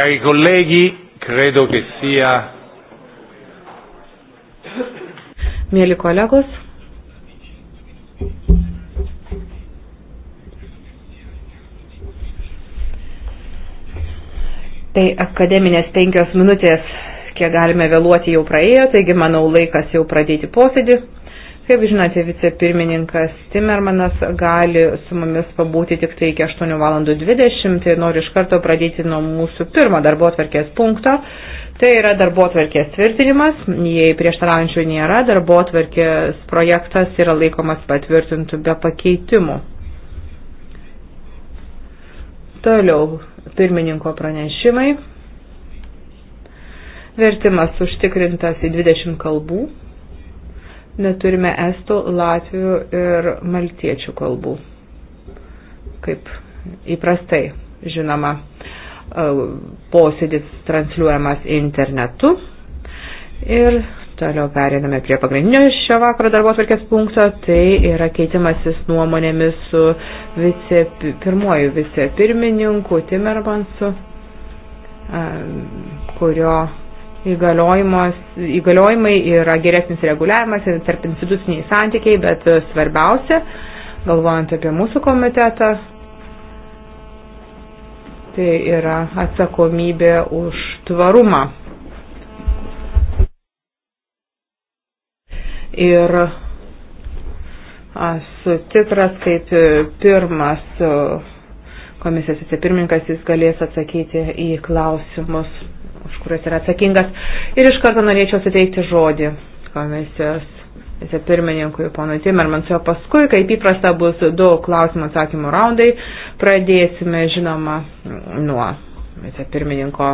Cari colleghi, credo che sia. Mėly kolegos, tai akademinės penkios minutės, kiek galime vėluoti jau praėjo, taigi manau laikas jau pradėti posėdį. Kaip žinote, vicepirmininkas Timermanas gali su mumis pabūti tik tai iki 8 valandų 20, tai noriu iš karto pradėti nuo mūsų pirmo darbo atverkės punkto. Tai yra darbo atverkės tvirtinimas, jei prieštaraujančių nėra, darbo atverkės projektas yra laikomas patvirtintų be pakeitimų. Toliau pirmininko pranešimai. Vertimas užtikrintas į 20 kalbų neturime estų, latvių ir maltiečių kalbų. Kaip įprastai, žinoma, e, posėdis transliuojamas internetu. Ir toliau periname prie pagrindinio šio vakaro darbo atvarkės punkto, tai yra keitimasis nuomonėmis su vice, pirmoju vicepirmininku Timermansu, kurio įgaliojimai yra geresnis reguliavimas ir tarp instituciniai santykiai, bet e, svarbiausia, galvojant apie mūsų komitetą, tai yra atsakomybė už tvarumą. Ir esu tikras, kaip e, pirmas e, komisijos vicepirmininkas jis galės atsakyti į klausimus už kurias yra atsakingas. Ir iš karto norėčiau suteikti žodį komisijos vicepirmininkui ponui Timermansui, o paskui, kaip įprasta, bus du klausimų atsakymų raundai. Pradėsime, žinoma, nuo vicepirmininko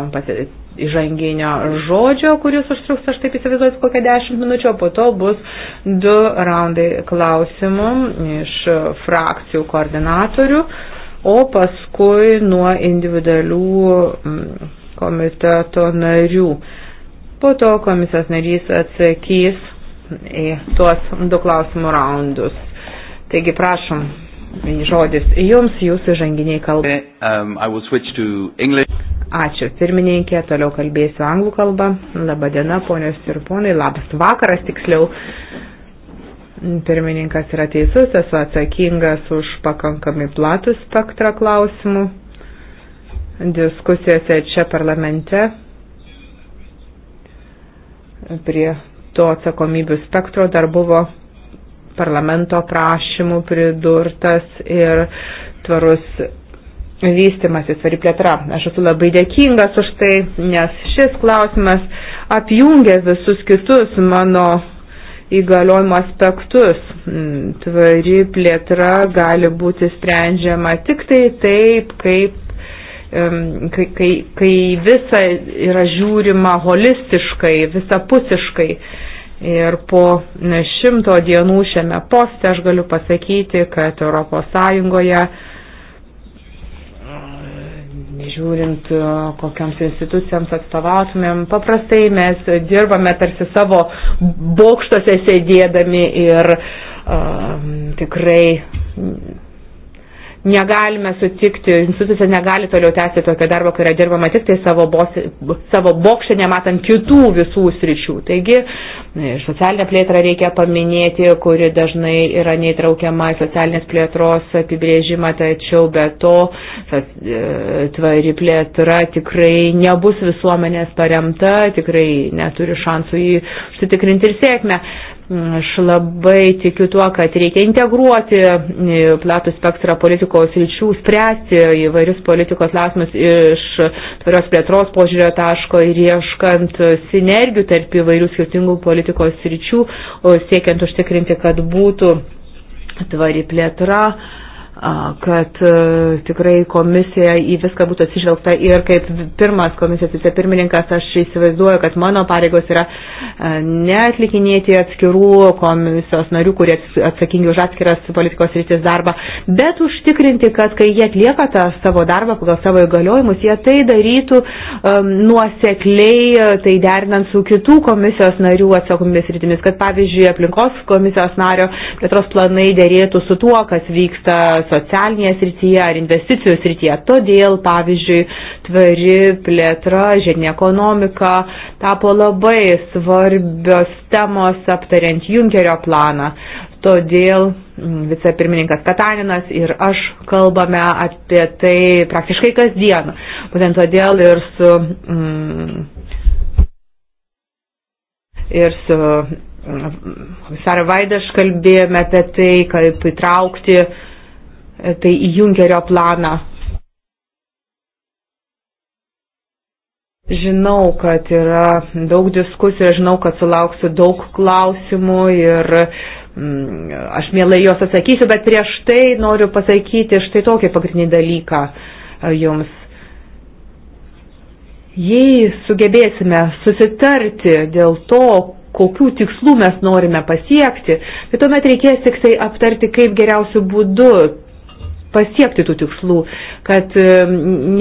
įžanginio žodžio, kuris užtruks, aš taip įsivaizduoju, kokią dešimt minučių, o po to bus du raundai klausimų iš frakcijų koordinatorių, o paskui nuo individualių mm, komiteto narių. Po to komisijos narys atsakys į tuos du klausimų raundus. Taigi prašom, žodis jums, jūsų žanginiai kalba. Um, Ačiū pirmininkė, toliau kalbėsiu anglų kalbą. Labadiena, ponios ir ponai, labas vakaras tiksliau pirmininkas yra teisus, esu atsakingas už pakankamai platų spektrą klausimų diskusijose čia parlamente prie to atsakomybių spektro dar buvo parlamento prašymų pridurtas ir tvarus vystimasis, tvari plėtra. Aš esu labai dėkingas už tai, nes šis klausimas apjungia visus kitus mano įgaliojimo aspektus. Tvari plėtra gali būti sprendžiama tik tai taip, kaip kai, kai, kai visa yra žiūrima holistiškai, visapusiškai. Ir po šimto dienų šiame poste aš galiu pasakyti, kad Europos Sąjungoje žiūrint, kokiams institucijams atstovautumėm. Paprastai mes dirbame tarsi savo bokštose sėdėdami ir um, tikrai negalime sutikti, institucija negali toliau tęsti tokio darbo, kai yra dirbama tik tai savo, bos, savo bokšę, nematant kitų visų sričių. Taigi, e, socialinę plėtrą reikia paminėti, kuri dažnai yra neįtraukiama į socialinės plėtros apibrėžimą, tačiau be to e, tvari plėtra tikrai nebus visuomenės paremta, tikrai neturi šansų jį užsitikrinti ir sėkmę. Aš labai tikiu tuo, kad reikia integruoti e, platų spektrą politikos ryčių, spręsti įvairius politikos klausimus iš tvarios plėtros požiūrio taško ir ieškant sinergijų tarp įvairių skirtingų politikos ryčių, siekiant užtikrinti, kad būtų tvari plėtra kad e, tikrai komisija į viską būtų atsižvelgta ir kaip pirmas komisijos vicepirmininkas aš įsivaizduoju, kad mano pareigos yra e, neatlikinėti atskirų komisijos narių, kurie atsakingi už atskiras politikos rytis darbą, bet užtikrinti, kad kai jie atlieka tą savo darbą pagal savo įgaliojimus, jie tai darytų um, nuosekliai, tai derinant su kitų komisijos narių atsakomybės rytimis, kad pavyzdžiui aplinkos komisijos nario plėtros planai dėrėtų su tuo, kas vyksta socialinėje srityje ar investicijų srityje. Todėl, pavyzdžiui, tvari plėtra, žiedinė ekonomika tapo labai svarbios temos aptariant Junkerio planą. Todėl mm, vicepirmininkas Kataninas ir aš kalbame apie tai praktiškai kasdien. Būtent todėl ir su, mm, ir su komisarą mm, Vaidą aš kalbėjome apie tai, kaip įtraukti uh, E, tai į Junkerio planą. Žinau, kad yra daug diskusijų, žinau, kad sulauksiu daug klausimų ir mm, aš mielai juos atsakysiu, bet prieš tai noriu pasakyti štai tokį pagrindinį dalyką e, jums. Jei sugebėsime susitarti dėl to, kokių tikslų mes norime pasiekti, tai tuomet reikės tik tai aptarti, kaip geriausių būdų pasiekti tų tikslų, kad e,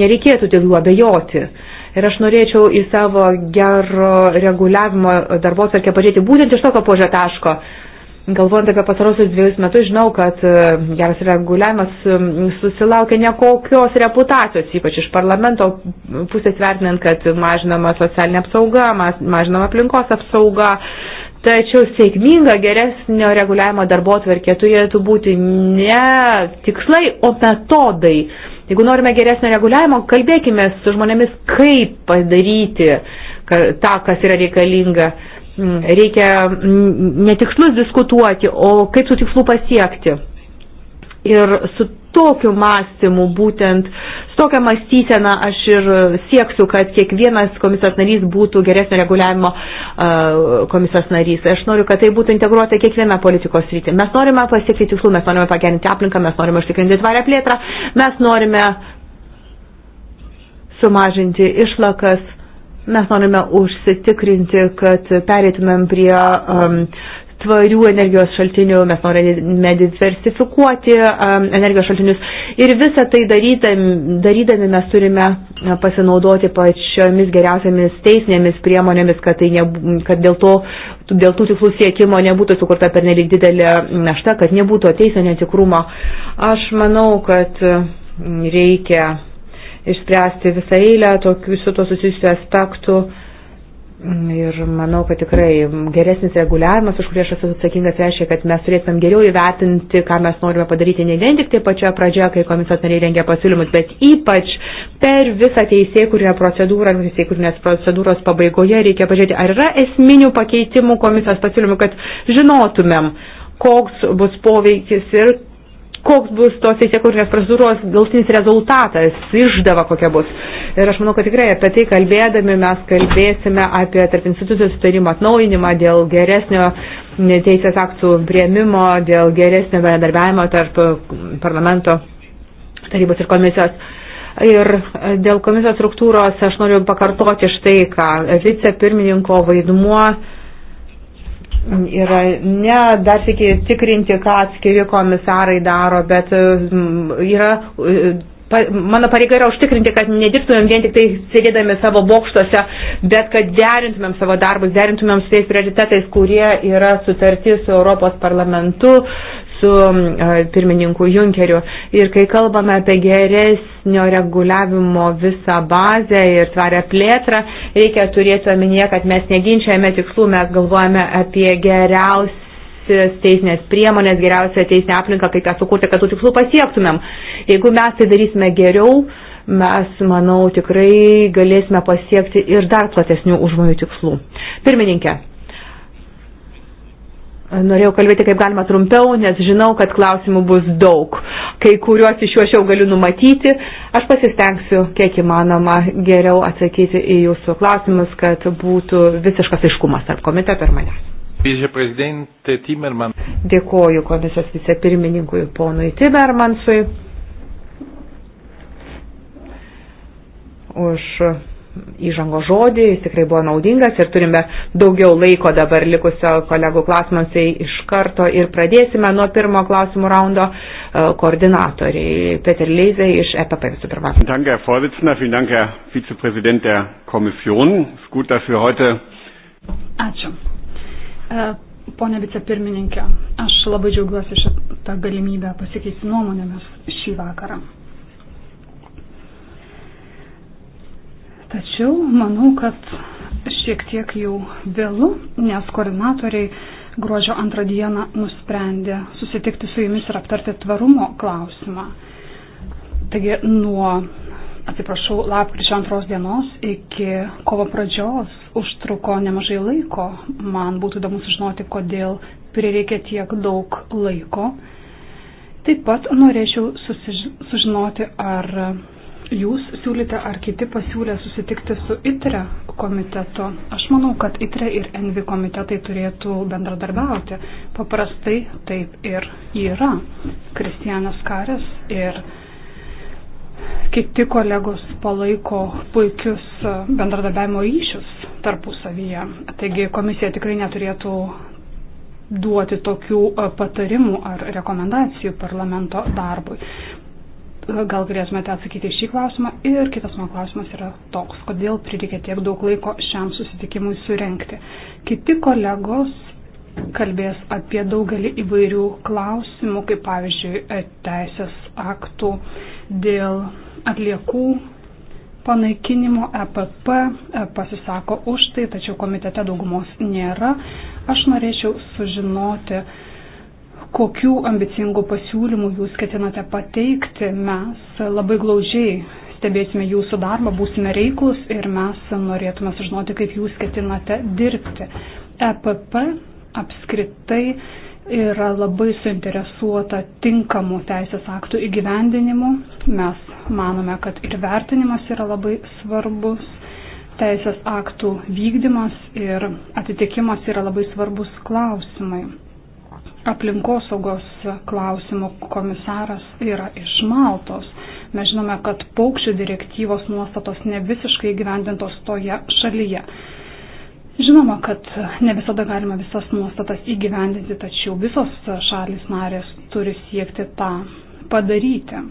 nereikėtų dėl jų abejoti. Ir aš norėčiau į savo gero reguliavimo darbo atvarkę pažiūrėti būtent iš tokio požio taško. Galvojant apie pasarosius dviejus metus, žinau, kad e, geras reguliavimas susilaukia nekokios reputacijos, ypač iš parlamento pusės vertinant, kad mažinama socialinė apsauga, mažinama aplinkos apsauga, Tačiau sėkminga geresnio reguliavimo darbo atverkė turėtų būti ne tikslai, o metodai. Jeigu norime geresnio reguliavimo, kalbėkime su žmonėmis, kaip padaryti tą, kas yra reikalinga. Mm, reikia mm, netikslus diskutuoti, o kaip tų tikslų pasiekti. Ir su tokiu mąstymu, būtent su tokia mąstysena aš ir sieksiu, kad kiekvienas komisijos narys būtų geresnio reguliavimo uh, komisijos narys. Aš noriu, kad tai būtų integruota kiekviena politikos rytį. Mes norime pasiekti tikslų, mes norime pagerinti aplinką, mes norime užtikrinti tvarę plėtrą, mes norime sumažinti išlakas. Mes norime užsitikrinti, kad pereitumėm prie um, tvarių energijos šaltinių, mes norime diversifikuoti um, energijos šaltinius ir visą tai darydami, darydami mes turime pasinaudoti pačiomis geriausiamis teisinėmis priemonėmis, kad, tai ne, kad dėl, to, dėl tų tikslų siekimo nebūtų sukurta per nelik didelė našta, kad nebūtų teisinio netikrumo. Aš manau, kad mm, reikia išspręsti visą eilę tokių su to susijusių aspektų Ir manau, kad tikrai geresnis reguliavimas, už kurį aš esu atsakingas, reiškia, kad mes turėtumėm geriau įvertinti, ką mes norime padaryti ne vien tik tai pačioje pradžioje, kai komisijos nariai rengia pasiūlymus, bet ypač per visą teisėkurinę procedūrą ar teisėkurinės procedūros pabaigoje reikia pažiūrėti, ar yra esminių pakeitimų komisijos pasiūlymų, kad žinotumėm, koks bus poveikis ir koks bus tos teisėkūrinės procedūros galtinis rezultatas, išdava kokia bus. Ir aš manau, kad tikrai apie tai kalbėdami mes kalbėsime apie tarp institucijų sutarimą atnaujinimą dėl geresnio teisės aktų prieimimo, dėl geresnio bendarbiavimo tarp parlamento tarybos ir komisijos. Ir dėl komisijos struktūros aš noriu pakartoti štai ką. Vicepirmininko vaidmuo yra ne dar tik tikrinti, ką atskiri komisarai daro, bet mm, yra, e, mano pareiga yra užtikrinti, kad nedirbtumėm vien tik tai sėdėdami savo bokštuose, bet kad derintumėm savo darbus, derintumėm su tais prioritetais, kurie yra sutarti su Europos parlamentu, su pirmininku Junkeriu. Ir kai kalbame apie geresnio reguliavimo visą bazę ir tvarę plėtrą, reikia turėti omenyje, kad mes neginčiame tikslų, mes galvojame apie geriausią geriausias teisinės priemonės, geriausią teisinę aplinką, kaip ją sukurti, kad tų tikslų pasiektumėm. Jeigu mes tai darysime geriau, mes, manau, tikrai galėsime pasiekti ir dar platesnių užmojų tikslų. Pirmininkė, Norėjau kalbėti kaip galima trumpiau, nes žinau, kad klausimų bus daug. Kai kuriuos iš juos jau galiu numatyti, aš pasistengsiu kiek įmanoma geriau atsakyti į jūsų klausimus, kad būtų visiškas aiškumas tarp komiteto ir manęs. Viceprezidentė Timerman. Dėkoju komisijos vicepirmininkui ponui Timermansui už įžango žodį, jis tikrai buvo naudingas ir turime daugiau laiko dabar likusio kolegų klausimams, tai iš karto ir pradėsime nuo pirmo klausimų raundo e, koordinatoriai. Peter Leizė iš EPP visų pirma. Danke, Herr Vorsitzender, vielen Dank, Herr Vizepräsident der Kommission. Es gut, dass wir heute. Ačiū. E, pone vicepirmininkė, aš labai džiaugiuosi šitą galimybę pasikeisti nuomonėmis šį vakarą. Tačiau manau, kad šiek tiek jau vėlu, nes koordinatoriai gruodžio antrą dieną nusprendė susitikti su jumis ir aptarti tvarumo klausimą. Taigi nuo, atsiprašau, lapkričio antros dienos iki kovo pradžios užtruko nemažai laiko. Man būtų įdomu sužinoti, kodėl prireikė tiek daug laiko. Taip pat norėčiau susiž... sužinoti, ar jūs siūlyte ar kiti pasiūlė susitikti su ITRE komitetu. Aš manau, kad ITRE ir ENVI komitetai turėtų bendradarbiauti. Paprastai taip ir yra. Kristijanas Karas ir kiti kolegos palaiko puikius bendradarbiavimo ryšius tarpusavyje. Taigi komisija tikrai neturėtų duoti tokių patarimų ar rekomendacijų parlamento darbui. Gal galėtumėte atsakyti šį klausimą. Ir kitas mano klausimas yra toks, kodėl prireikė tiek daug laiko šiam susitikimui surenkti. Kiti kolegos kalbės apie daugelį įvairių klausimų, kaip pavyzdžiui e, teisės aktų dėl atliekų panaikinimo EPP e, pasisako už tai, tačiau komitete daugumos nėra. Aš norėčiau sužinoti, kokių ambicingų pasiūlymų jūs ketinate pateikti. Mes labai glaužiai stebėsime jūsų darbą, būsime reiklus ir mes norėtume sužinoti, kaip jūs ketinate dirbti. EPP apskritai yra labai suinteresuota tinkamų teisės aktų įgyvendinimu. Mes manome, kad ir vertinimas yra labai svarbus. Teisės aktų vykdymas ir atitikimas yra labai svarbus klausimai aplinkosaugos klausimų komisaras yra iš Maltos. Mes žinome, kad paukščių direktyvos nuostatos ne visiškai gyvendintos toje šalyje. Žinoma, kad ne visada galima visas nuostatas įgyvendinti, tačiau visos šalis narės turi siekti tą padaryti.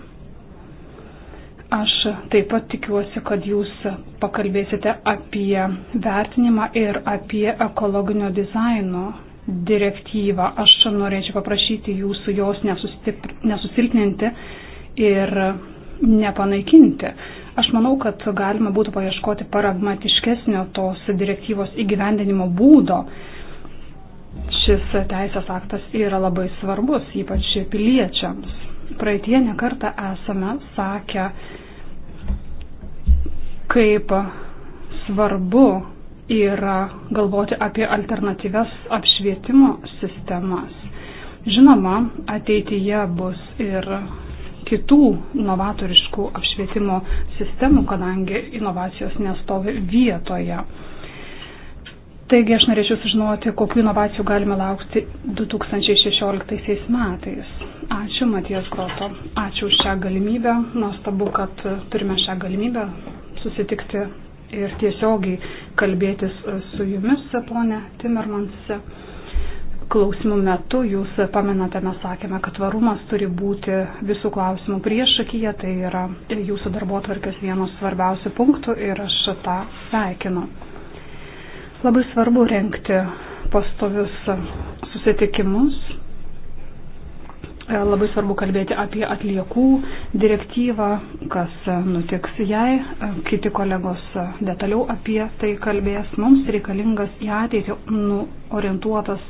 Aš taip pat tikiuosi, kad jūs pakalbėsite apie vertinimą ir apie ekologinio dizaino direktyvą. Aš norėčiau paprašyti jūsų jos nesusilpninti ir nepanaikinti. Aš manau, kad galima būtų paieškoti paragmatiškesnio tos direktyvos įgyvendinimo būdo. Šis teisės aktas yra labai svarbus, ypač piliečiams. Praeitie nekartą esame sakę, kaip svarbu yra galvoti apie alternatyves apšvietimo sistemas. Žinoma, ateityje bus ir kitų novatoriškų apšvietimo sistemų, kadangi inovacijos nestovi vietoje. Taigi aš norėčiau sužinoti, kokiu inovacijų galime laukti 2016 metais. Ačiū, Matijas Groto. Ačiū už šią galimybę. Nuostabu, kad turime šią galimybę susitikti ir tiesiogiai kalbėtis su jumis, ponė Timermanse. Klausimų metu jūs pamenate, mes sakėme, kad tvarumas turi būti visų klausimų priešakyje, tai yra jūsų darbo tvarkės vienas svarbiausių punktų ir aš tą sveikinu. Labai svarbu renkti pastovius susitikimus E, labai svarbu kalbėti apie atliekų direktyvą, kas nutiks jai. E, kiti kolegos detaliau apie tai kalbės. Mums reikalingas į ateitį nu, orientuotas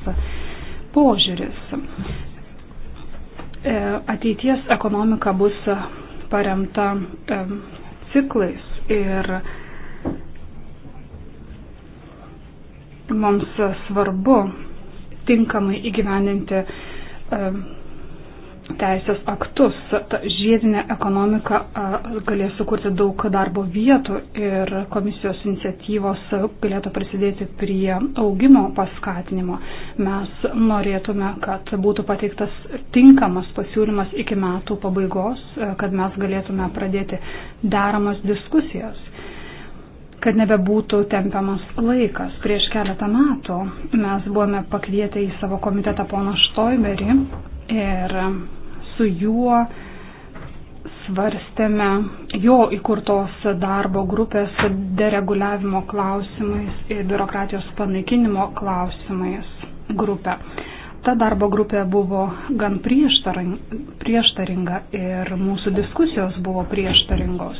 požiūris. E, ateities ekonomika bus paremta ciklais ir mums svarbu tinkamai įgyveninti teisės aktus. Ta žiedinė ekonomika galės sukurti daug darbo vietų ir komisijos iniciatyvos galėtų prisidėti prie augimo paskatinimo. Mes norėtume, kad būtų pateiktas tinkamas pasiūlymas iki metų pabaigos, kad mes galėtume pradėti deramas diskusijas kad nebebūtų tempiamas laikas. Prieš keletą metų mes buvome pakvietę į savo komitetą pono Štoiberį ir su juo svarstėme jo įkurtos darbo grupės dereguliavimo klausimais ir biurokratijos panaikinimo klausimais grupę. Ta darbo grupė buvo gan prieštaringa ir mūsų diskusijos buvo prieštaringos.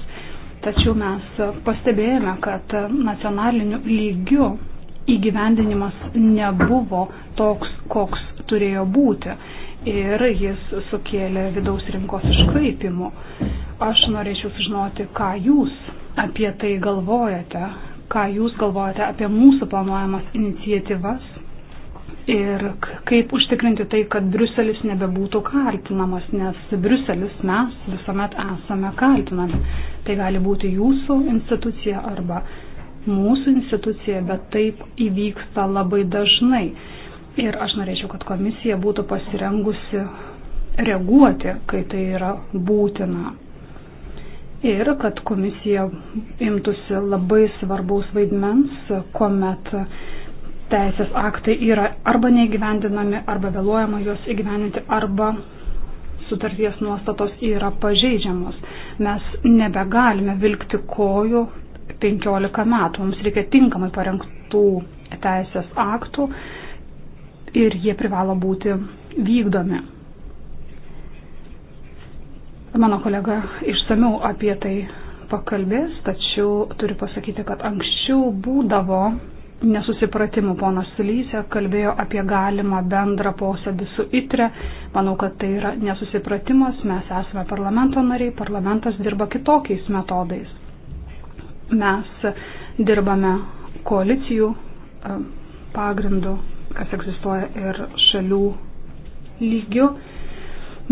Tačiau mes pastebėjome, kad nacionaliniu lygiu įgyvendinimas nebuvo toks, koks turėjo būti ir jis sukėlė vidaus rinkos iškraipimų. Aš norėčiau sužinoti, ką jūs apie tai galvojate, ką jūs galvojate apie mūsų planuojamas iniciatyvas ir kaip užtikrinti tai, kad Briuselis nebebūtų kaltinamas, nes Briuselis mes visuomet esame kaltinami. Tai gali būti jūsų institucija arba mūsų institucija, bet taip įvyksta labai dažnai Ir aš norėčiau, kad komisija būtų pasirengusi reaguoti, kai tai yra būtina. Ir kad komisija imtųsi labai svarbaus vaidmens, kuomet teisės aktai yra arba neįgyvendinami, arba vėluojama juos įgyvendinti, arba sutarties nuostatos yra pažeidžiamos. Mes nebegalime vilkti kojų 15 metų. Mums reikia tinkamai parengtų teisės aktų, ir jie privalo būti vykdomi. Mano kolega išsamiau apie tai pakalbės, tačiau turiu pasakyti, kad anksčiau būdavo nesusipratimų. Ponas Lysė kalbėjo apie galimą bendrą posėdį su ITRE. Manau, kad tai yra nesusipratimas. Mes esame parlamento nariai, parlamentas dirba kitokiais metodais. Mes dirbame koalicijų e, pagrindu, kas egzistuoja ir šalių lygių,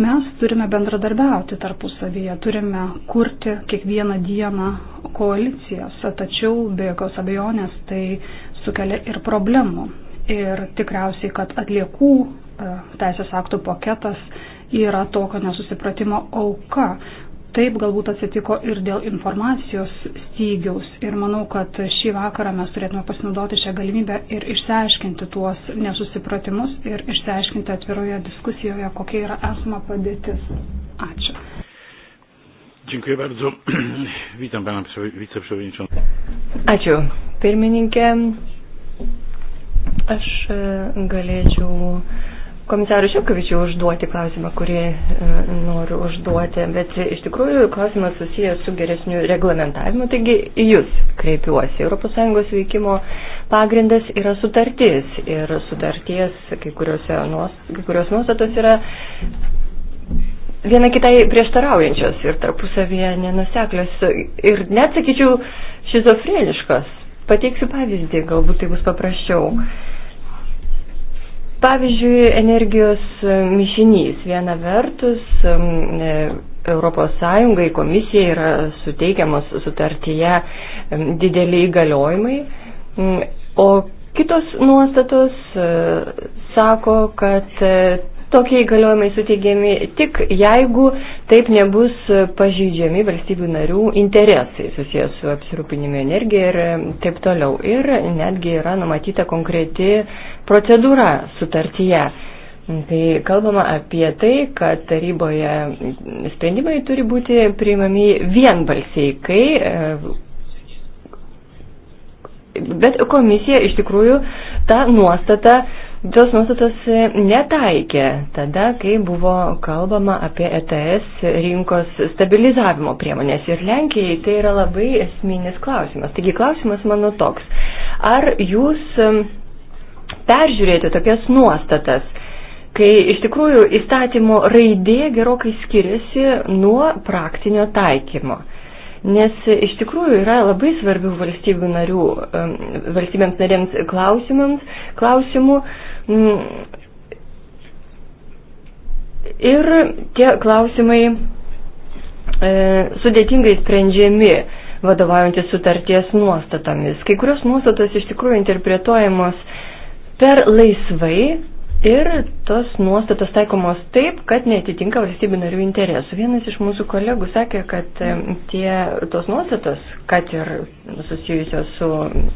mes turime bendradarbiauti tarpusavyje, turime kurti kiekvieną dieną koalicijas, tačiau be jokios abejonės tai sukelia ir problemų. Ir tikriausiai, kad atliekų e, teisės aktų paketas yra tokio nesusipratimo auka. Taip galbūt atsitiko ir dėl informacijos stygiaus ir manau, kad šį vakarą mes turėtume pasinaudoti šią galimybę ir išsiaiškinti tuos nesusipratimus ir išsiaiškinti atviroje diskusijoje, kokia yra esama padėtis. Ačiū. Dziękuję bardzo. Witam pana wiceprzewodniczącego. Ačiū. Pirmininkė, aš e, galėčiau komisarui Šiokavičiu užduoti klausimą, kurį e, noriu užduoti, bet iš tikrųjų klausimas susijęs su geresniu reglamentavimu, taigi į Jūs kreipiuosi. ES veikimo pagrindas yra sutartis ir sutarties kai, nuos, kai kurios nuostatos yra viena kitai prieštaraujančios ir tarpusavėje nenuseklios ir net, sakyčiau, šizofreniškos. Pateiksiu pavyzdį, galbūt tai bus paprasčiau. Mm. Pavyzdžiui, energijos e, mišinys. Viena vertus, ES komisija yra suteikiamas sutartyje dideliai įgaliojimai, o kitos nuostatos e, sako, kad e, Tokie įgaliojimai suteikiami tik jeigu taip nebus pažydžiami valstybių narių interesai susijęs su apsirūpinimu energija ir taip toliau. Ir netgi yra numatyta konkreti procedūra sutartyje. Tai kalbama apie tai, kad taryboje sprendimai turi būti priimami vienbalsiai, kai e, Bet komisija iš tikrųjų tą nuostatą Tos nuostatos e, netaikė tada, kai buvo kalbama apie ETS rinkos stabilizavimo priemonės. Ir Lenkijai tai yra labai esminis klausimas. Taigi klausimas mano toks. Ar jūs e, peržiūrėjote tokias nuostatas, kai iš tikrųjų įstatymo raidė gerokai skiriasi nuo praktinio taikymo? Nes iš tikrųjų yra labai svarbių valstybių narių, valstybėms narėms klausimams, klausimų. Mm. Ir tie klausimai e, sudėtingai sprendžiami vadovaujantis sutarties nuostatomis. Kai kurios nuostatos iš tikrųjų interpretuojamos per laisvai Ir tos nuostatos taikomos taip, kad netitinka valstybių narių interesų. Vienas iš mūsų kolegų sakė, kad tie, tos nuostatos, kad ir susijusios su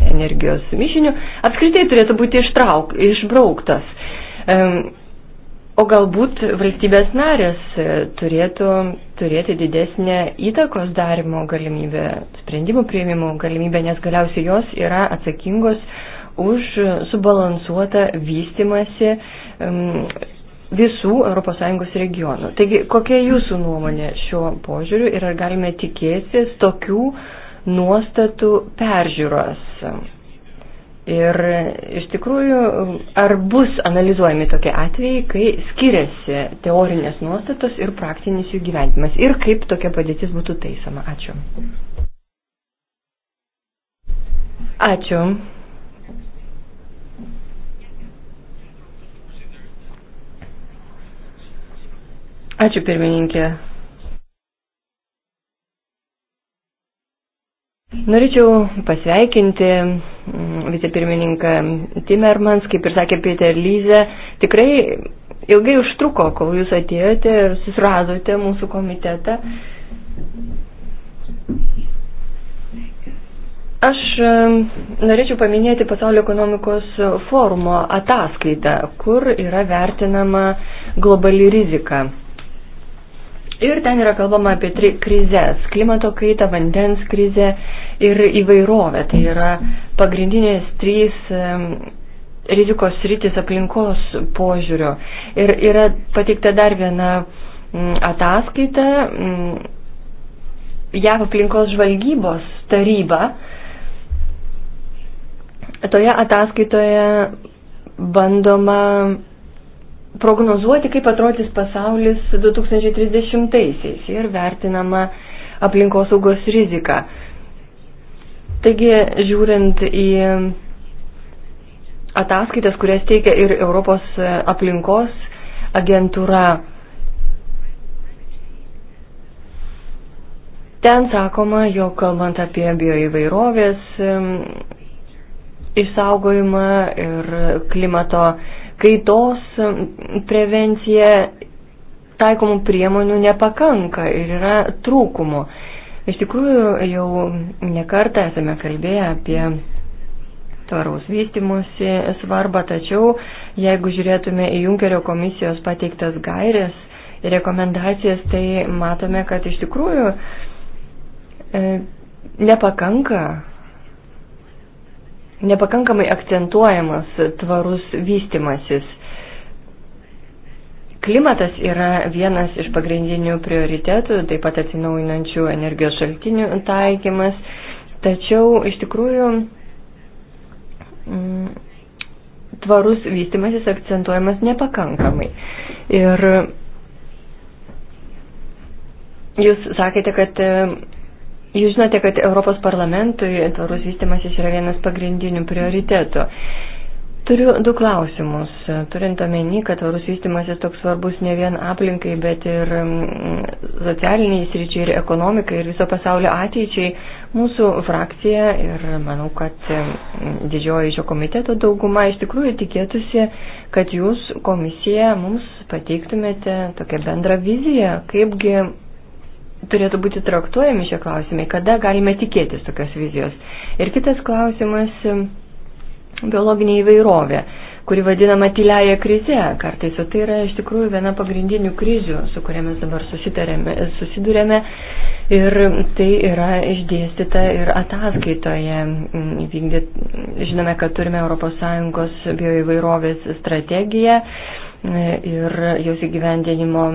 energijos mišiniu, apskritai turėtų būti ištrauk, išbrauktos. O galbūt valstybės narės e, turėtų turėti didesnę įtakos darimo galimybę, sprendimų prieimimo galimybę, nes galiausiai jos yra atsakingos už subalansuotą vystimasi visų ES regionų. Taigi, kokia jūsų nuomonė šiuo požiūriu ir ar galime tikėtis tokių nuostatų peržiūros? Ir iš tikrųjų, ar bus analizuojami tokie atvejai, kai skiriasi teorinės nuostatos ir praktinis jų gyvenimas ir kaip tokia padėtis būtų taisoma? Ačiū. Ačiū. Ačiū pirmininkė. Norėčiau pasveikinti mm, vicepirmininką Timermans, kaip ir sakė Peter Lyze. Tikrai ilgai užtruko, kol jūs atėjote ir susiradote mūsų komitetą. Aš mm, norėčiau paminėti pasaulio ekonomikos forumo ataskaitą, kur yra vertinama globali rizika. Ir ten yra kalbama apie tri krizės - klimato kaitą, vandens krizę ir įvairovę. Tai yra pagrindinės trys rizikos rytis aplinkos požiūrio. Ir yra pateikta dar viena ataskaita JAV aplinkos žvalgybos taryba. Toje ataskaitoje bandoma prognozuoti, kaip atrodys pasaulis 2030-aisiais ir vertinama aplinkosaugos rizika. Taigi, žiūrint į ataskaitas, kurias teikia ir Europos aplinkos agentūra, ten sakoma, jog kalbant apie bioįvairovės išsaugojimą ir klimato kaitos prevencija taikomų priemonių nepakanka ir yra trūkumų. Iš tikrųjų, jau nekartą esame kalbėję apie tvaraus vystimosi svarbą, tačiau jeigu žiūrėtume į Junkerio komisijos pateiktas gairės ir rekomendacijas, tai matome, kad iš tikrųjų e, nepakanka nepakankamai akcentuojamas tvarus vystimasis. Klimatas yra vienas iš pagrindinių prioritetų, taip pat atsinaujinančių energijos šaltinių taikymas, tačiau iš tikrųjų mm, tvarus vystimasis akcentuojamas nepakankamai. Ir jūs sakėte, kad Jūs žinote, kad Europos parlamentui tvarus vystimasis yra vienas pagrindinių prioritetų. Turiu du klausimus. Turint omeny, kad tvarus vystimasis toks svarbus ne vien aplinkai, bet ir mm, socialiniai sričiai ir ekonomikai ir viso pasaulio ateičiai, mūsų frakcija ir manau, kad mm, didžioji šio komiteto dauguma iš tikrųjų tikėtųsi, kad jūs komisija mums pateiktumėte tokią bendrą viziją, kaipgi turėtų būti traktuojami šie klausimai, kada galime tikėtis tokios vizijos. Ir kitas klausimas - biologinė įvairovė, kuri vadinama tyliaja krize kartais, o tai yra iš tikrųjų viena pagrindinių krizių, su kuria mes dabar susidurėme. Ir tai yra išdėstyta ir ataskaitoje. Vykdyt, žinome, kad turime ES bioįvairovės strategiją e, ir jos įgyvendinimo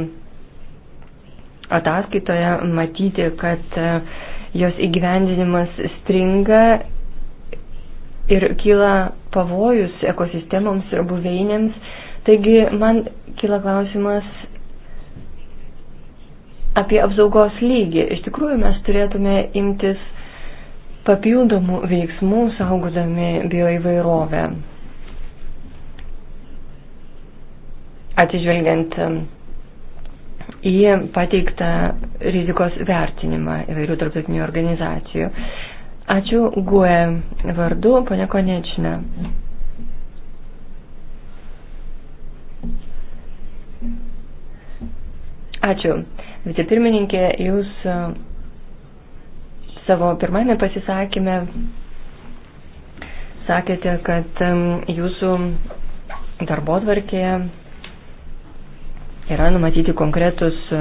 ataskaitoje matyti, kad e, jos įgyvendinimas stringa ir kyla pavojus ekosistemoms ir buveinėms. Taigi man kyla klausimas apie apsaugos lygį. Iš tikrųjų mes turėtume imtis papildomų veiksmų saugodami bioįvairovę. Atsižvelgiant į pateiktą rizikos vertinimą įvairių tarptautinių organizacijų. Ačiū GUE vardu, ponia Konečina. Ačiū. Vicepirmininkė, jūs e, savo pirmame pasisakymė sakėte, kad e, jūsų darbo tvarkėje Yra numatyti konkretus e,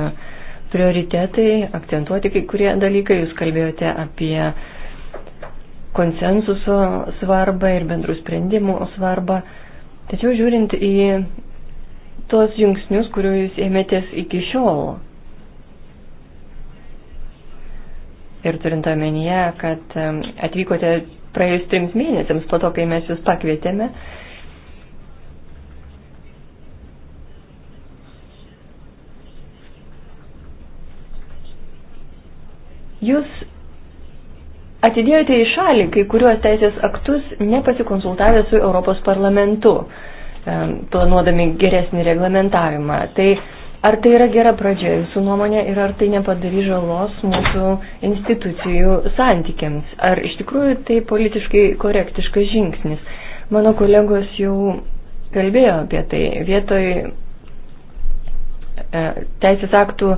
prioritetai, akcentuoti kai kurie dalykai. Jūs kalbėjote apie konsensuso svarbą ir bendrų sprendimų svarbą. Tačiau žiūrint į tuos žingsnius, kuriuo jūs ėmėtės iki šiol. Ir turint omenyje, kad e, atvykote praėjus trims mėnesiams po to, kai mes jūs pakvietėme, Jūs atidėjote į šalį kai kuriuos teisės aktus nepasikonsultavę su Europos parlamentu, planuodami geresnį reglamentavimą. Tai ar tai yra gera pradžia jūsų nuomonė ir ar tai nepadarys žalos mūsų institucijų santykiams? Ar iš tikrųjų tai politiškai korektiškas žingsnis? Mano kolegos jau kalbėjo apie tai. Vietoj e, teisės aktų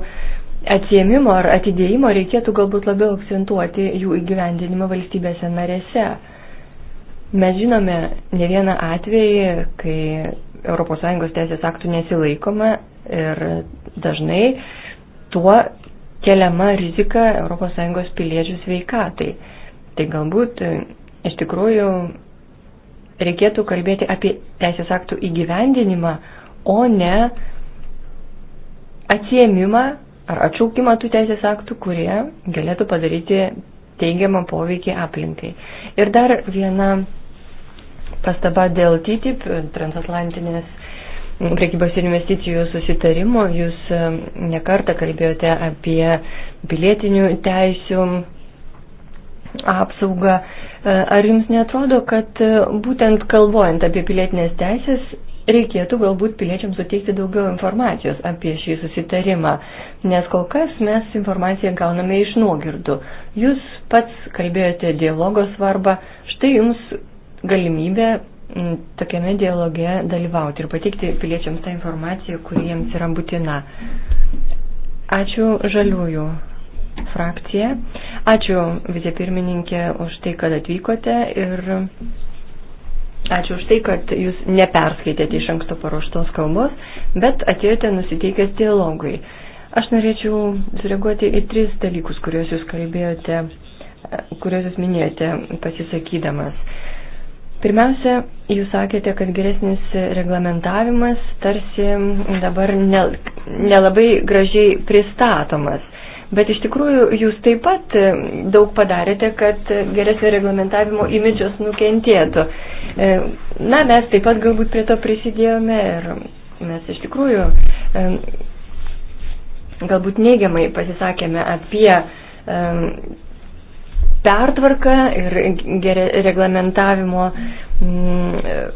atsiemimo ar atidėjimo reikėtų galbūt labiau akcentuoti jų įgyvendinimą valstybėse narėse. Mes žinome ne vieną atvejį, kai ES teisės aktų nesilaikoma ir dažnai tuo keliama rizika ES piliečių sveikatai. Tai galbūt iš tikrųjų reikėtų kalbėti apie teisės aktų įgyvendinimą, o ne atsiemimą ar atšaukimą tų teisės aktų, kurie galėtų padaryti teigiamą poveikį aplinkai. Ir dar viena pastaba dėl TTIP, transatlantinės priekybos ir investicijų susitarimo. Jūs nekartą kalbėjote apie pilietinių teisių apsaugą. Ar jums netrodo, kad būtent kalbojant apie pilietinės teisės reikėtų galbūt piliečiams suteikti daugiau informacijos apie šį susitarimą, nes kol kas mes informaciją gauname iš nuogirdų. Jūs pats kalbėjote dialogo svarbą, štai jums galimybė tokiame dialoge dalyvauti ir pateikti piliečiams tą informaciją, kuri jiems yra būtina. Ačiū žaliųjų frakcija. Ačiū vicepirmininkė už tai, kad atvykote ir Ačiū už tai, kad jūs neperskaitėte iš anksto paruoštos kalbos, bet atėjote nusiteikęs dialogui. Aš norėčiau sureaguoti į tris dalykus, kuriuos jūs kalbėjote, kuriuos jūs minėjote pasisakydamas. Pirmiausia, jūs sakėte, kad geresnis reglamentavimas tarsi dabar nelabai gražiai pristatomas. Bet iš tikrųjų jūs taip pat e, daug padarėte, kad geresnio reglamentavimo imidžas nukentėtų. E, na, mes taip pat galbūt prie to prisidėjome ir mes iš tikrųjų e, galbūt neigiamai pasisakėme apie pertvarką ir reglamentavimo mm,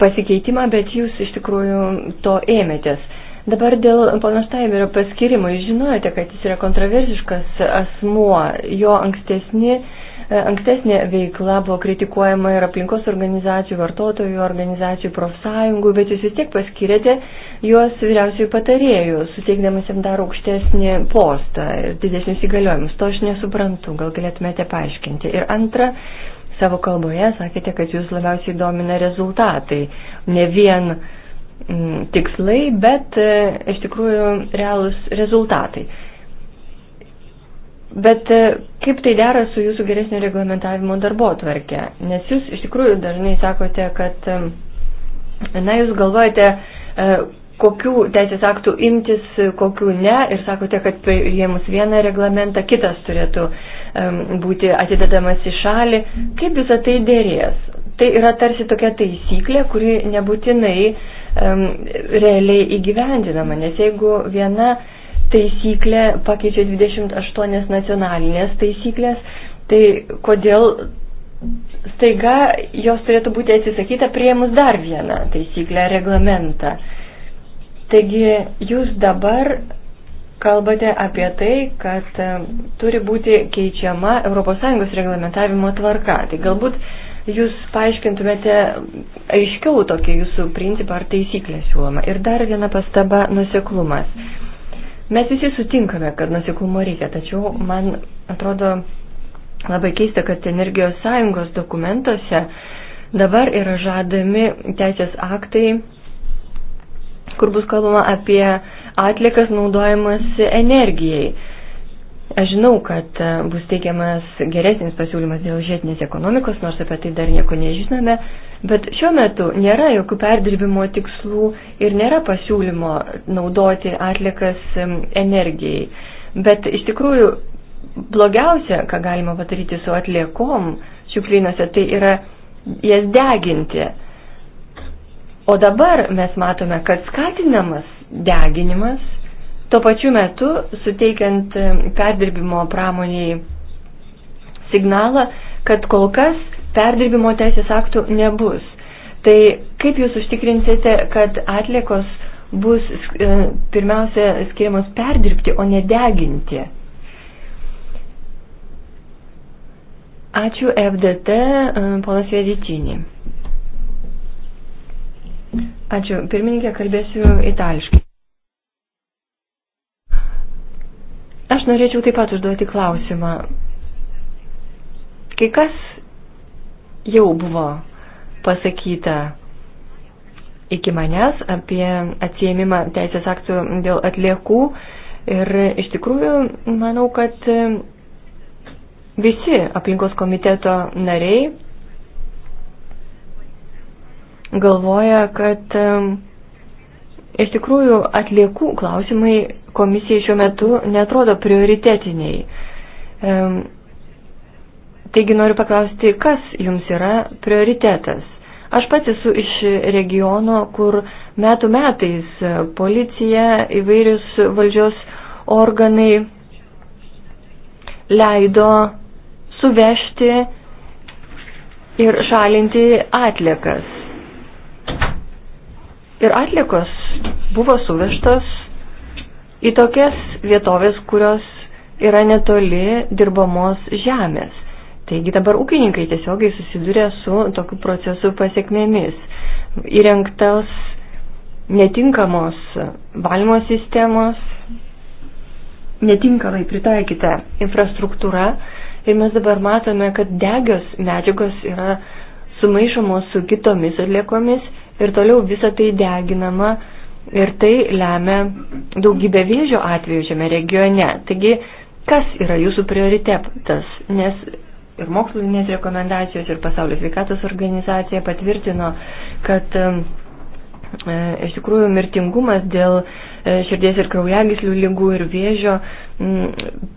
pasikeitimą, bet jūs iš tikrųjų to ėmėtės. Dabar dėl pono Štaimerio paskirimo. Jūs žinote, kad jis yra kontroversiškas asmuo. Jo ankstesni, e, ankstesnė veikla buvo kritikuojama ir aplinkos organizacijų, vartotojų organizacijų, profsąjungų, bet jūs vis tiek paskirėte juos vyriausiųjų patarėjų, suteikdamas jam dar aukštesnį postą ir didesnius įgaliojimus. To aš nesuprantu, gal galėtumėte paaiškinti. Ir antra, savo kalboje sakėte, kad jūs labiausiai domina rezultatai, ne vien uh, Mm, tikslai, bet e, iš tikrųjų realūs rezultatai. Bet e, kaip tai dera su jūsų geresnio reglamentavimo darbo tvarkė? Nes jūs iš tikrųjų dažnai sakote, kad, e, na, jūs galvojate, kokių teisės aktų imtis, kokių ne, ir sakote, kad priėmus vieną reglamentą, kitas turėtų um, būti atidedamas į šalį. Kaip visą tai dėrės? Tai yra tarsi tokia taisyklė, kuri nebūtinai uh, realiai įgyvendinama, nes jeigu viena taisyklė pakeičia 28 nacionalinės taisyklės, tai kodėl staiga jos turėtų būti atsisakyta prieimus dar vieną taisyklę, reglamentą. Taigi jūs dabar kalbate apie tai, kad turi būti keičiama ES reglamentavimo tvarka. Tai galbūt jūs paaiškintumėte aiškiau tokį jūsų principą ar taisyklę siūloma. Ir dar viena pastaba - nuseklumas. Mes visi sutinkame, kad nuseklumo reikia, tačiau man atrodo labai keista, kad energijos sąjungos dokumentuose dabar yra žadami teisės aktai, kur bus kalbama apie atlikas naudojamas energijai. Aš žinau, kad e, bus teikiamas geresnis pasiūlymas dėl žiedinės ekonomikos, nors apie tai dar nieko nežinome, bet šiuo metu nėra jokių perdirbimo tikslų ir nėra pasiūlymo naudoti atlikas e, energijai. Bet iš tikrųjų blogiausia, ką galima padaryti su atliekom šiuklinose, tai yra jas deginti. O dabar mes matome, kad skatinamas deginimas Tuo pačiu metu, suteikiant e, perdirbimo pramoniai signalą, kad kol kas perdirbimo teisės aktų nebus. Tai kaip jūs užtikrinsite, kad atlikos bus e, pirmiausia skiriamos perdirbti, o ne deginti? Ačiū FDT, e, ponas Vedičinį. Ačiū. Pirmininkė, kalbėsiu itališkai. Aš norėčiau taip pat užduoti klausimą. Kai kas jau buvo pasakyta iki manęs apie atsiemimą teisės aktų dėl atliekų ir iš tikrųjų manau, kad visi aplinkos komiteto nariai galvoja, kad Iš tikrųjų, atliekų klausimai komisijai šiuo metu netrodo prioritetiniai. Ehm, taigi noriu paklausti, kas jums yra prioritetas? Aš pats esu iš regiono, kur metų metais policija, įvairius valdžios organai leido suvežti ir šalinti atliekas ir atlikos buvo suvežtos į tokias vietovės, kurios yra netoli dirbamos žemės. Taigi dabar ūkininkai tiesiogiai susiduria su tokiu procesu pasiekmėmis. Įrengtos netinkamos valymo sistemos, netinkamai pritaikyta infrastruktūra ir mes dabar matome, kad degios medžiagos yra sumaišomos su kitomis atliekomis ir toliau visa tai deginama ir tai lemia daugybę vėžio atvejų šiame regione. Taigi, kas yra jūsų prioritetas? Nes ir mokslinės rekomendacijos, ir pasaulio sveikatos organizacija patvirtino, kad e, iš tikrųjų mirtingumas dėl e, širdies ir kraujagyslių lygų ir vėžio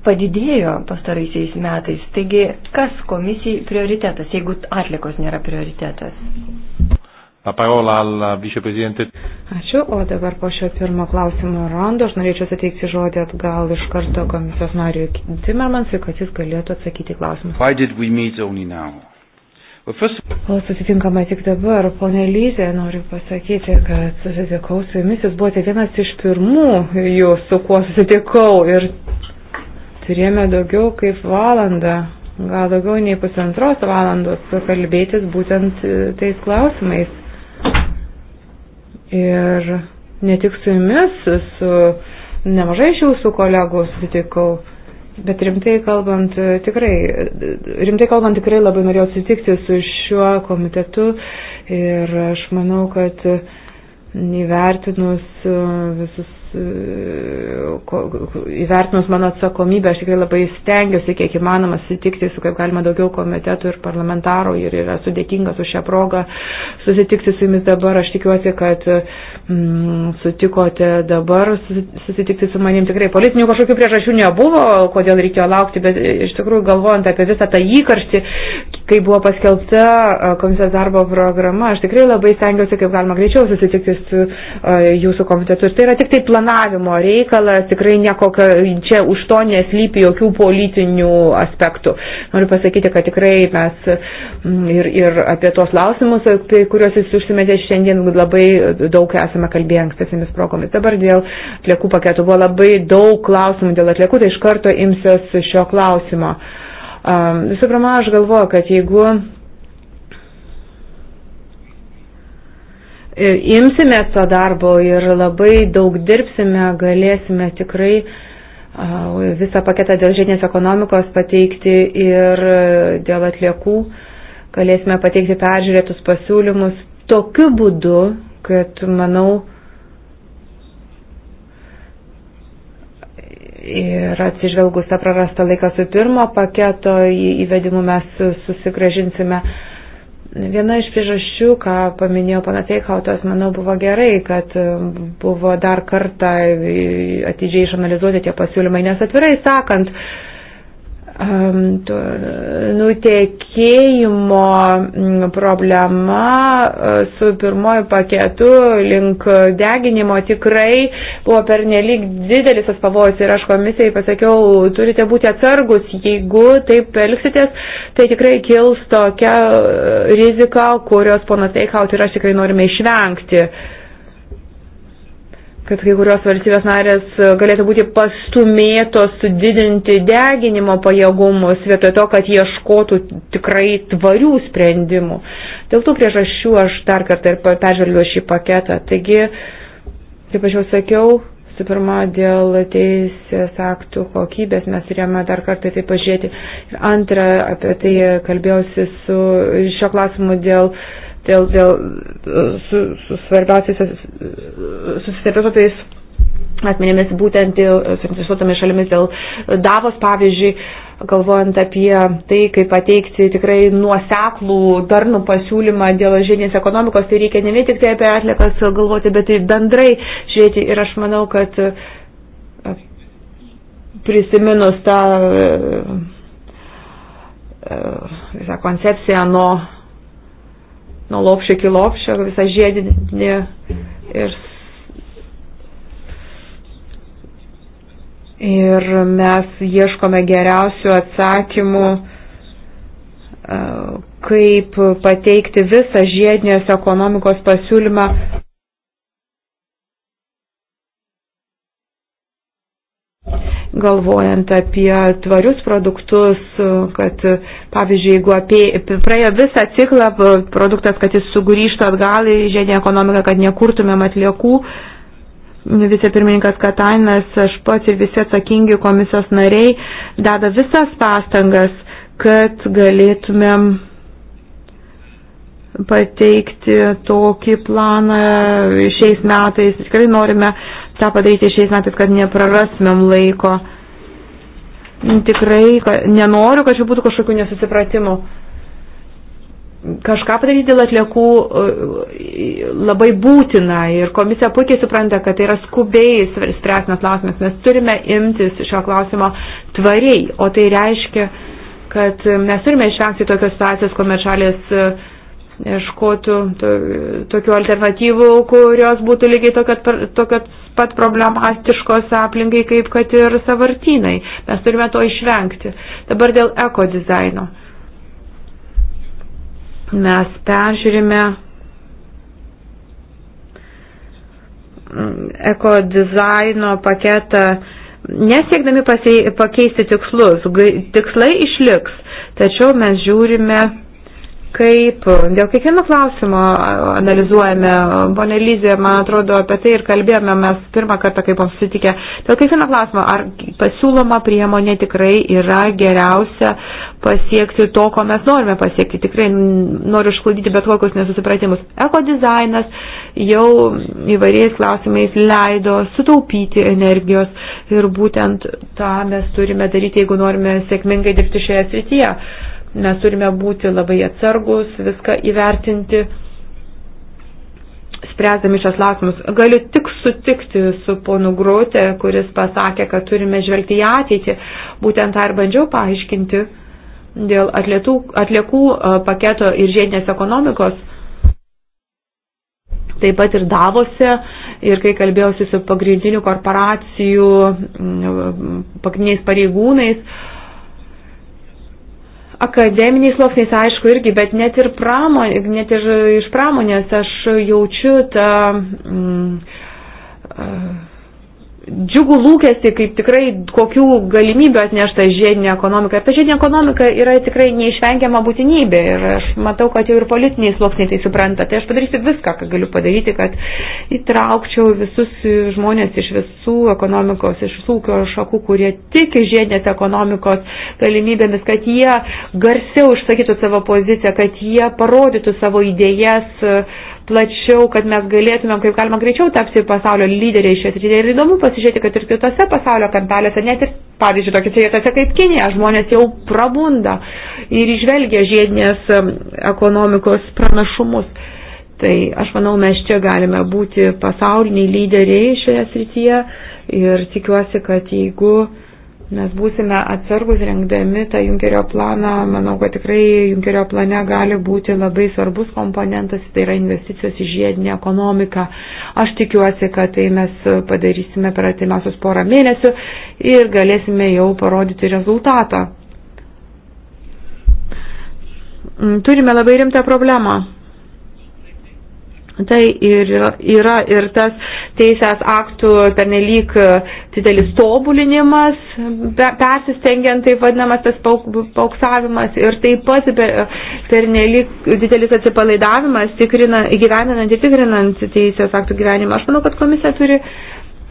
padidėjo pastaraisiais metais. Taigi, kas komisijai prioritetas, jeigu atlikos nėra prioritetas? La parola al viceprezidente. Ačiū, o dabar po šio pirmo klausimo rando aš norėčiau suteikti žodį atgal iš karto komisijos nariui Timmermansui, kad jis galėtų atsakyti klausimus. Well, first... O susitinkama tik dabar, ponė Lyzė, noriu pasakyti, kad susitikau su jumis, jūs buvote vienas iš pirmų jų, su kuo susitikau ir turėjome daugiau kaip valandą gal daugiau nei pusantros valandos kalbėtis būtent e, tais klausimais. Ir ne tik su jumis, su nemažai iš jūsų kolegų susitikau. Bet rimtai kalbant, tikrai, rimtai kalbant, tikrai labai norėjau sutikti su šiuo komitetu ir aš manau, kad uh, įvertinus e, visus, e, įvertinus mano atsakomybę, aš tikrai labai stengiuosi, kiek įmanoma, susitikti su kaip galima daugiau komitetų ir parlamentarų ir yra sudėkingas už šią progą susitikti su jumis dabar. Aš tikiuosi, kad mm, sutikote dabar susitikti su manim. Tikrai politinių kažkokių priežasčių nebuvo, kodėl reikėjo laukti, bet e, iš tikrųjų galvojant apie visą tą įkarštį, kai buvo paskelbta komisijos darbo programa, aš tikrai labai stengiuosi, kaip galima greičiau susitikti E, jūsų komitetus. Tai yra tik tai planavimo reikalas, tikrai niekokio, čia už to neslypi jokių politinių aspektų. Noriu pasakyti, kad tikrai mes ir, ir apie tos lausimus, apie kuriuos jūs užsimėte šiandien, labai daug esame kalbėję ankstesimis progomis. Dabar dėl atliekų paketų buvo labai daug klausimų dėl atliekų, tai iš karto imsiuos šio klausimo. Um, visų pirma, aš galvoju, kad jeigu E, imsime to darbo ir labai daug dirbsime, galėsime tikrai visą paketą dėl žiedinės ekonomikos pateikti ir e, dėl atliekų, galėsime pateikti peržiūrėtus pasiūlymus tokiu būdu, kad manau ir atsižvelgus tą prarastą laiką su pirmo paketo įvedimu mes susigražinsime uh, Viena iš priežasčių, ką paminėjo panas Eichautas, manau, buvo gerai, kad e, buvo dar kartą atidžiai išanalizuoti tie pasiūlymai, nes atvirai sakant, uh, Ehm, nutekėjimo mm, problema e, su pirmoju paketu link deginimo tikrai buvo pernelyg didelis tas pavojus ir aš komisijai pasakiau, turite būti atsargus, jeigu taip elgsitės, tai tikrai kils tokia e, rizika, kurios ponas Eikaut ir aš tikrai norime išvengti kad kai kurios valstybės narės e, galėtų būti pastumėtos didinti deginimo pajėgumus vietoj to, kad ieškotų tikrai tvarių sprendimų. Dėl tų priežasčių aš dar kartą ir peržvelgiu šį paketą. Taigi, kaip aš jau sakiau, Visų pirma, dėl teisės aktų kokybės mes turėjome dar kartą tai pažiūrėti. Ir antra, apie tai kalbėjausi su šio klausimu dėl uh, dėl, dėl su, su svarbiausiais susitėpėtotais asmenėmis, būtent suinteresuotomis šalimis dėl Davos, pavyzdžiui, galvojant apie tai, kaip pateikti tikrai nuoseklų, darnų pasiūlymą dėl žinės ekonomikos, tai reikia ne vien tik tai apie atlikas galvoti, bet ir bendrai žiūrėti. Ir aš manau, kad e, prisiminus tą visą e, e, koncepciją nuo nuo lopšio iki lopšio, visa žiedinė ir, ir mes ieškome geriausių atsakymų, kaip pateikti visą žiedinės ekonomikos pasiūlymą galvojant apie tvarius produktus, kad pavyzdžiui, jeigu apie, praėjo visą ciklą produktas, kad jis sugrįžtų atgal į žiedinę ekonomiką, kad nekurtumėm atliekų, vicepirmininkas Katainas, aš pats ir visi atsakingi komisijos nariai deda visas pastangas, kad galėtumėm pateikti tokį planą šiais metais. Tikrai norime tą padaryti šiais metais, kad neprarasmėm laiko tikrai nenoriu, kad čia būtų kažkokių nesusipratimų. Kažką padaryti dėl atliekų e, labai būtina ir komisija puikiai supranta, kad tai yra skubiai spręsnas klausimas. Mes turime imtis šio klausimo tvariai, o tai reiškia, kad mes turime išvengti tokios situacijos, kuomet šalės uh, e, ieškotų to, tokių alternatyvų, kurios būtų lygiai tokios pat problematiškos aplinkai, kaip kad ir savartinai. Mes turime to išvengti. Dabar dėl ekodizaino. Mes peržiūrime ekodizaino paketą, nesiekdami pakeisti tikslus. Tikslai išliks, tačiau mes žiūrime kaip dėl kiekvieno klausimo analizuojame, ponė Lyzė, man atrodo, apie tai ir kalbėjome mes pirmą kartą, kaip mums sutikė, dėl kiekvieno klausimo, ar pasiūloma priemonė tikrai yra geriausia pasiekti to, ko mes norime pasiekti. Tikrai noriu išklaidyti bet kokius nesusipratimus. Ekodizainas jau įvairiais klausimais leido sutaupyti energijos ir būtent tą mes turime daryti, jeigu norime sėkmingai dirbti šioje srityje. Mes turime būti labai atsargus, viską įvertinti, spręsdami šios lausimus. Galiu tik sutikti su ponu Grotė, kuris pasakė, kad turime žvelgti į ateitį. Būtent tą ir bandžiau paaiškinti dėl atlietų, atliekų paketo ir žiedinės ekonomikos taip pat ir davose ir kai kalbėjausi su pagrindiniu korporacijų pagrindiniais pareigūnais, akademiniais sluoksniais, aišku, irgi, bet net ir, pramonė, net ir iš pramonės aš jaučiu tą. Mm, uh, džiugų lūkestį, kaip tikrai kokių galimybių atnešta žiedinė ekonomika. Ta žiedinė ekonomika yra tikrai neišvengiama būtinybė ir aš matau, kad jau ir politiniai sluoksniai tai supranta. Tai aš padarysiu viską, ką galiu padaryti, kad įtraukčiau visus žmonės iš visų ekonomikos, iš visų ūkio šakų, kurie tiki žiedinės ekonomikos galimybėmis, kad jie garsiau išsakytų savo poziciją, kad jie parodytų savo idėjas plačiau, kad mes galėtumėm kaip galima greičiau tapti pasaulio lyderiai šioje srityje. Ir įdomu pasižiūrėti, kad ir kitose pasaulio kampelėse, net ir, pavyzdžiui, tokiuose vietose kaip Kinija, žmonės jau prabunda ir išvelgia žiedinės um, ekonomikos pranašumus. Tai aš manau, mes čia galime būti pasauliniai lyderiai šioje srityje ir tikiuosi, kad jeigu uh, mes būsime atsargus rengdami tą Junkerio planą. Manau, kad tikrai Junkerio plane gali būti labai svarbus komponentas, tai yra investicijos į žiedinę ekonomiką. Aš tikiuosi, kad tai mes padarysime per ateimiausius porą mėnesių ir galėsime jau parodyti rezultatą. Mm, turime labai rimtą problemą. Tai ir yra ir tas teisės aktų pernelyg e, didelis tobulinimas, persistengiant taip vadinamas tas pauk, pauksavimas ir taip pat pernelyg didelis atsipalaidavimas, tikrina, gyveninant ir tikrinant teisės aktų gyvenimą. Aš manau, kad komisija turi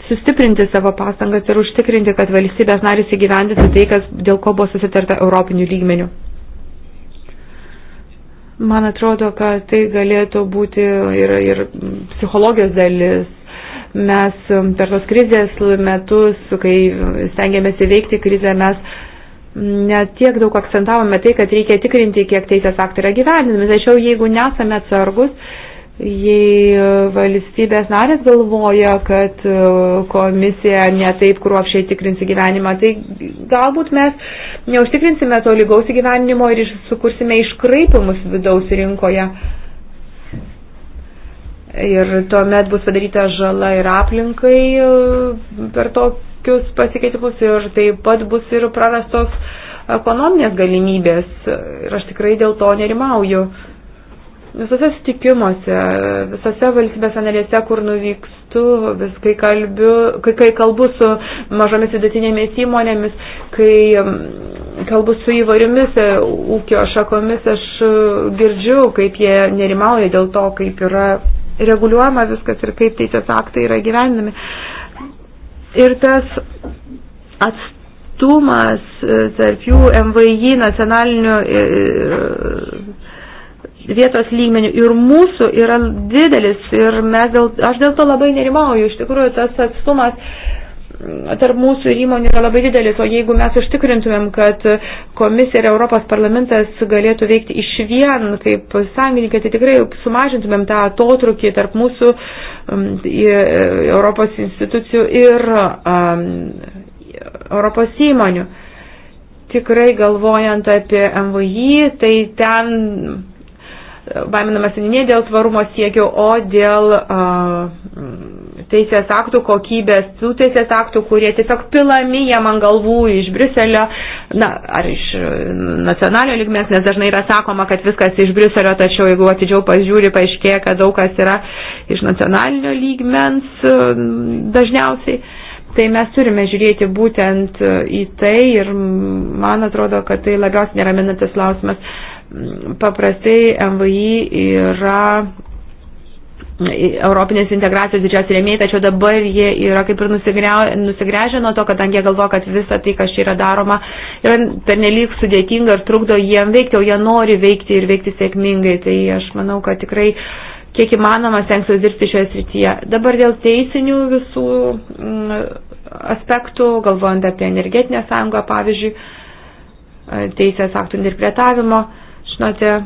sustiprinti savo pastangas ir užtikrinti, kad valstybės narys įgyvendintų tai, kas dėl ko buvo susitarta europinių lygmenių. Man atrodo, kad tai galėtų būti ir, ir psichologijos dalis. Mes um, per tos krizės metus, kai stengiamės įveikti krizę, mes netiek daug akcentavome tai, kad reikia tikrinti, kiek teisės aktai yra gyvendinami. Tačiau jeigu nesame atsargus, jei e, valstybės narės galvoja, kad e, komisija netaip kruopšiai tikrins įgyvenimą, tai galbūt mes neužtikrinsime to lygaus įgyvenimo ir sukursime iškraipimus vidaus rinkoje. Ir tuomet bus padaryta žala ir aplinkai e, per tokius pasikeitimus ir taip pat bus ir prarastos ekonominės galimybės. Ir aš tikrai dėl to nerimauju visose stikimuose, visose valstybėse narėse, kur nuvykstu, vis kai, kalbiu, kai, kai kalbu su mažomis vidutinėmis įmonėmis, kai kalbu su įvairiomis e, ūkio šakomis, aš e, girdžiu, kaip jie nerimauja dėl to, kaip yra reguliuojama viskas ir kaip teisės aktai yra gyvendami. Ir tas atstumas e, tarp jų MVI nacionalinių vietos lygmenių ir mūsų yra didelis ir mes dėl, aš dėl to labai nerimauju, iš tikrųjų tas atstumas tarp mūsų ir įmonių yra labai didelis, o jeigu mes užtikrintumėm, kad komisija ir Europos parlamentas galėtų veikti iš vien kaip sąjungininkai, tai tikrai sumažintumėm tą atotrukį tarp mūsų um, e, Europos institucijų ir um, Europos įmonių. Tikrai galvojant apie MVI, tai ten baiminamasi ne dėl tvarumo siekio, o dėl a, teisės aktų kokybės, tų teisės aktų, kurie tiesiog pilami jam ant galvų iš Briuselio, na, ar iš e, nacionalinio ligmės, nes dažnai yra sakoma, kad viskas iš Briuselio, tačiau jeigu atidžiau pažiūri, paaiškėja, kad daug kas yra iš nacionalinio lygmens e, dažniausiai. Tai mes turime žiūrėti būtent e, į tai ir man atrodo, kad tai labiausiai neraminantis klausimas Paprastai MVI yra Europinės integracijos didžiausiai rėmėjai, tačiau dabar jie yra kaip ir nusigręžę nuo to, kadangi jie galvo, kad visa tai, kas čia yra daroma, yra pernelyg sudėtinga ir trukdo jiem veikti, o jie nori veikti ir veikti sėkmingai. Tai aš manau, kad tikrai kiek įmanoma stengsiuosi dirbti šioje srityje. Dabar dėl teisinių visų mm, aspektų, galvojant apie energetinę sąjungą, pavyzdžiui, teisės aktų interpretavimo. Žinote,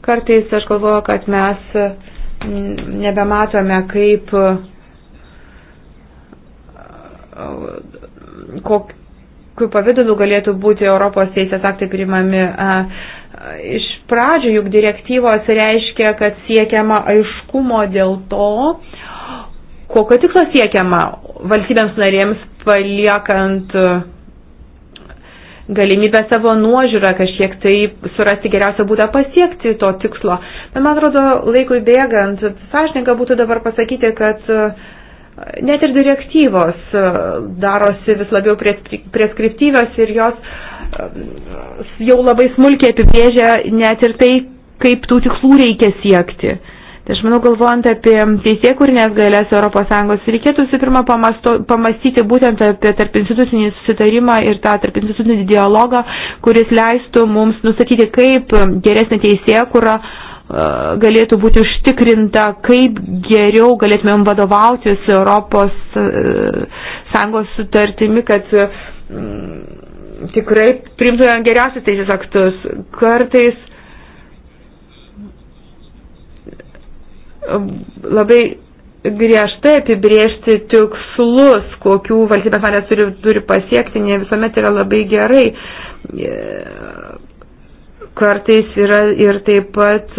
kartais aš galvoju, kad mes mm, nebematome, kaip kokiu pavydalu galėtų būti Europos teisės aktai priimami. Iš pradžių juk direktyvos reiškia, kad siekiama aiškumo dėl to, kokio tikslo siekiama valstybėms narėms paliekant uh, galimybę savo nuožiūrą kažkiek tai surasti geriausią būdą pasiekti to tikslo. Bet man atrodo, laikui bėgant, sąžininka būtų dabar pasakyti, kad e, net ir direktyvos e, darosi vis labiau preskriptyvios ir jos e, jau labai smulkiai apibrėžia net ir tai, kaip tų tikslų reikia siekti. Tai aš manau, galvojant apie teisėkūrinės galės ES, reikėtų visų pirma pamastyti būtent apie tarp institucinį susitarimą ir tą tarp institucinį dialogą, kuris leistų mums nustatyti, kaip geresnė teisėkūra e, galėtų būti užtikrinta, kaip geriau galėtumėm vadovautis Europos e, Sąjungos sutartimi, kad mm, tikrai primtumėm geriausius teisės aktus. Kartais labai griežtai apibriežti tikslus, kokių valstybės manęs turi, turi pasiekti, ne visuomet yra labai gerai. E, kartais yra ir taip pat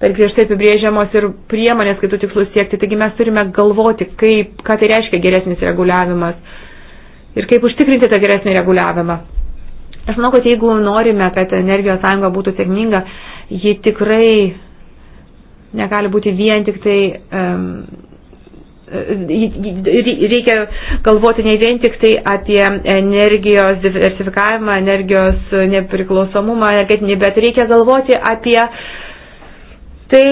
per griežtai apibrėžiamos ir priemonės, kaip tų tikslus siekti. Taigi mes turime galvoti, kaip, ką tai reiškia geresnis reguliavimas ir kaip užtikrinti tą geresnį reguliavimą. Aš manau, kad jeigu norime, kad energijos sąjunga būtų sėkminga, ji tikrai negali būti vien tik tai um, reikia galvoti ne vien tik tai apie energijos diversifikavimą, energijos nepriklausomumą energetinį, bet reikia galvoti apie tai,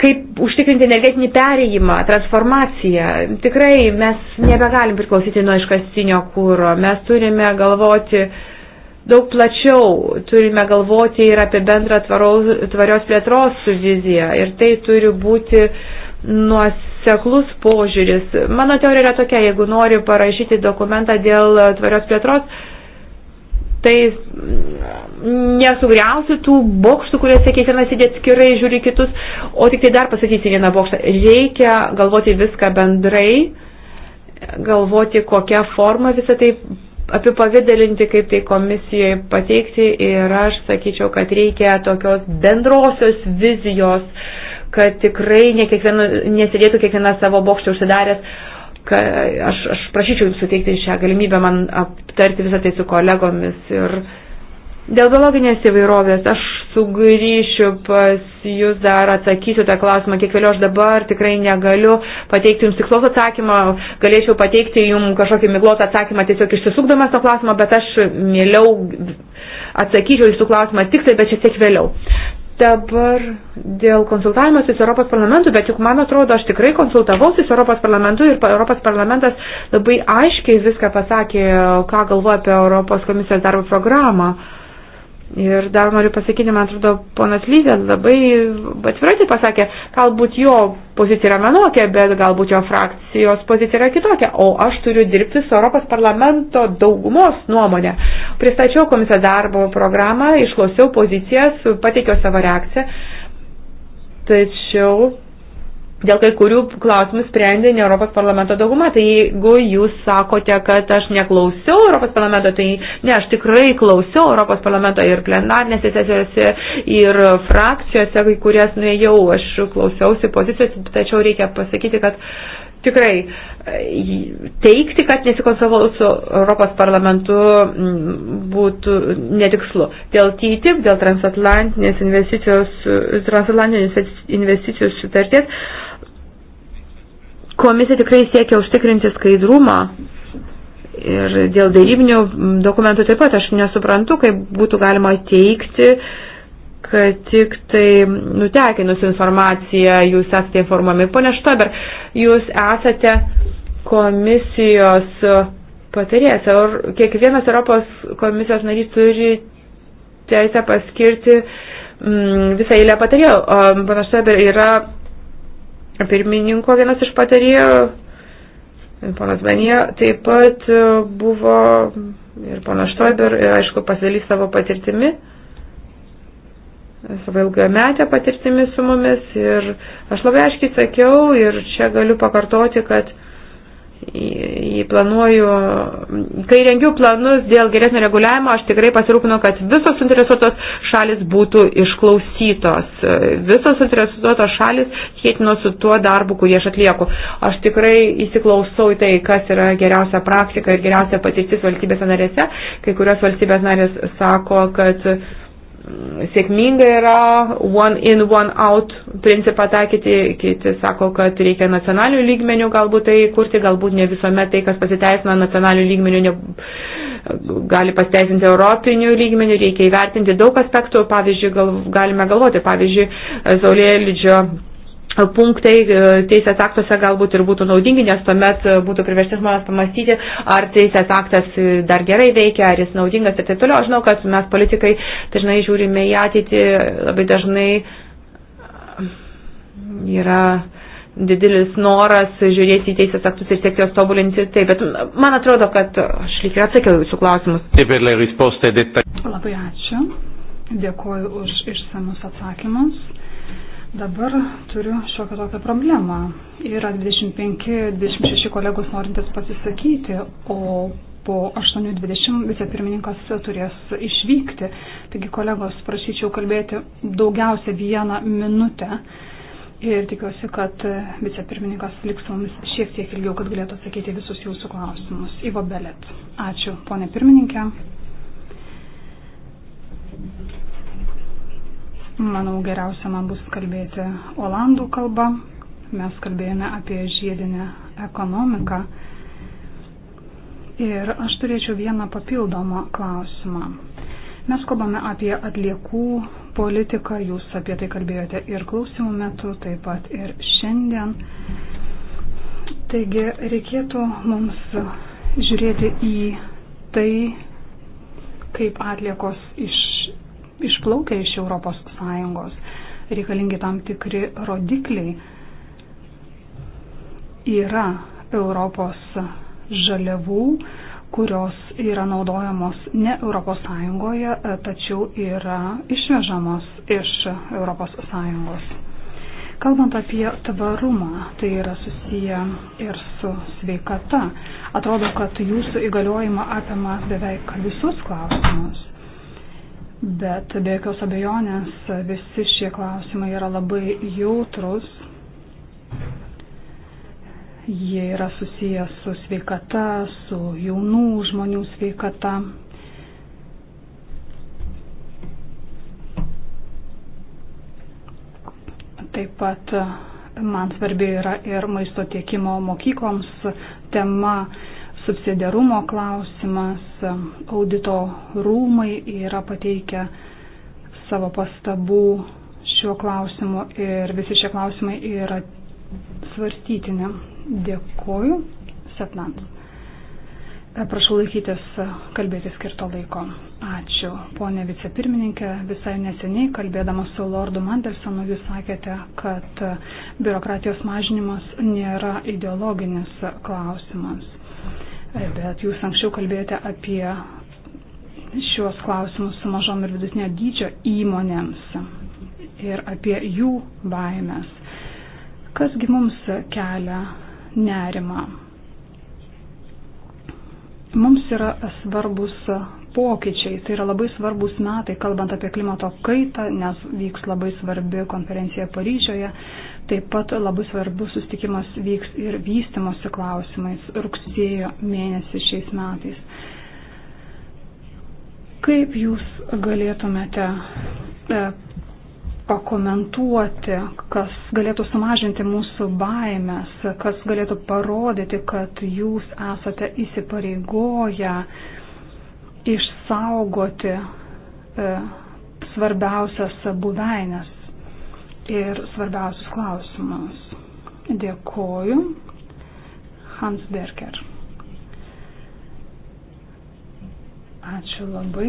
kaip užtikrinti energetinį perėjimą, transformaciją. Tikrai mes nebegalim priklausyti nuo iškastinio kūro, mes turime galvoti uh, daug plačiau turime galvoti ir apie bendrą tvaraus, tvarios plėtros viziją. Ir tai turi būti nuoseklus požiūris. Mano teorija yra tokia, jeigu nori parašyti dokumentą dėl tvarios plėtros, tai nesugriausi tų bokštų, kuriuose kiekvienas sėdė atskirai, žiūri kitus, o tik tai dar pasakysiu vieną bokštą. Reikia galvoti viską bendrai, galvoti, kokią formą visą tai apipavydalinti, kaip tai komisijoje pateikti ir aš sakyčiau, kad reikia tokios bendrosios vizijos, kad tikrai ne kiekviena, nesėdėtų kiekviena savo bokštį užsidaręs. Aš, aš prašyčiau suteikti šią galimybę man aptarti visą tai su kolegomis ir uh, Dėl biologinės įvairovės aš sugrįšiu pas jūs dar atsakysiu tą klausimą, kiek vėliau aš dabar tikrai negaliu pateikti jums tikslaus atsakymą, galėčiau pateikti jums kažkokį miglotą atsakymą tiesiog išsisukdamas to klausimo, bet aš mieliau atsakyčiau jūsų klausimą tiksliai, bet šiek tiek vėliau. Dabar dėl konsultavimas su Europos parlamentu, bet juk man atrodo, aš tikrai konsultavausi su Europos parlamentu ir Europos parlamentas labai aiškiai viską pasakė, ką galvoja apie Europos komisijos darbo programą. Uh, Ir dar noriu pasakyti, man atrodo, ponas Lyzės labai atvirai tai pasakė, galbūt jo pozicija yra vienokia, bet galbūt jo frakcijos pozicija yra kitokia, o aš turiu dirbti su Europos parlamento daugumos nuomonė. Pristačiau komisijos darbo programą, išklausiau pozicijas, pateikiau savo reakciją, tačiau dėl kai kurių klausimų sprendė ne Europos parlamento dauguma. Tai jeigu jūs sakote, kad aš neklausiau Europos parlamento, tai ne, aš tikrai klausiau Europos parlamento ir plenarnėse sesijose, ir frakcijose, kai kurias nuėjau, aš klausiausi pozicijos, tačiau reikia pasakyti, kad tikrai e, teikti, kad nesikonsultavau su Europos parlamentu būtų netikslu. Dėl TTIP, dėl transatlantinės investicijos, transatlantinės investicijos sutarties, Komisija tikrai siekia užtikrinti skaidrumą ir dėl dėrybinių dokumentų taip pat aš nesuprantu, kaip būtų galima teikti, kad tik tai nutekinus informaciją jūs esate informuomi. Pone Štober, jūs esate komisijos patarėjas. Ar kiekvienas Europos komisijos narys turi teisę paskirti mm, visą eilę patarėjų. Panašu, yra pirmininko vienas iš patarėjų, ponas Benija, taip pat e, buvo ir ponas Štoiber, ir aišku, pasidalys savo patirtimi, savo ilgametę patirtimi su mumis. Ir aš labai aiškiai sakiau, ir čia galiu pakartoti, kad planuoju, kai rengiu planus dėl geresnio reguliavimo, aš tikrai pasirūpinu, kad visos suinteresuotos šalis būtų išklausytos. Visos suinteresuotos šalis tikėtino su tuo darbu, kurį aš atlieku. Aš tikrai įsiklausau į tai, kas yra geriausia praktika ir geriausia patirtis valstybės narėse. Kai kurios valstybės narės sako, kad sėkminga yra one in, one out principą taikyti, kiti sako, kad reikia nacionalių lygmenių galbūt tai kurti, galbūt ne visuomet tai, kas pasiteisina nacionalių lygmenių, ne, gali pasteisinti europinių lygmenių, reikia įvertinti daug aspektų, pavyzdžiui, gal, galime galvoti, pavyzdžiui, Zaulėlydžio punktai e, teisės aktuose galbūt ir būtų naudingi, nes tuomet e, būtų priversti žmonės pamastyti, ar teisės aktas e, dar gerai veikia, ar jis naudingas ir taip toliau. Aš žinau, kad mes politikai dažnai žiūrime į ateitį, labai dažnai yra didelis noras žiūrėti į teisės aktus ir siekti juos tobulinti. Taip, bet man atrodo, kad aš lyg ir atsakiau jūsų klausimus. Labai ačiū. Dėkuoju už išsamus atsakymus. Dabar turiu šiokią tokią problemą. Yra 25-26 kolegos norintis pasisakyti, o po 8.20 vicepirmininkas turės išvykti. Taigi, kolegos, prašyčiau kalbėti daugiausia vieną minutę. Ir tikiuosi, kad vicepirmininkas liks mums šiek tiek ilgiau, kad galėtų atsakyti visus jūsų klausimus. Ivo Belet. Ačiū, ponė pirmininkė. Manau, geriausia man bus kalbėti olandų kalba. Mes kalbėjome apie žiedinę ekonomiką. Ir aš turėčiau vieną papildomą klausimą. Mes kalbame apie atliekų politiką, jūs apie tai kalbėjote ir klausimų metu, taip pat ir šiandien. Taigi reikėtų mums žiūrėti į tai, kaip atliekos iš išplaukia iš ES. Reikalingi tam tikri rodikliai. Yra Europos žaliavų, kurios yra naudojamos ne ES, tačiau yra išvežamos iš ES. Kalbant apie tvarumą, tai yra susiję ir su sveikata. Atrodo, kad jūsų įgaliojimą apima beveik visus klausimus. Bet be jokios abejonės visi šie klausimai yra labai jautrus. Jie yra susijęs su sveikata, su jaunų žmonių sveikata. Taip pat man svarbi yra ir maisto tiekimo mokykloms tema subsidiarumo klausimas, audito rūmai yra pateikę savo pastabų šiuo klausimu ir visi šie klausimai yra svarstytini. Dėkuoju. Septant. Prašau laikytis kalbėti skirto laiko. Ačiū, ponė vicepirmininkė. Visai neseniai, kalbėdamas su Lordu Mandelsonu, jūs sakėte, kad biurokratijos mažinimas nėra ideologinis klausimas bet jūs anksčiau kalbėjote apie šiuos klausimus su mažom ir vidutinio dydžio įmonėms ir apie jų baimės. Kasgi mums kelia nerimą? Mums yra svarbus pokyčiai, tai yra labai svarbus metai, kalbant apie klimato kaitą, nes vyks labai svarbi konferencija Paryžioje, Taip pat labai svarbus sustikimas vyks ir vystimosi klausimais rugsėjo mėnesį šiais metais. Kaip jūs galėtumėte e, pakomentuoti, kas galėtų sumažinti mūsų baimės, kas galėtų parodyti, kad jūs esate įsipareigoję išsaugoti e, svarbiausias buveinės ir svarbiausius klausimus. Dėkoju. Hans Derker. Ačiū labai.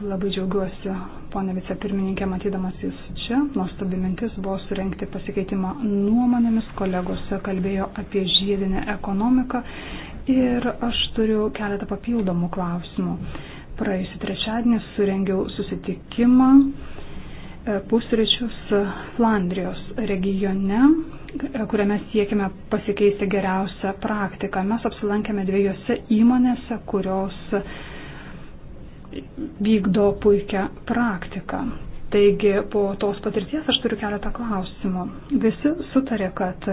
Labai džiaugiuosi, ponė vicepirmininkė, matydamas jūs čia. Nuostabi mintis buvo surenkti pasikeitimą nuomonėmis. Kolegos kalbėjo apie žiedinę ekonomiką. Ir aš turiu keletą papildomų klausimų. Praėjusį trečiadienį surengiau susitikimą E, pusryčius e, Flandrijos regione, e, kuriame siekime pasikeisti geriausią praktiką. Mes apsilankėme dviejose įmonėse, kurios vykdo puikią praktiką. Taigi po tos patirties aš turiu keletą klausimų. Visi sutarė, kad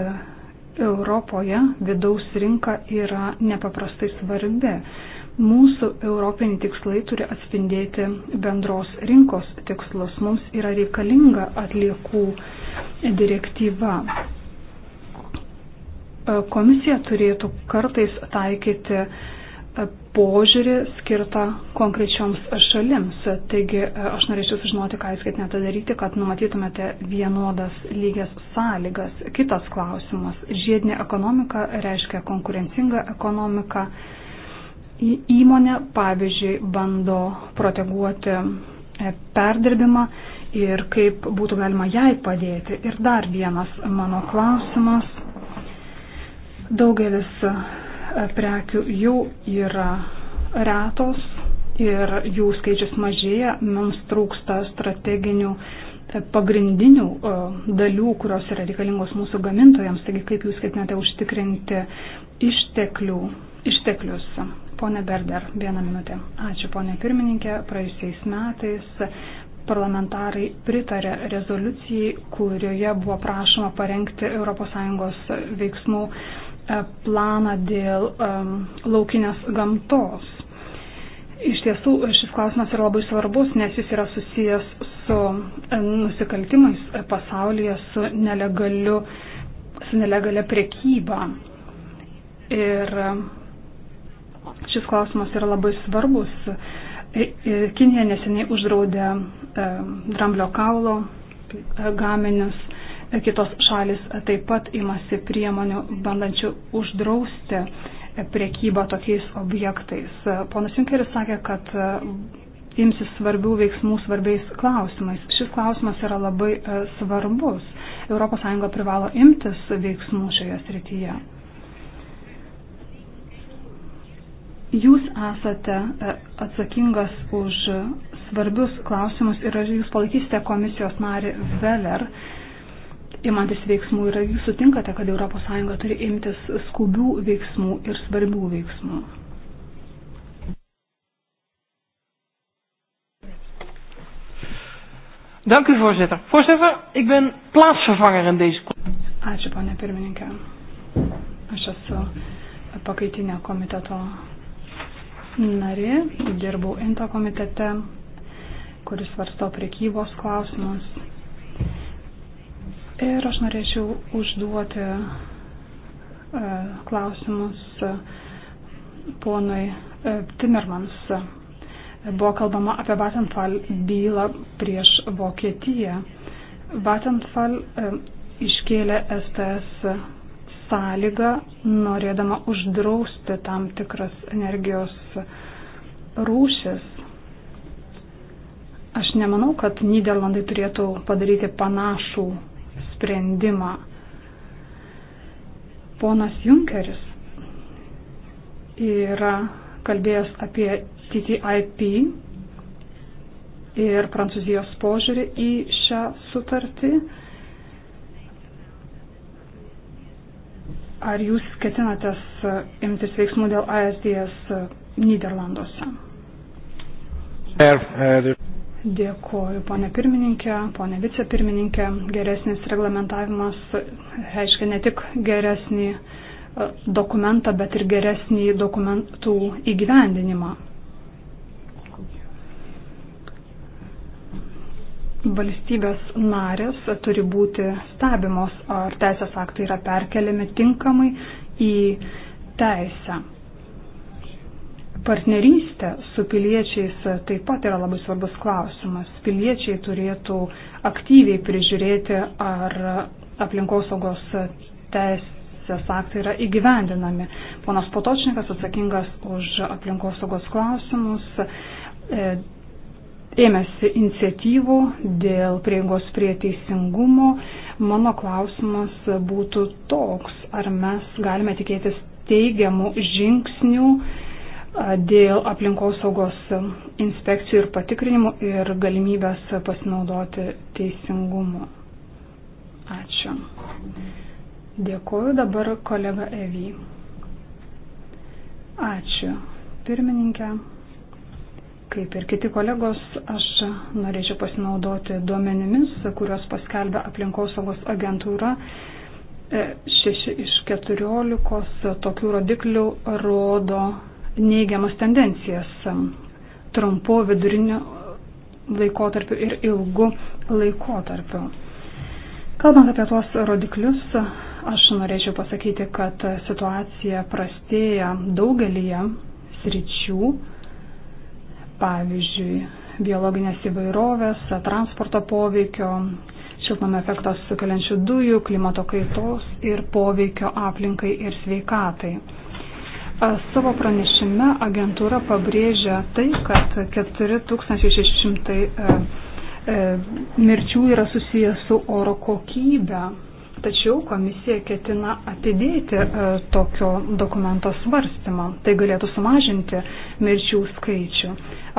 Europoje vidaus rinka yra nepaprastai svarbi. Mūsų europiniai tikslai turi atspindėti bendros rinkos tikslus. Mums yra reikalinga atliekų direktyva. Komisija turėtų kartais taikyti požiūrį skirtą konkrečioms šalims. Taigi aš norėčiau sužinoti, ką jūs ketinate daryti, kad numatytumėte vienodas lygias sąlygas. Kitas klausimas. Žiedinė ekonomika reiškia konkurencingą ekonomiką įmonė, pavyzdžiui, bando proteguoti e, perdirbimą ir kaip būtų galima jai padėti. Ir dar vienas mano klausimas. Daugelis e, prekių jau yra retos ir jų skaičius mažėja, mums trūksta strateginių e, pagrindinių dalių, kurios yra reikalingos mūsų gamintojams. Taigi, kaip jūs ketinate užtikrinti išteklių, išteklius Pone Berder, vieną minutę. Ačiū, ponė pirmininkė. Praėjusiais metais parlamentarai pritarė rezoliucijai, kurioje buvo prašoma parengti ES veiksmų e, planą dėl um, laukinės gamtos. Iš tiesų, šis klausimas yra labai svarbus, nes jis yra susijęs su e, nusikaltimais pasaulyje, su, nelegaliu, su nelegalia prekyba. Ir um, Šis klausimas yra labai svarbus. E, e, Kinija neseniai uždraudė e, dramblio kaulo tai, gaminius. Kitos šalis taip pat imasi priemonių bandančių uždrausti priekybą tokiais objektais. Ponas Junkeris sakė, kad imsis svarbių veiksmų svarbiais klausimais. Šis klausimas yra labai svarbus. ES privalo imtis veiksmų šioje srityje. Jūs esate e, atsakingas už svarbius klausimus ir ar jūs palaikysite komisijos narį Veller, imantis veiksmų ir ar jūs sutinkate, kad ES turi imtis skubių veiksmų ir svarbių veiksmų? Dank u voorzitter. Voorzitter, ik ben plaatsvervanger in deze commissie. Ačiū, ponia pirmininkė. Aš esu pakaitinė komiteto narė, dirbau INTO komitete, kuris svarsto priekybos klausimus. Ir aš norėčiau užduoti e, klausimus e, ponui e, Timmermans. Buvo kalbama apie Vattenfall bylą prieš Vokietiją. Vattenfall iškėlė STS sąlygą, norėdama uždrausti tam tikras energijos rūšis. Aš nemanau, kad Niderlandai turėtų padaryti panašų sprendimą. Ponas Junkeris yra kalbėjęs apie TTIP ir Prancūzijos požiūrį į šią sutartį. Ar jūs ketinate e, imtis veiksmų dėl ASDS e, Niderlanduose? Dėkuoju, ponė pirmininkė, ponė vicepirmininkė. Geresnis reglamentavimas e, reiškia ne tik geresnį dokumentą, bet ir geresnį dokumentų įgyvendinimą. valstybės narės turi būti stebimos, ar teisės aktai yra perkeliami tinkamai į teisę. Partnerystė su piliečiais taip pat yra labai svarbus klausimas. Piliečiai turėtų aktyviai prižiūrėti, ar aplinkosaugos teisės aktai yra įgyvendinami. Ponas Potočnikas atsakingas už aplinkosaugos klausimus ėmėsi iniciatyvų dėl prieigos prie teisingumo. Mano klausimas būtų toks, ar mes galime tikėtis teigiamų žingsnių dėl aplinkosaugos inspekcijų ir patikrinimų ir galimybės pasinaudoti teisingumu. Ačiū. Dėkuoju dabar kolega Evy. Ačiū. Pirmininkė. Kaip ir kiti kolegos, aš norėčiau pasinaudoti duomenimis, kuriuos paskelbė aplinkosaugos agentūra. 6 e, iš 14 tokių rodiklių rodo neigiamas tendencijas trumpu, viduriniu laikotarpiu ir ilgu laikotarpiu. Kalbant apie tuos rodiklius, aš norėčiau pasakyti, kad situacija prastėja daugelyje sričių pavyzdžiui, biologinės įvairovės, transporto poveikio, šiltnamio efektą sukeliančių dujų, klimato kaitos ir poveikio aplinkai ir sveikatai. Savo pranešime agentūra pabrėžia tai, kad 4600 e, e, mirčių yra susijęs su oro kokybe Tačiau komisija ketina atidėti e, tokio dokumento svarstymą. Tai galėtų sumažinti mirčių skaičių.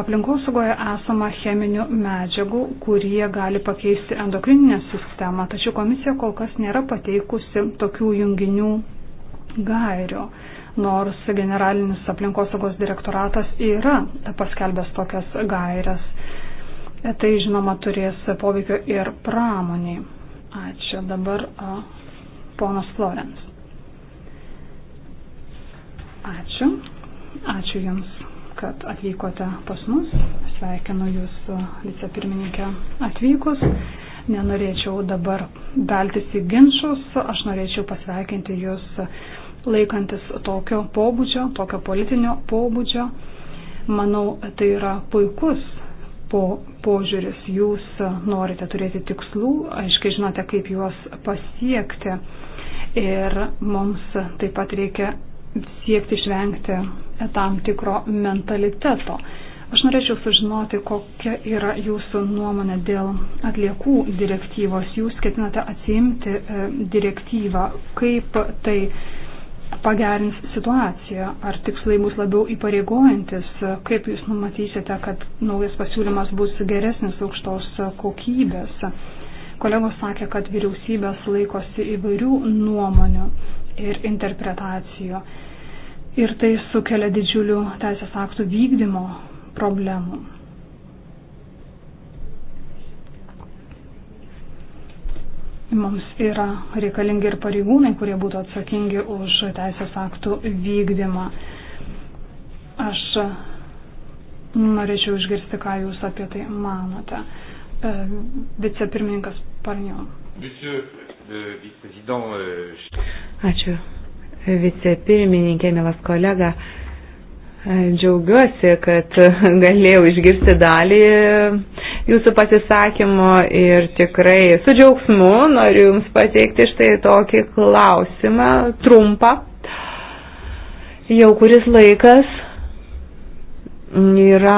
Aplinkosaugoje esama cheminių medžiagų, kurie gali pakeisti endokrininę sistemą, tačiau komisija kol kas nėra pateikusi tokių junginių gairio. Nors generalinis aplinkosaugos direktoratas yra paskelbęs tokias gairias. E, tai žinoma turės poveikio ir pramoniai. Ačiū. Dabar o, ponas Florens. Ačiū. Ačiū Jums, kad atvykote pas mus. Sveikinu Jūs, vicepirmininkė, atvykus. Nenorėčiau dabar beltis į ginčius. Aš norėčiau pasveikinti Jūs laikantis tokio pobūdžio, tokio politinio pobūdžio. Manau, tai yra puikus po požiūris. Jūs norite turėti tikslų, aiškiai žinote, kaip juos pasiekti. Ir mums taip pat reikia siekti išvengti tam tikro mentaliteto. Aš norėčiau sužinoti, kokia yra jūsų nuomonė dėl atliekų direktyvos. Jūs ketinate atsiimti e, direktyvą, kaip tai pagerins situaciją, ar tikslai bus labiau įpareigojantis, kaip jūs numatysite, kad naujas pasiūlymas bus geresnis aukštos kokybės. Kolegos sakė, kad vyriausybės laikosi įvairių nuomonių ir interpretacijų ir tai sukelia didžiulių teisės aktų vykdymo problemų. Mums yra reikalingi ir pareigūnai, kurie būtų atsakingi už teisės aktų vykdymą. Aš norėčiau išgirsti, ką Jūs apie tai manote. E, vicepirmininkas Parniu. E, e, Ačiū. Vicepirmininkė, mielas kolega, Džiaugiuosi, kad galėjau išgirsti dalį jūsų pasisakymo ir tikrai su džiaugsmu noriu Jums pateikti štai tokį klausimą, trumpą. Jau kuris laikas yra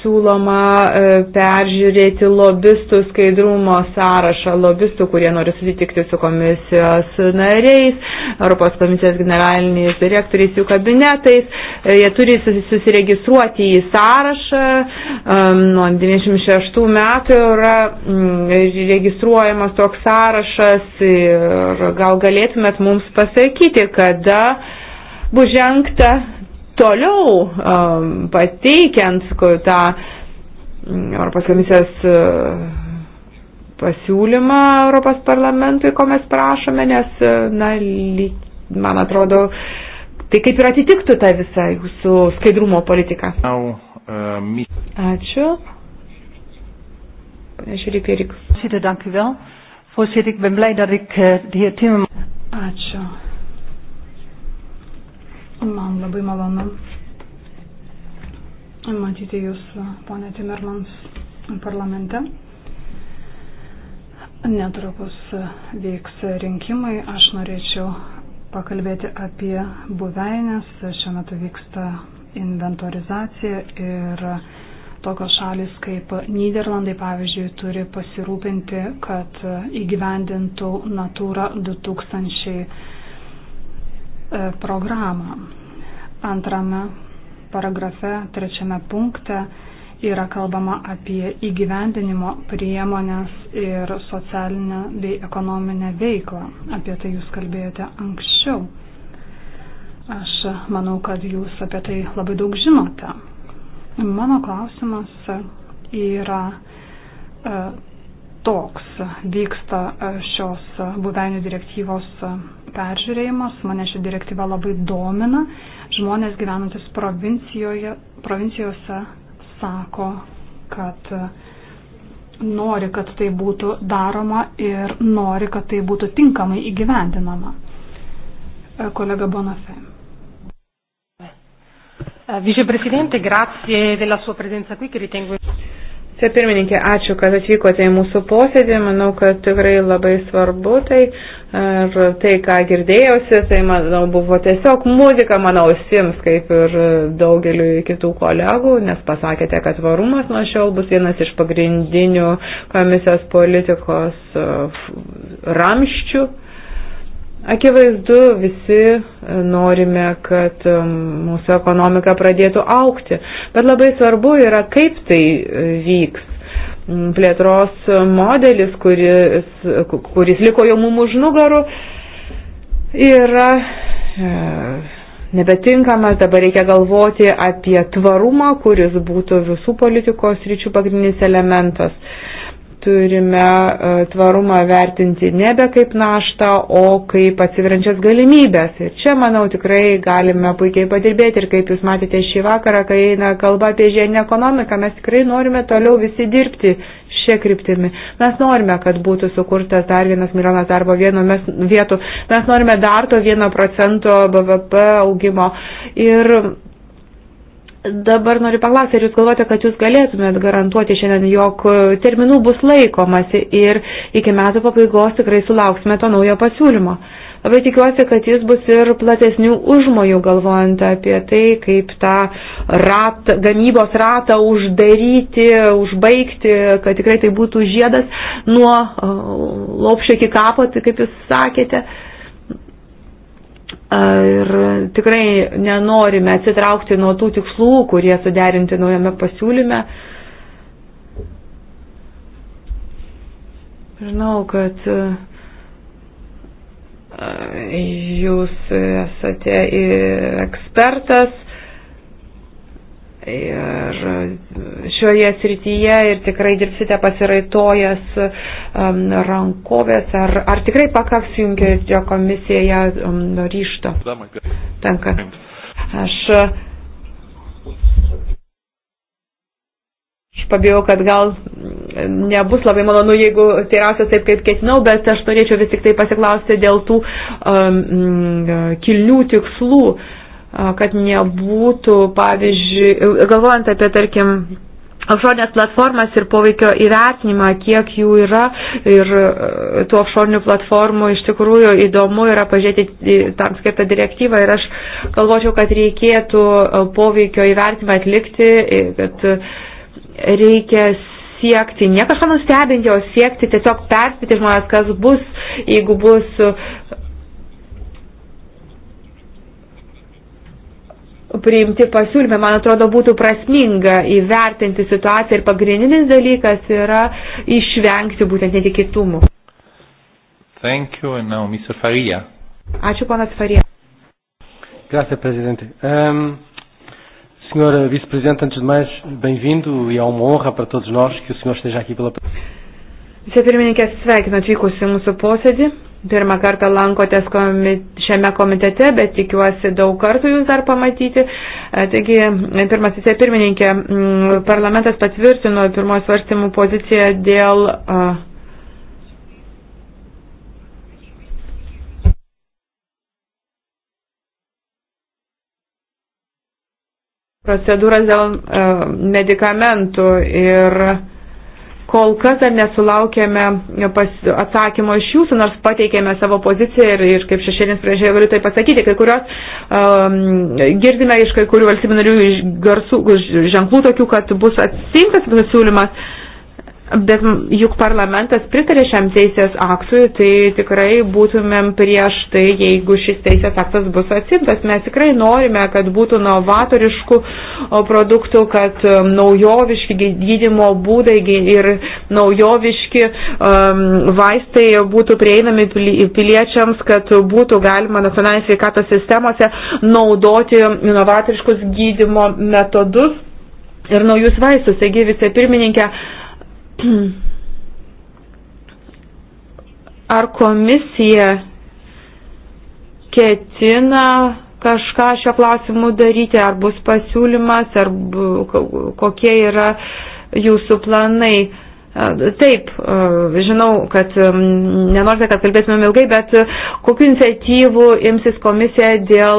siūloma e, peržiūrėti lobistų skaidrumo sąrašą, lobistų, kurie nori susitikti su komisijos nariais, Europos komisijos generaliniais direktoriais, jų kabinetais. E, jie turi susiregistruoti į sąrašą. E, nuo 96 metų yra mm, registruojamas toks sąrašas ir gal galėtumėt mums pasakyti, kada bus žengta toliau um, pateikiant tą mm, Europos komisijos e, pasiūlymą Europos parlamentui, ko mes prašome, nes, e, na, man atrodo, tai kaip ir atitiktų tą visą jūsų skaidrumo politiką. Uh, Ačiū. Žiūrėk, Erik. Voorzitter, dank u wel. Voorzitter, ik ben blij dat ik eh, de heer Timmermans. Ačiū. Man labai malonu matyti Jūs, ponė Timermans, parlamente. Netrukus vyks rinkimai. Aš norėčiau pakalbėti apie buveinės. Šiuo metu vyksta inventorizacija ir tokios šalis kaip Niderlandai, pavyzdžiui, turi pasirūpinti, kad įgyvendintų Natūra 2000 E, programą. Antrame paragrafe, trečiame punkte yra kalbama apie įgyvendinimo priemonės ir socialinę bei ekonominę veiklą. Apie tai jūs kalbėjote anksčiau. Aš manau, kad jūs apie tai labai daug žinote. Mano klausimas yra e, toks vyksta e, šios e, buveinių direktyvos e, peržiūrėjimas. Mane ši direktyva labai domina. Žmonės gyvenantis provincijose sako, kad nori, kad tai būtų daroma ir nori, kad tai būtų tinkamai įgyvendinama. Kolega Bonafè. Viceprezidente, grazie della sua presenza qui che ritengo Čia pirmininkė, ačiū, kad atvykote į mūsų posėdį. Manau, kad tikrai labai svarbu tai. Ir tai, ką girdėjausi, tai, manau, buvo tiesiog muzika, manau, sims, kaip ir daugeliu kitų kolegų, nes pasakėte, kad tvarumas nuo šiol bus vienas iš pagrindinių komisijos politikos uh, ramščių. Akivaizdu, visi e, norime, kad e, mūsų ekonomika pradėtų aukti, bet labai svarbu yra, kaip tai e, vyks. Mm, plėtros modelis, kuris, kuris liko jau mum už nugarų, yra nebetinkamas, dabar reikia galvoti apie tvarumą, kuris būtų visų politikos ryčių pagrindinis elementas turime e, tvarumą vertinti nebe kaip naštą, o kaip atsiverančias galimybės. Ir čia, manau, tikrai galime puikiai padirbėti. Ir kaip jūs matėte šį vakarą, kai eina kalba apie žiedinę ekonomiką, mes tikrai norime toliau visi dirbti šia kryptimi. Mes norime, kad būtų sukurtas dar vienas milijonas darbo vieno mes, vietų. Mes norime dar to vieno procento BVP augimo. Ir Dabar noriu paklausti, ar jūs galvojate, kad jūs galėtumėt garantuoti šiandien, jog terminų bus laikomasi ir iki metų pabaigos tikrai sulauksime to naujo pasiūlymo. Labai tikiuosi, kad jis bus ir platesnių užmojų, galvojant apie tai, kaip tą rat, gamybos ratą uždaryti, užbaigti, kad tikrai tai būtų žiedas nuo uh, lopšio iki kapo, tai kaip jūs sakėte. Uh, Ir tikrai nenorime atsitraukti nuo tų tikslų, kurie suderinti naujame pasiūlyme. Žinau, kad jūs esate ekspertas ir e, šioje srityje ir tikrai dirbsite pasiraitojęs um, rankovės, ar, ar tikrai pakaks junkerio komisijoje um, ryšto? Tenka. Aš, aš pabijau, kad gal nebus labai malonu, jeigu teirausiu taip, kaip ketinau, bet aš norėčiau vis tik tai pasiklausti dėl tų um, kilnių tikslų. Uh, kad nebūtų, pavyzdžiui, galvojant apie, tarkim, offshore'nės platformas ir poveikio įvertinimą, kiek jų yra ir e, tų offshore'nių platformų iš tikrųjų įdomu yra pažiūrėti tam skirtą direktyvą ir aš galvočiau, kad reikėtų e, poveikio įvertinimą atlikti, e, kad reikia siekti, ne kažką nustebinti, o siekti tiesiog perspėti žmonės, kas bus, jeigu bus priimti pasiūlymai, man atrodo, būtų prasminga įvertinti situaciją ir pagrindinis dalykas yra išvengti būtent netikėtumų. Thank you, and now Mr. Faria. Ačiū, ponas Faria. Grazie, Presidente. Um, ehm, senhor Vice-Presidente, antes de mais, bem-vindo e é uma honra para todos nós que o senhor esteja aqui pela primeira vez. Vice-Pirmininkė sveikina atvykusi mūsų posėdį pirmą kartą lankotės komit, šiame komitete, bet tikiuosi daug kartų jūs dar pamatyti. E, taigi, pirmas visai pirmininkė, mm, parlamentas patvirtino pirmos svarstymų poziciją dėl. procedūras dėl e, medikamentų ir uh, Kol kas dar nesulaukėme atsakymo iš jūsų, nors pateikėme savo poziciją ir, ir kaip šešėlinis priešėjai galiu tai pasakyti, kai kurios um, girdime iš kai kurių valstybių narių iš garsų, ženklų tokių, kad bus atsimtas pasiūlymas Bet juk parlamentas pritarė šiam teisės aktui, tai tikrai būtumėm prieš tai, jeigu šis teisės aktas bus atsimtas. Mes tikrai norime, kad būtų novatoriškų produktų, kad um, naujoviški gydimo būdai ir naujoviški um, vaistai būtų prieinami piliečiams, kad būtų galima nacionalinės sveikatos sistemose naudoti inovatoriškus gydimo metodus ir naujus vaistus. Taigi, vice pirmininkė, uh, Ar komisija ketina kažką šio klausimu daryti, ar bus pasiūlymas, ar kokie yra jūsų planai. Taip, žinau, kad nenorite, kad kalbėtumėm ilgai, bet kokiu iniciatyvu imsis komisija dėl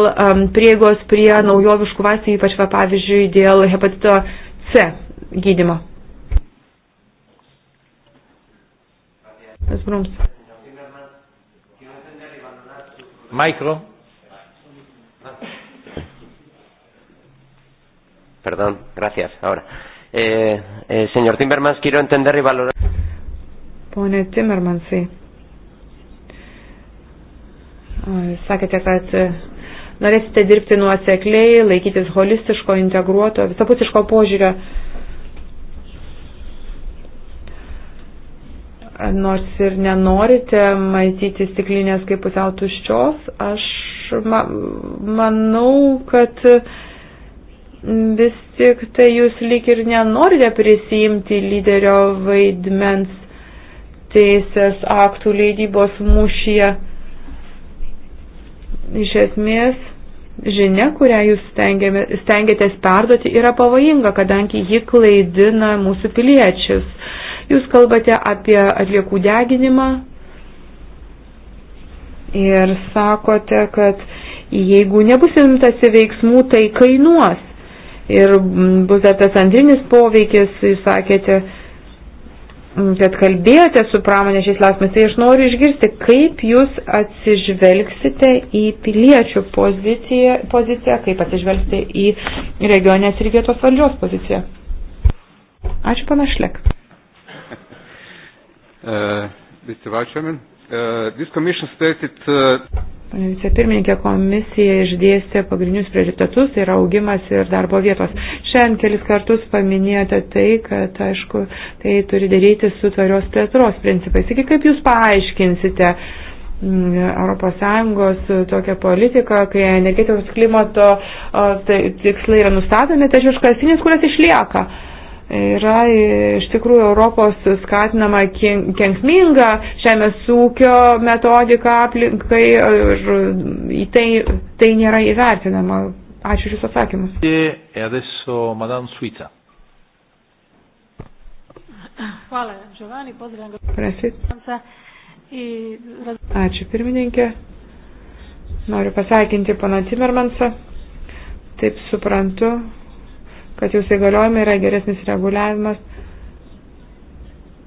prieigos prie naujoviškų vaistų, ypač, va, pavyzdžiui, dėl hepatito C gydimo? Tas Brums. Micro. Perdón, gracias. Ahora. Eh, eh, señor Timmermans, quiero entender y valorar. Pone Timmermansai. Sakėte, kad e, norėsite dirbti nuosekliai, laikytis holistiško, integruoto, visapusiško požiūrio. nors ir nenorite matyti stiklinės kaip pusiau tuščios, aš ma manau, kad vis tik tai jūs lyg ir nenorite prisijimti lyderio vaidmens teisės aktų leidybos mūšyje. Iš esmės, žinia, kurią jūs stengiatės perduoti, yra pavojinga, kadangi ji klaidina mūsų piliečius Jūs kalbate apie atliekų deginimą ir sakote, kad jeigu nebus imtasi veiksmų, tai kainuos. Ir bus dar tas antrinis poveikis, jūs sakėte, kad kalbėjote su pramonė šiais lasmais, tai aš noriu išgirsti, kaip jūs atsižvelgsite į piliečių poziciją, poziciją kaip atsižvelgsite į regionės ir vietos valdžios poziciją. Ačiū panašlek. Uh, Mr. Vice Chairman, uh, this Commission stated. Uh, Pane vicepirmininkė, komisija išdėstė pagrindinius prioritetus, tai yra augimas ir darbo vietos. Šiandien kelis kartus paminėjote tai, kad, aišku, tai turi daryti su tvarios plėtros principais. Taigi, kaip Jūs paaiškinsite mm, ES tokią politiką, kai energetikos klimato tai, tikslai yra nustatomi, tačiau iškastinis kuras išlieka? Uh, yra iš tikrųjų Europos skatinama kenkminga žemės ūkio metodika aplinkai ir į tai, tai nėra įvertinama. Ačiū šis atsakymus. E Hvala, Giovanni, pozdravljam gospodina. Ačiū pirmininkė. Noriu pasveikinti pana Timermansą. Taip suprantu, kad jūs įgaliojame yra geresnis reguliavimas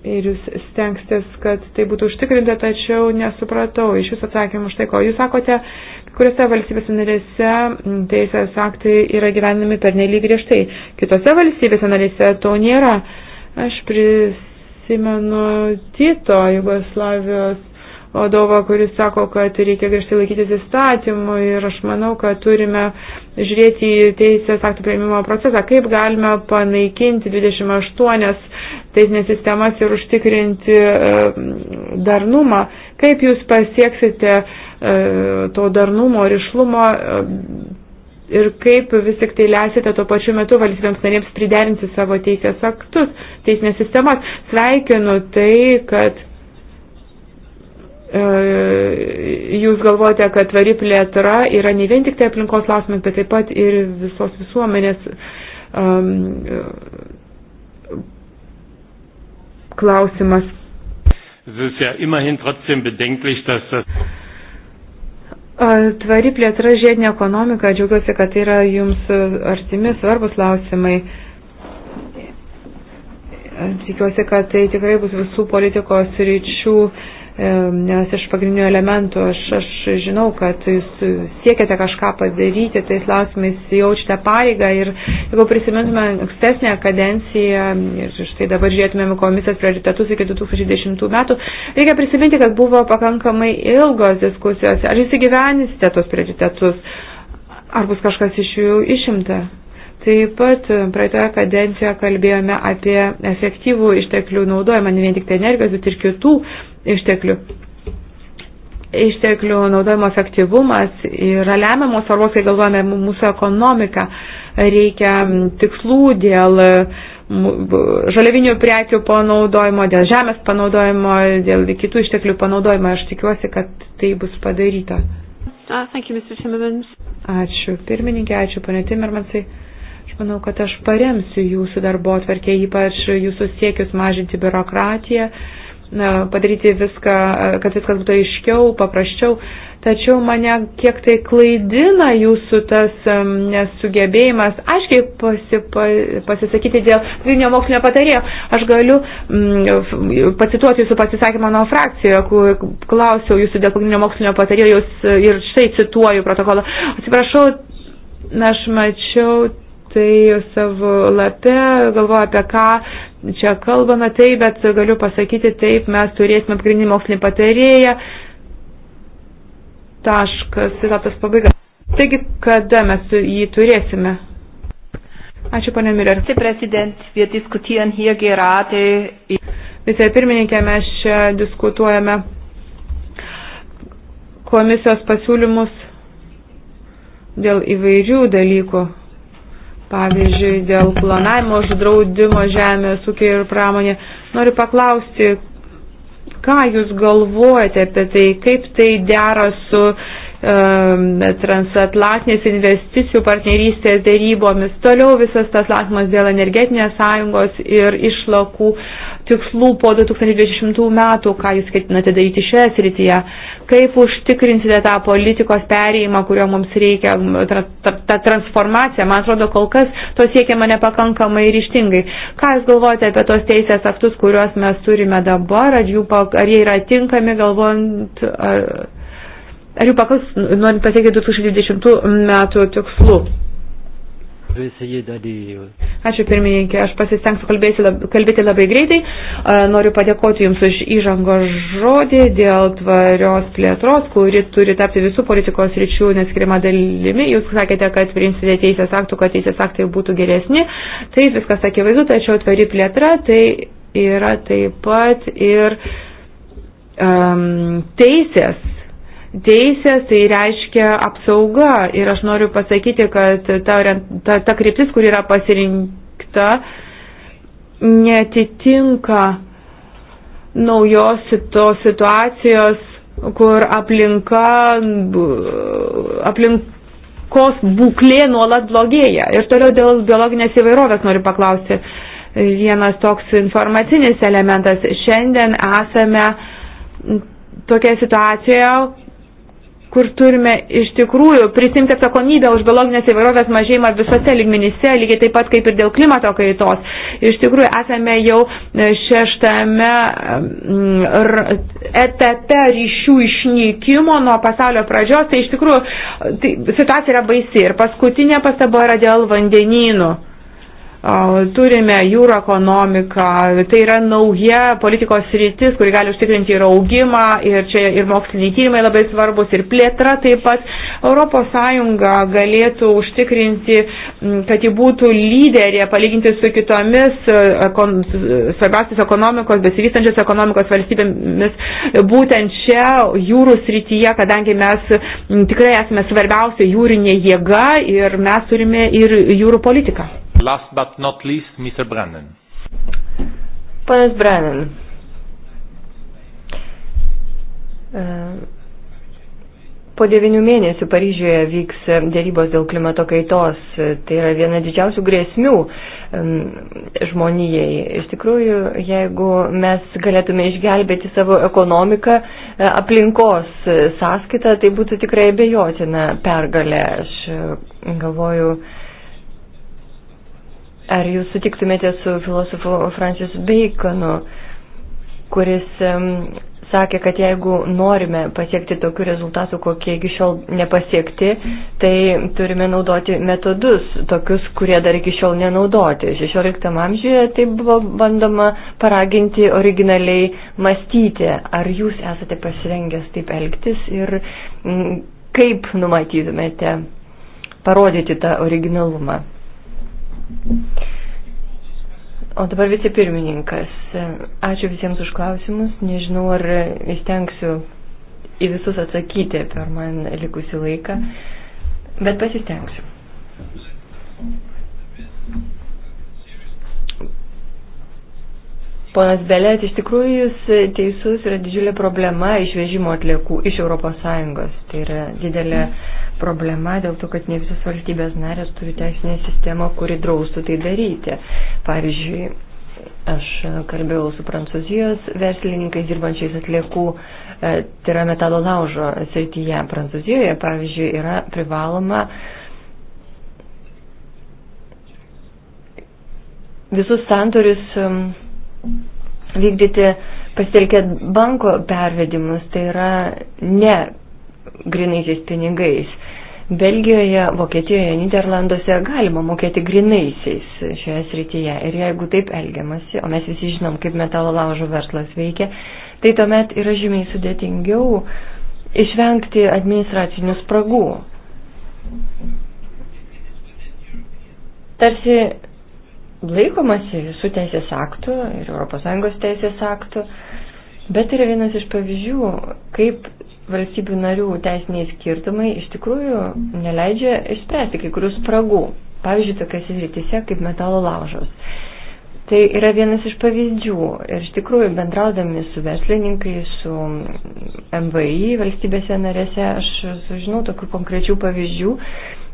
ir jūs stengsitės, kad tai būtų užtikrinta, tačiau nesupratau iš jūsų atsakymų štai ko. Jūs sakote, kuriuose valstybėse narėse teisės aktai yra gyvenami per nelyg griežtai, kitose valstybėse narėse to nėra. Aš prisimenu Tito Jugoslavijos vadovą, kuris sako, kad reikia griežtai laikytis įstatymų ir aš manau, kad turime žiūrėti į teisės aktų prieimimo procesą, kaip galime panaikinti 28 teisinės sistemas ir užtikrinti e, darnumą, kaip jūs pasieksite e, to darnumo ir išlumo e, ir kaip vis tik tai leisite tuo pačiu metu valstybėms narėms priderinti savo teisės aktus, teisinės sistemas. Sveikinu tai, kad E, jūs galvojate, kad tvari plėtra yra ne vien tik tai aplinkos klausimas, bet taip pat ir visos visuomenės um, klausimas. Tvari plėtra žiedinė ekonomika, džiaugiuosi, kad tai yra jums artimi svarbus klausimai. Tikiuosi, kad tai tikrai bus visų politikos ryčių uh, E, nes iš pagrindinių elementų aš, aš žinau, kad jūs siekiate kažką padaryti, tais klausimais jaučiate pareigą ir jeigu prisimintume ankstesnę kadenciją ir štai dabar žiūrėtumėm komisijos prioritetus iki 2010 metų, reikia prisiminti, kad buvo pakankamai ilgos diskusijos. Ar jūs įgyvenysite tos prioritetus, ar bus kažkas iš jų išimta? Taip pat praeitoje kadencijoje kalbėjome apie efektyvų išteklių naudojimą, ne vien tik tai energijos, bet ir kitų išteklių. Išteklių naudojimo efektyvumas yra lemiamos svarbos, kai galvojame mūsų ekonomiką. Reikia tikslų dėl žaliavinių prekių panaudojimo, dėl žemės panaudojimo, dėl kitų išteklių panaudojimo. Aš tikiuosi, kad tai bus padaryta. Ah, you, ačiū pirmininkė, ačiū panė Timirmansai. Aš manau, kad aš paremsiu jūsų darbo atverkę, ypač jūsų siekius mažinti biurokratiją padaryti viską, kad viskas būtų aiškiau, paprasčiau. Tačiau mane kiek tai klaidina jūsų tas nesugebėjimas aiškiai pasipa, pasisakyti dėl Vilnių mokslinio patarėjo. Aš galiu mm, pacituoti jūsų pasisakymą nuo frakcijoje, kur klausiau jūsų dėl pagrindinio mokslinio patarėjo jūs, ir štai cituoju protokolą. Atsiprašau, aš mačiau tai savo lape galvoju apie ką čia kalbame, taip, bet galiu pasakyti, taip, mes turėsime pagrindinį mokslinį patarėją. Taškas, citatas pabaiga. Taigi, kada mes jį turėsime? Ačiū, ponė Miller. Visai pirmininkė, mes čia diskutuojame komisijos pasiūlymus dėl įvairių dalykų pavyzdžiui, dėl planavimo uždraudimo žemės ūkio ir pramonė. Noriu paklausti, ką Jūs galvojate apie tai, kaip tai dera su Um, transatlantinės investicijų partnerystės dėrybomis, toliau visas tas lasmas dėl energetinės sąjungos ir išlakų tikslų po 2020 metų, ką jūs ketinate daryti šioje srityje, kaip užtikrinsite tą politikos perėjimą, kurio mums reikia, tą, tą, tą transformaciją, man atrodo, kol kas to siekiama nepakankamai ryštingai. Ką jūs galvojate apie tos teisės aktus, kuriuos mes turime dabar, ar, jų, ar jie yra tinkami, galvojant. Ar, Ar jų pakaks, norint pasiekti 2020 metų tikslų? Ačiū pirmininkė, aš pasistengsiu kalbėti, lab, kalbėti labai greitai. Noriu padėkoti Jums už įžango žodį dėl tvarios plėtros, kuri turi tapti visų politikos ryčių neskirima dalimi. Jūs sakėte, kad priimsite teisės aktų, kad teisės aktai būtų geresni. Tai viskas akivaizdu, tačiau tvari plėtra tai yra taip pat ir um, teisės teisės, tai reiškia apsauga. Ir aš noriu pasakyti, kad ta, ta, ta kryptis, kur yra pasirinkta, netitinka naujos tos situacijos, kur aplinka, aplinkos būklė nuolat blogėja. Ir toliau dėl biologinės įvairovės noriu paklausti. Vienas toks informacinis elementas. Šiandien esame tokia situacija, kur turime iš tikrųjų prisimti atsakomybę už biologinės įvairovės mažėjimą visose lygmenyse, lygiai taip pat kaip ir dėl klimato kaitos. Iš tikrųjų esame jau e, šeštame mm, etape ryšių išnykimo nuo pasaulio pradžios, tai iš tikrųjų tai situacija yra baisi. Ir paskutinė pastaba yra dėl vandenynų turime jūro ekonomiką, tai yra nauja politikos rytis, kuri gali užtikrinti ir augimą, ir čia ir moksliniai tyrimai labai svarbus, ir plėtra taip pat. Europos Sąjunga galėtų užtikrinti, kad ji būtų lyderė palyginti su kitomis e, ekon, svarbiausias ekonomikos, besivystančios ekonomikos valstybėmis, būtent čia jūrų srityje, kadangi mes tikrai esame svarbiausia jūrinė jėga ir mes turime ir jūrų politiką. Last but not least, Mr. Brennan. Panas Brennan. E, po devinių mėnesių Paryžiuje vyks dėrybos dėl klimato kaitos. Tai yra viena didžiausių grėsmių žmonijai. Iš tikrųjų, jeigu mes galėtume išgelbėti savo ekonomiką e, aplinkos sąskaitą, tai būtų tikrai abejotina pergalė. Aš e, galvoju, Ar jūs sutiktumėte su filosofu Francis Baconu, kuris sakė, kad jeigu norime pasiekti tokių rezultatų, kokie iki šiol nepasiekti, tai turime naudoti metodus, tokius, kurie dar iki šiol nenaudoti. 16 amžiuje tai buvo bandoma paraginti originaliai mąstyti, ar jūs esate pasirengęs taip elgtis ir kaip numatytumėte parodyti tą originalumą. O dabar vicepirmininkas. Ačiū visiems už klausimus. Nežinau, ar įstengsiu į visus atsakyti per man likusį laiką, bet pasistengsiu. Ponas Belėt, iš tikrųjų jūs teisus yra didžiulė problema išvežimo atliekų iš ES. Tai yra didelė problema dėl to, kad ne visos valstybės narės turi teisinę sistemą, kuri draustų tai daryti. Pavyzdžiui, aš kalbėjau su prancūzijos verslininkais dirbančiais atliekų, e, tai yra metalo laužo srityje. Prancūzijoje, pavyzdžiui, yra privaloma visus sandorius vykdyti pasitelkiant banko pervedimus, tai yra ne grinaisiais pinigais. Belgijoje, Vokietijoje, Niderlanduose galima mokėti grinaisiais šioje srityje. Ir jeigu taip elgiamasi, o mes visi žinom, kaip metalo laužo verslas veikia, tai tuomet yra žymiai sudėtingiau išvengti administracinių spragų. Tarsi laikomasi visų teisės aktų ir ES teisės aktų, bet yra vienas iš pavyzdžių, kaip valstybių narių teisiniai skirtumai iš tikrųjų neleidžia išspręsti kai kurių spragų. Pavyzdžiui, tokiose rytise kaip metalo laužos. Tai yra vienas iš pavyzdžių. Ir iš tikrųjų, bendraudami su verslininkai, su MVI valstybėse narėse, aš sužinau tokių konkrečių pavyzdžių,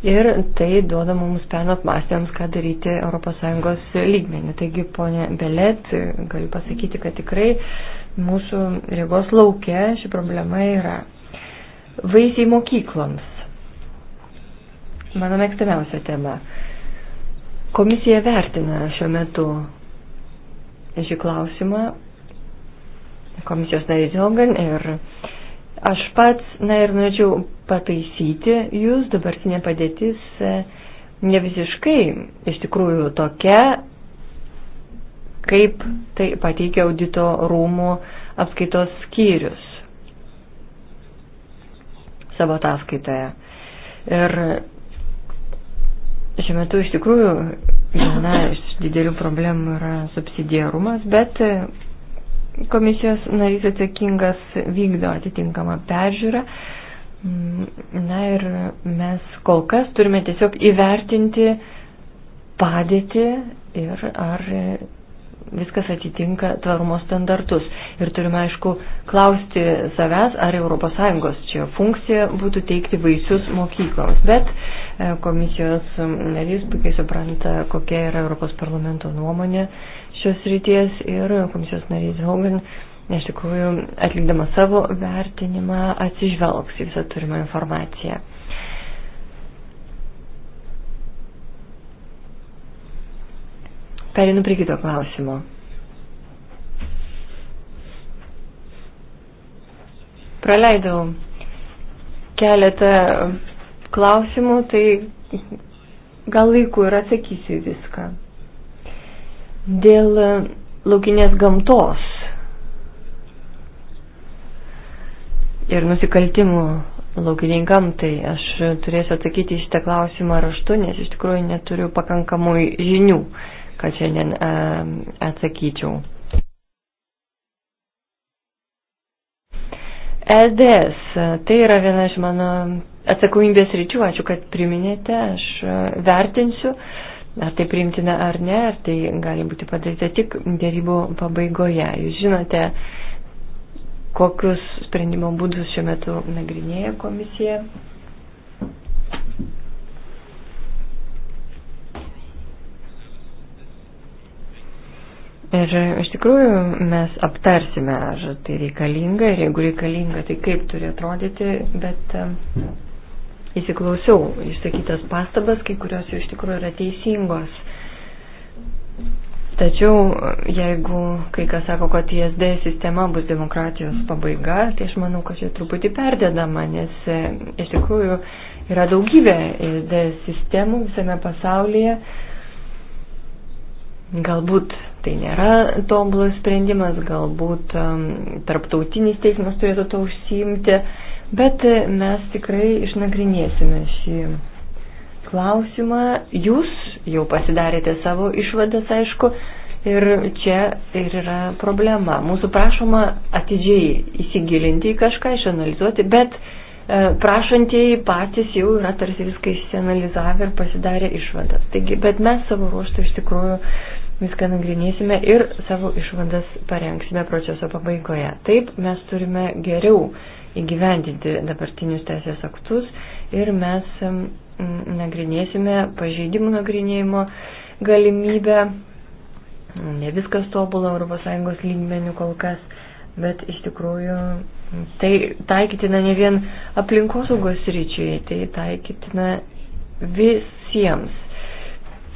ir tai duoda mums peno apmąstymams, ką daryti ES lygmenį. Taigi, ponė Belet, galiu pasakyti, kad tikrai mūsų regos laukia ši problema yra vaisiai mokykloms. Mano mėgstamiausia tema. Komisija vertina šiuo metu šį klausimą komisijos narys Hogan ir aš pats, na ir norėčiau pataisyti jūs, dabartinė padėtis e, ne visiškai iš tikrųjų tokia, kaip tai pateikia audito rūmų apskaitos skyrius savo ataskaitoje. Ir šiuo metu iš tikrųjų viena iš didelių problemų yra subsidiarumas, bet komisijos narys atsakingas vykdo atitinkamą peržiūrą Na ir mes kol kas turime tiesiog įvertinti padėtį ir ar viskas atitinka tvarumo standartus. Ir turime, aišku, klausti savęs, ar ES čia funkcija būtų teikti vaisius mokykloms. Bet e, komisijos narys puikiai supranta, kokia yra Europos parlamento nuomonė šios ryties ir komisijos narys Hogan iš tikrųjų atlikdama savo vertinimą atsižvelgs į visą turimą informaciją. Perinu prie kito klausimo. Praleidau keletą klausimų, tai gal laiku ir atsakysiu viską. Dėl laukinės gamtos ir nusikaltimų laukininkam, tai aš turėsiu atsakyti į šitą klausimą raštu, nes iš tikrųjų neturiu pakankamai žinių, kad šiandien e, atsakyčiau. SDS, e tai yra viena iš mano atsakomybės ryčių, ačiū, kad priminėte, aš e, vertinsiu, ar tai priimtina ar ne, ar tai gali būti padaryta tik dėrybų pabaigoje. Jūs žinote, kokius sprendimo būdus šiuo metu nagrinėja komisija. Ir iš tikrųjų mes aptarsime, ar tai reikalinga ir jeigu reikalinga, tai kaip turi atrodyti, bet įsiklausiau išsakytas pastabas, kai kurios jų iš tikrųjų yra teisingos. Tačiau jeigu kai kas sako, kad ISD sistema bus demokratijos pabaiga, tai aš manau, kad čia truputį perdedama, nes e, iš tikrųjų yra daugybė ISD sistemų visame pasaulyje. Galbūt tai nėra tobulas sprendimas, galbūt um, tarptautinis teismas turėtų to užsiimti, bet e, mes tikrai išnagrinėsime šį klausimą. Jūs jau pasidarėte savo išvadas, aišku, ir čia ir yra problema. Mūsų prašoma atidžiai įsigilinti į kažką, išanalizuoti, bet e, prašantieji patys jau yra tarsi viską išsianalizavę ir pasidarė išvadas. Taigi, bet mes savo ruoštų iš tikrųjų viską nagrinėsime ir savo išvadas parengsime proceso pabaigoje. Taip mes turime geriau įgyvendinti dabartinius teisės aktus ir mes nagrinėsime pažeidimų nagrinėjimo galimybę. Ne viskas tobulą ES lygmenių kol kas, bet iš tikrųjų tai taikytina ne vien aplinkosaugos ryčiai, tai taikytina visiems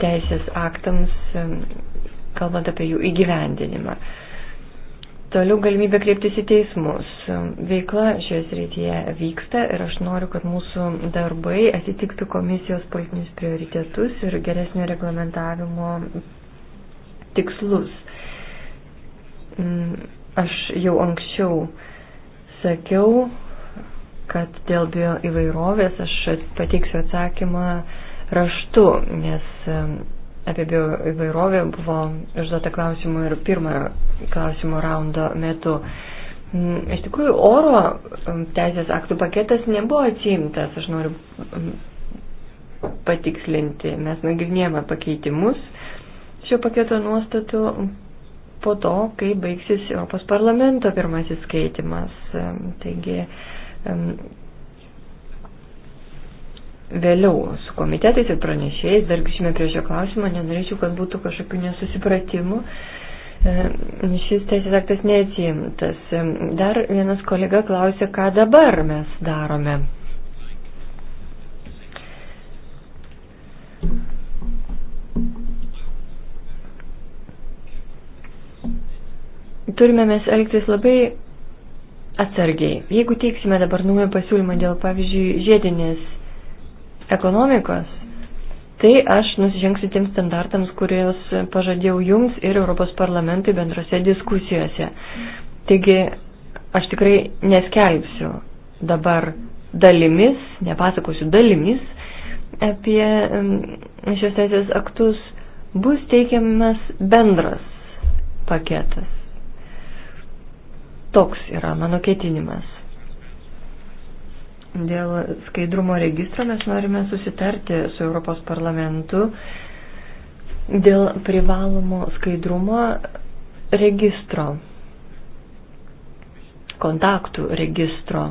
teisės aktams, kalbant apie jų įgyvendinimą. Toliau galimybė kreiptis į teismus. Veikla šioje srityje vyksta ir aš noriu, kad mūsų darbai atitiktų komisijos politinius prioritetus ir geresnio reglamentavimo tikslus. Mm, aš jau anksčiau sakiau, kad dėl bioįvairovės aš pateiksiu atsakymą raštu, nes apie bioįvairovę buvo išduota klausimų ir pirmojo klausimo raundo metu. Mm, iš tikrųjų, oro mm, teisės aktų paketas nebuvo atsiimtas, aš noriu mm, patikslinti. Mes nagrinėjame pakeitimus šio paketo nuostatų po to, kai baigsis Europos parlamento pirmasis skaitimas. Taigi, vėliau su komitetais ir pranešėjais, dar grįžime prie šio klausimo, nenorėčiau, kad būtų kažkokių nesusipratimų. E, šis teisės aktas neatsijimtas. E, dar vienas kolega klausė, ką dabar mes darome. Turime mes elgtis labai atsargiai. Jeigu teiksime dabar naują pasiūlymą dėl, pavyzdžiui, žiedinės ekonomikos, tai aš nusižengsiu tiems standartams, kuriuos pažadėjau jums ir Europos parlamentui bendrose diskusijose. Taigi, aš tikrai neskelbsiu dabar dalimis, nepasakosiu dalimis apie šios teisės aktus, bus teikiamas bendras paketas. Toks yra mano ketinimas. Dėl skaidrumo registro mes norime susitarti su Europos parlamentu dėl privalomo skaidrumo registro, kontaktų registro.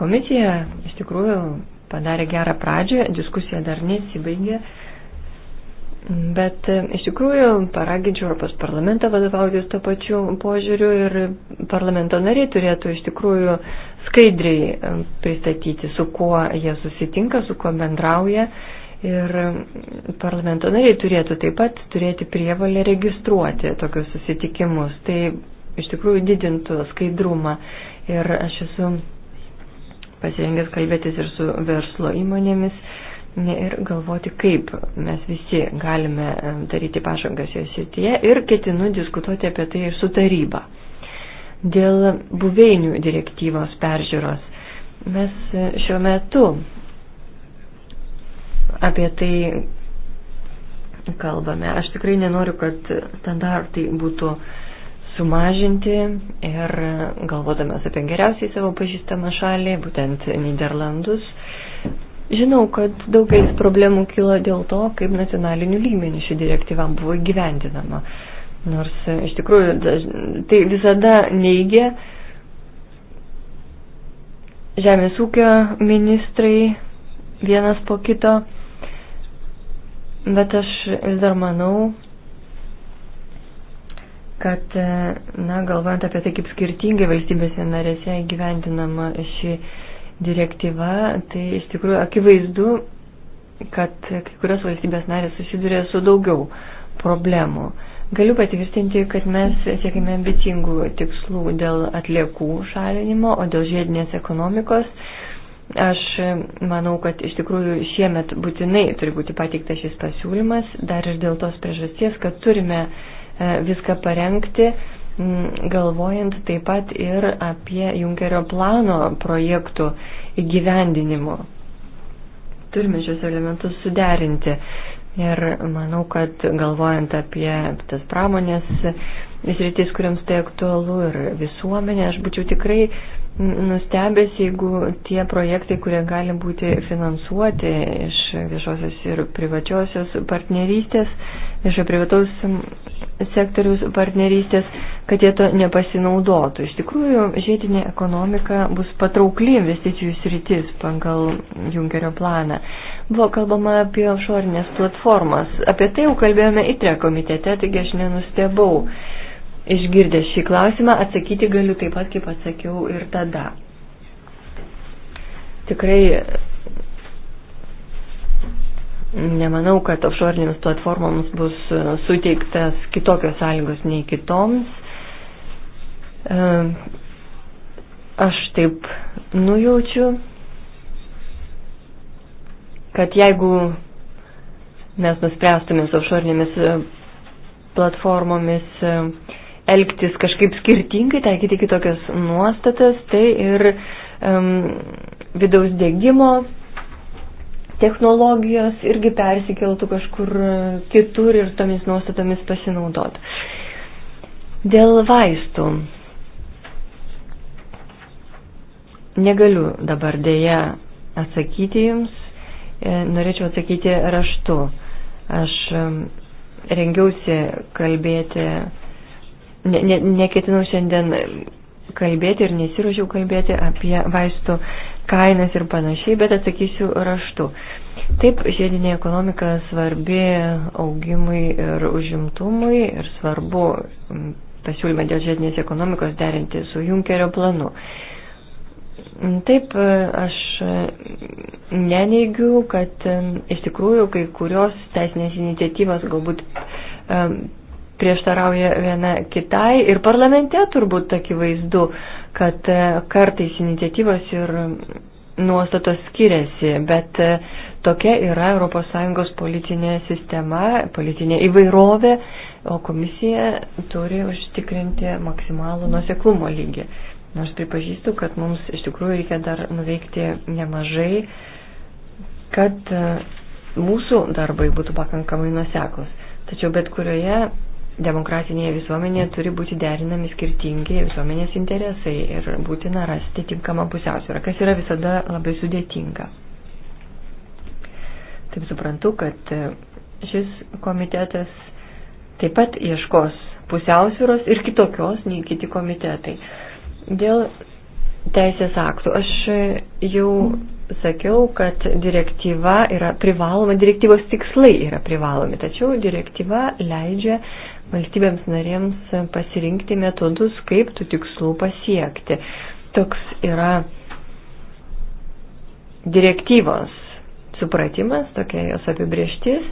Komisija iš tikrųjų padarė gerą pradžią, diskusija dar nesibaigė. Bet iš tikrųjų paraginčiau Europos parlamentą vadovautis to pačiu požiūriu ir parlamento nariai turėtų iš tikrųjų skaidriai e, pristatyti, su kuo jie susitinka, su kuo bendrauja. Ir parlamento nariai turėtų taip pat turėti prievalę registruoti tokius susitikimus. Tai iš tikrųjų didintų skaidrumą. Ir aš esu pasirengęs kalbėtis ir su verslo įmonėmis ir galvoti, kaip mes visi galime e, daryti pažangas jos srityje ir ketinu diskutuoti apie tai ir su taryba dėl buveinių direktyvos peržiūros. Mes šiuo metu apie tai kalbame. Aš tikrai nenoriu, kad standartai būtų sumažinti ir galvodamas apie geriausiai savo pažįstamą šalį, būtent Niderlandus, žinau, kad daugelis problemų kilo dėl to, kaip nacionaliniu lygmeniu ši direktyva buvo įgyvendinama. Nors e, iš tikrųjų tai visada neigia žemės ūkio ministrai vienas po kito, bet aš vis dar manau, kad, e, na, galvojant apie tai, kaip skirtingai valstybėse narėse įgyvendinama ši direktyva, tai iš tikrųjų akivaizdu, kad kai kurios valstybės narės susiduria su daugiau problemų. Uh, Galiu patvirtinti, kad mes siekime ambicingų tikslų dėl atliekų šalinimo, o dėl žiedinės ekonomikos. Aš manau, kad iš tikrųjų šiemet būtinai turi būti pateiktas šis pasiūlymas, dar ir dėl tos priežasties, kad turime e, viską parengti, galvojant taip pat ir apie Junkerio plano projektų įgyvendinimo. Turime šios elementus suderinti. Ir manau, kad galvojant apie tas pramonės sritis, kuriams tai aktualu ir visuomenė, aš būčiau tikrai nustebęs, jeigu tie projektai, kurie gali būti finansuoti iš viešosios ir privačiosios partnerystės, iš privataus sektoriaus partnerystės, kad jie to nepasinaudotų. Iš tikrųjų, žiedinė ekonomika bus patraukli investicijų sritis pagal Junkerio planą. Buvo kalbama apie offshore'inės platformas. Apie tai jau kalbėjome įtre komitete, taigi aš nenustebau. Išgirdęs šį klausimą, atsakyti galiu taip pat, kaip atsakiau ir tada. Tikrai nemanau, kad offshore'inėms platformoms bus e, suteiktas kitokios sąlygos nei kitoms. E, aš taip nujaučiu kad jeigu mes nuspręstumėm su išorinėmis e, platformomis e, elgtis kažkaip skirtingai, taikyti kitokias nuostatas, tai ir um, vidaus dėgymo technologijos irgi persikeltų kažkur e, kitur ir tomis nuostatomis pasinaudotų. Dėl vaistų. Negaliu dabar dėja atsakyti jums, E, norėčiau atsakyti raštu. Aš rengiausi kalbėti, ne, ne, neketinau šiandien kalbėti ir nesiruošiau kalbėti apie vaistų kainas ir panašiai, bet atsakysiu raštu. Taip, žiedinė ekonomika svarbi augimui ir užimtumui ir svarbu pasiūlymą dėl žiedinės ekonomikos derinti su Junkerio planu. Taip, aš neneigiu, kad iš tikrųjų kai kurios teisinės iniciatyvos galbūt prieštarauja viena kitai ir parlamente turbūt akivaizdu, kad e, kartais iniciatyvos ir nuostatos skiriasi, bet e, tokia yra ES politinė sistema, politinė įvairovė, o komisija turi užtikrinti maksimalų nuoseklumo lygį. Nors pripažįstu, kad mums iš tikrųjų reikia dar nuveikti nemažai, kad e, mūsų darbai būtų pakankamai nuseklus. Tačiau bet kurioje demokratinėje visuomenėje turi būti derinami skirtingi visuomenės interesai ir būtina rasti tinkamą pusiausvyrą, kas yra visada labai sudėtinga. Taip suprantu, kad e, šis komitetas taip pat ieškos pusiausvyros ir kitokios nei kiti komitetai. Dėl teisės aktų. Aš jau sakiau, kad direktyva yra privaloma, direktyvos tikslai yra privalomi, tačiau direktyva leidžia valstybėms narėms pasirinkti metodus, kaip tų tikslų pasiekti. Toks yra direktyvos supratimas, tokia jos apibrieštis.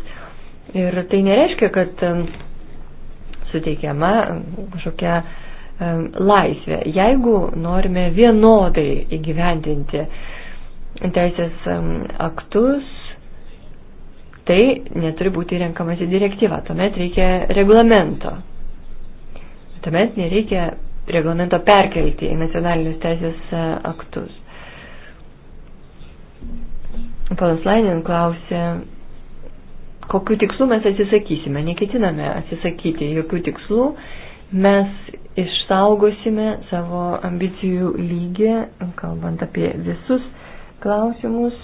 Ir tai nereiškia, kad suteikiama kažkokia laisvę. Jeigu norime vienodai įgyvendinti teisės aktus, tai neturi būti renkamasi direktyva, tuomet reikia reglamento. Tuomet nereikia reglamento perkelti į nacionalinius teisės e, aktus. Panas Lainin klausė, kokiu tikslu mes atsisakysime. Neketiname atsisakyti jokių tikslų, mes išsaugosime savo ambicijų lygį, kalbant apie visus klausimus,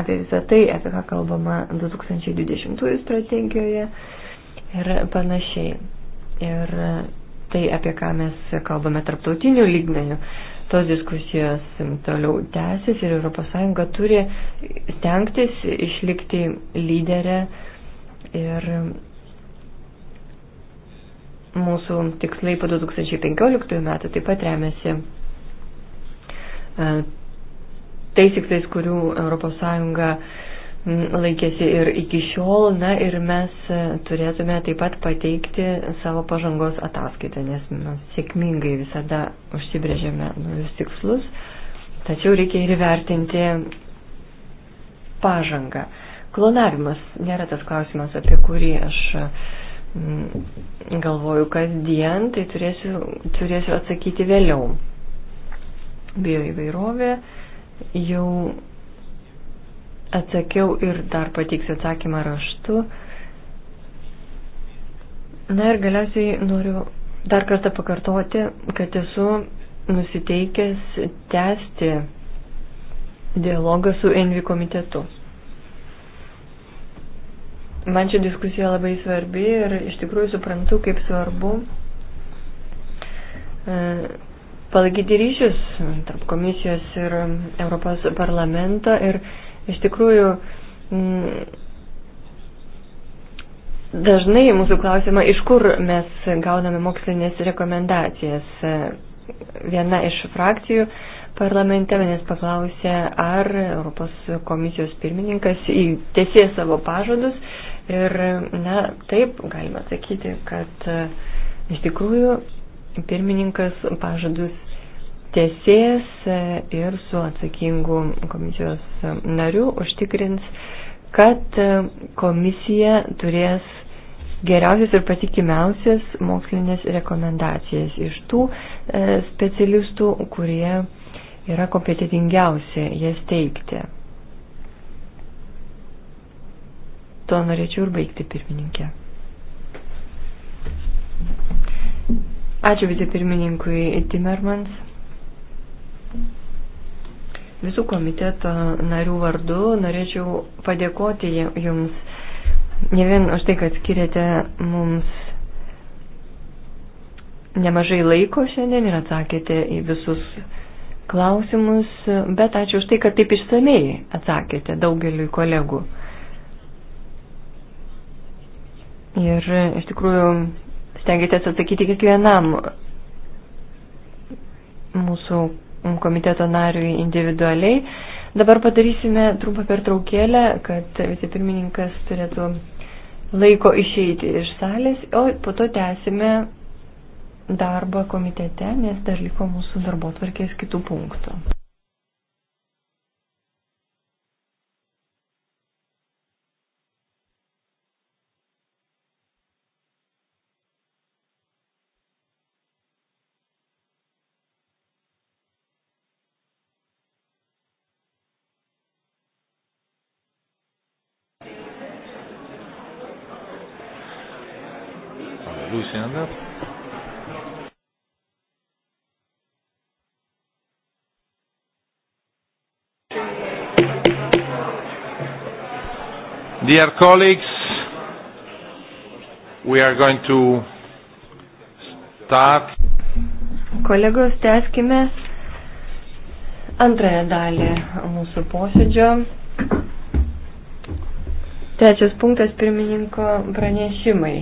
apie visą tai, apie ką kalbama 2020 strategijoje ir panašiai. Ir tai, apie ką mes kalbame tarptautinių lygmenių, tos diskusijos toliau tęsis ir ES turi stengtis išlikti lyderę ir mūsų tikslai po 2015 metų taip pat remiasi e, tais tikslais, kurių ES laikėsi ir iki šiol, na ir mes e, turėtume taip pat pateikti savo pažangos ataskaitą, nes mes sėkmingai visada užsibrėžėme naujus tikslus, tačiau reikia ir vertinti pažangą. Klonavimas nėra tas klausimas, apie kurį aš uh, Mm, galvoju kasdien, tai turėsiu, turėsiu atsakyti vėliau. Bioįvairovė jau atsakiau ir dar patiksiu atsakymą raštu. Na ir galiausiai noriu dar kartą pakartoti, kad esu nusiteikęs tęsti dialogą su Envi komitetu. Man čia diskusija labai svarbi ir iš tikrųjų suprantu, kaip svarbu e, palaikyti ryšius tarp komisijos ir Europos parlamento ir iš tikrųjų mm, dažnai mūsų klausimą, iš kur mes gauname mokslinės rekomendacijas. Viena iš frakcijų parlamente manęs paklausė, ar Europos komisijos pirmininkas įtesė savo pažadus Ir, na, taip, galima sakyti, kad e, iš tikrųjų pirmininkas pažadus tiesės e, ir su atsakingu komisijos nariu užtikrins, kad e, komisija turės geriausias ir patikimiausias mokslinės rekomendacijas iš tų specialistų, kurie yra kompetitingiausi jas teikti. to norėčiau ir baigti, pirmininkė. Ačiū vicepirmininkui Timmermans. Visų komiteto narių vardu norėčiau padėkoti jums ne vien už tai, kad skiriate mums nemažai laiko šiandien ir atsakėte į visus klausimus, bet ačiū už tai, kad taip išsamei atsakėte daugeliu kolegų. Ir iš tikrųjų stengiatės atsakyti kiekvienam mūsų komiteto nariui individualiai. Dabar padarysime trumpą pertraukėlę, kad vicepirmininkas turėtų laiko išeiti iš salės, o po to tęsime darbą komitete, nes dar liko mūsų darbo tvarkės kitų punktų. Dear colleagues, we are going to start. Kolegos, teskime antrąją dalį mūsų posėdžio. Trečias punktas pirmininko pranešimai.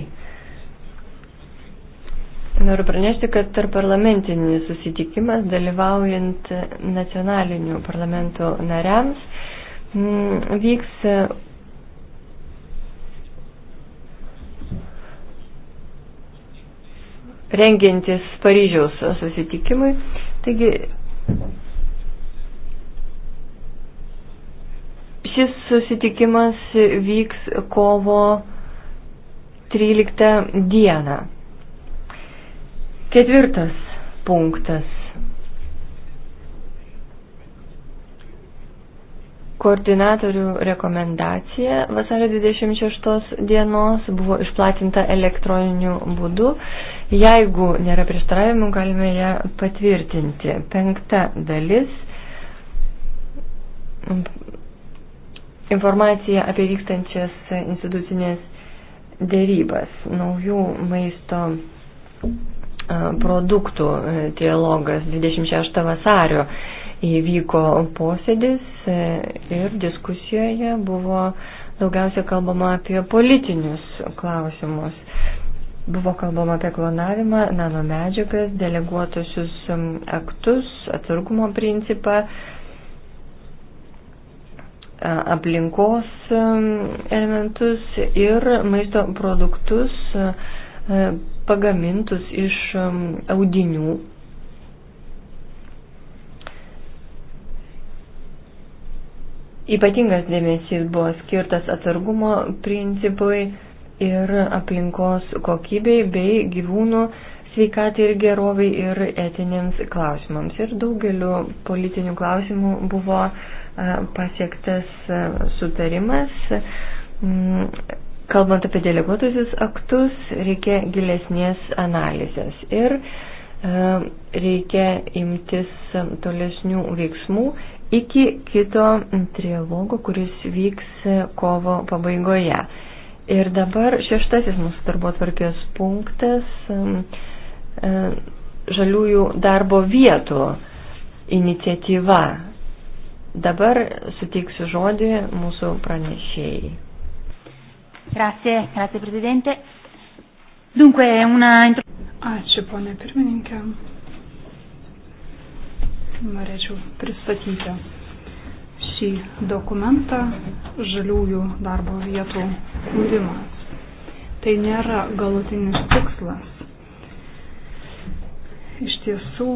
Noriu pranešti, kad tarp parlamentinis susitikimas dalyvaujant nacionalinių parlamentų nariams mm, vyks rengintis Paryžiaus susitikimui. Taigi šis susitikimas vyks kovo 13 dieną. Ketvirtas punktas. koordinatorių rekomendacija vasario 26 dienos buvo išplatinta elektroniniu būdu. Jeigu nėra prieštaravimų, galime ją patvirtinti. Penkta dalis. Informacija apie vykstančias institucinės dėrybas, naujų maisto produktų dialogas 26 vasario įvyko posėdis e, ir diskusijoje buvo daugiausia kalbama apie politinius klausimus. Buvo kalbama apie klonavimą, nanomedžiagas, deleguotusius aktus, atsargumo principą, aplinkos elementus ir maisto produktus pagamintus iš audinių Ypatingas dėmesys buvo skirtas atsargumo principui ir aplinkos kokybei bei gyvūnų sveikatai ir geroviai ir etiniams klausimams. Ir daugeliu politinių klausimų buvo pasiektas sutarimas. Mm, kalbant apie deleguotusius aktus, reikia gilesnės analizės ir reikia imtis tolesnių veiksmų iki kito trialogo, kuris vyks kovo pabaigoje. Ir dabar šeštasis mūsų darbo tvarkės punktas um, - e, žaliųjų darbo vietų iniciatyva. Dabar suteiksiu žodį mūsų pranešėjai. Grazie, grazie Presidente. Dunque, una... Ačiū, ponė pirmininkė norėčiau pristatyti šį dokumentą žaliųjų darbo vietų kūrimas. Tai nėra galutinis tikslas. Iš tiesų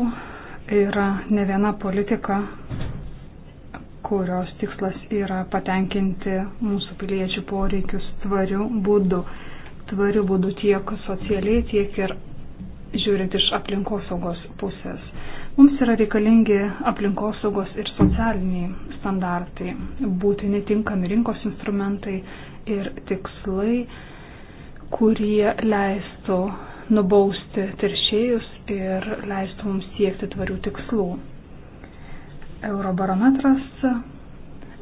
yra ne viena politika, kurios tikslas yra patenkinti mūsų piliečių poreikius tvariu būdu. Tvariu būdu tiek socialiai, tiek ir žiūrint iš aplinkosaugos pusės. Mums yra reikalingi aplinkosaugos ir socialiniai standartai, būtini tinkami rinkos instrumentai ir tikslai, kurie leistų nubausti teršėjus ir leistų mums siekti tvarių tikslų. Eurobarometras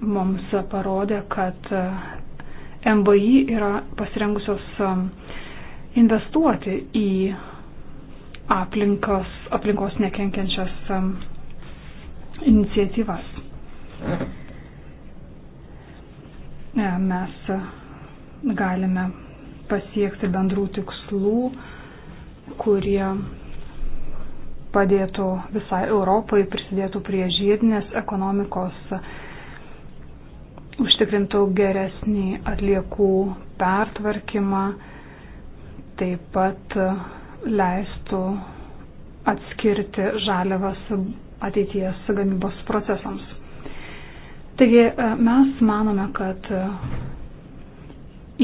mums parodė, kad MVI yra pasirengusios investuoti į aplinkos, aplinkos nekenkiančias iniciatyvas. E, mes e, galime pasiekti bendrų tikslų, kurie padėtų visai Europai, prisidėtų prie žiedinės ekonomikos, užtikrintų geresnį atliekų pertvarkymą, taip pat leistų atskirti žaliavas ateities gamybos procesams. Taigi e, mes manome, kad e,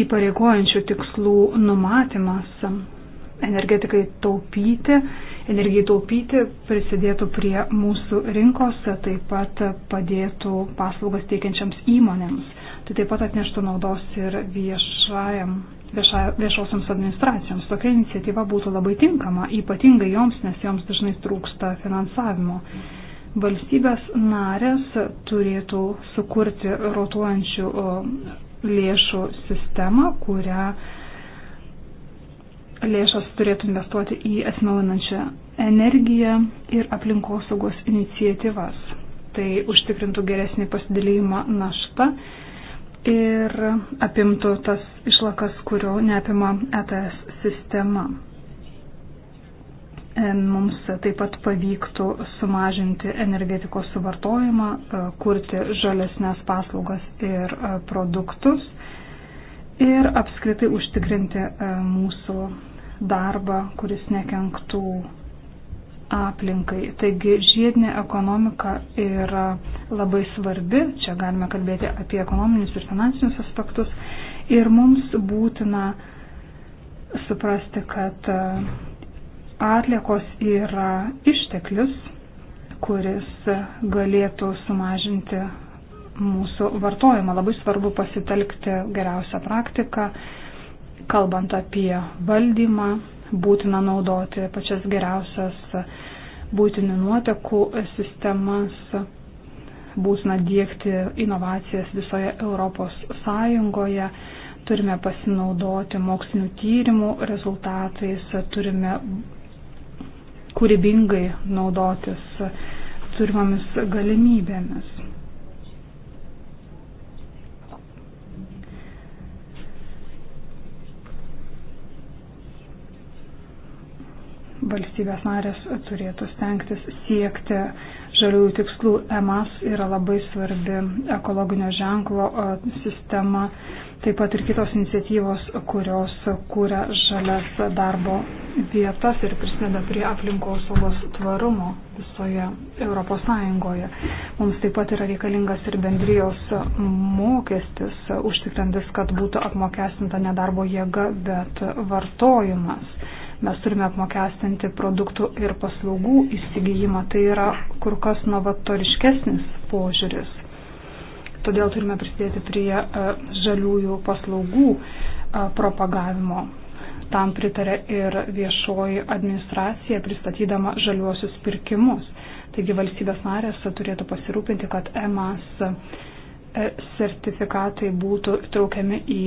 įpareigojančių tikslų numatymas e, energetikai taupyti, energijai taupyti prisidėtų prie mūsų rinkos, taip pat padėtų paslaugas teikiančiams įmonėms. Tai taip pat atneštų naudos ir viešajam vieša, viešosioms administracijoms. Tokia iniciatyva būtų labai tinkama, ypatingai joms, nes joms dažnai trūksta finansavimo. Valstybės narės turėtų sukurti rotuojančių lėšų sistemą, kurią lėšas turėtų investuoti į atsinaujinančią energiją ir aplinkosaugos iniciatyvas. Tai užtikrintų geresnį pasidalymą naštą ir apimtų tas išlakas, kurio neapima ETS sistema. E, mums taip pat pavyktų sumažinti energetikos suvartojimą, e, kurti žalesnės paslaugas ir e, produktus ir apskritai užtikrinti mūsų darbą, kuris nekenktų aplinkai. Taigi žiedinė ekonomika yra labai svarbi, čia galime kalbėti apie ekonominius ir finansinius aspektus ir mums būtina suprasti, kad e, atliekos yra išteklius, kuris galėtų sumažinti mūsų vartojimą. Labai svarbu pasitelkti geriausią praktiką, kalbant apie valdymą, būtina naudoti pačias geriausias būtinių nuotekų sistemas, būtina dėkti inovacijas visoje Europos Sąjungoje, turime pasinaudoti mokslinių tyrimų rezultatais, turime kūrybingai naudotis turimomis galimybėmis. valstybės narės turėtų stengtis siekti žaliųjų tikslų. EMAS yra labai svarbi ekologinio ženklo sistema, taip pat ir kitos iniciatyvos, kurios kūrė žalias darbo vietas ir prisideda prie aplinkos saugos tvarumo visoje ES. Mums taip pat yra reikalingas ir bendrijos mokestis, užtikrintis, kad būtų apmokestinta nedarbo jėga, bet vartojimas Mes turime apmokestinti produktų ir paslaugų įsigijimą. Tai yra kur kas novatoriškesnis požiūris. Todėl turime prisidėti prie e, žaliųjų paslaugų e, propagavimo. Tam pritarė ir viešoji administracija pristatydama žaliuosius pirkimus. Taigi valstybės narės turėtų pasirūpinti, kad EMAS sertifikatai būtų traukiami į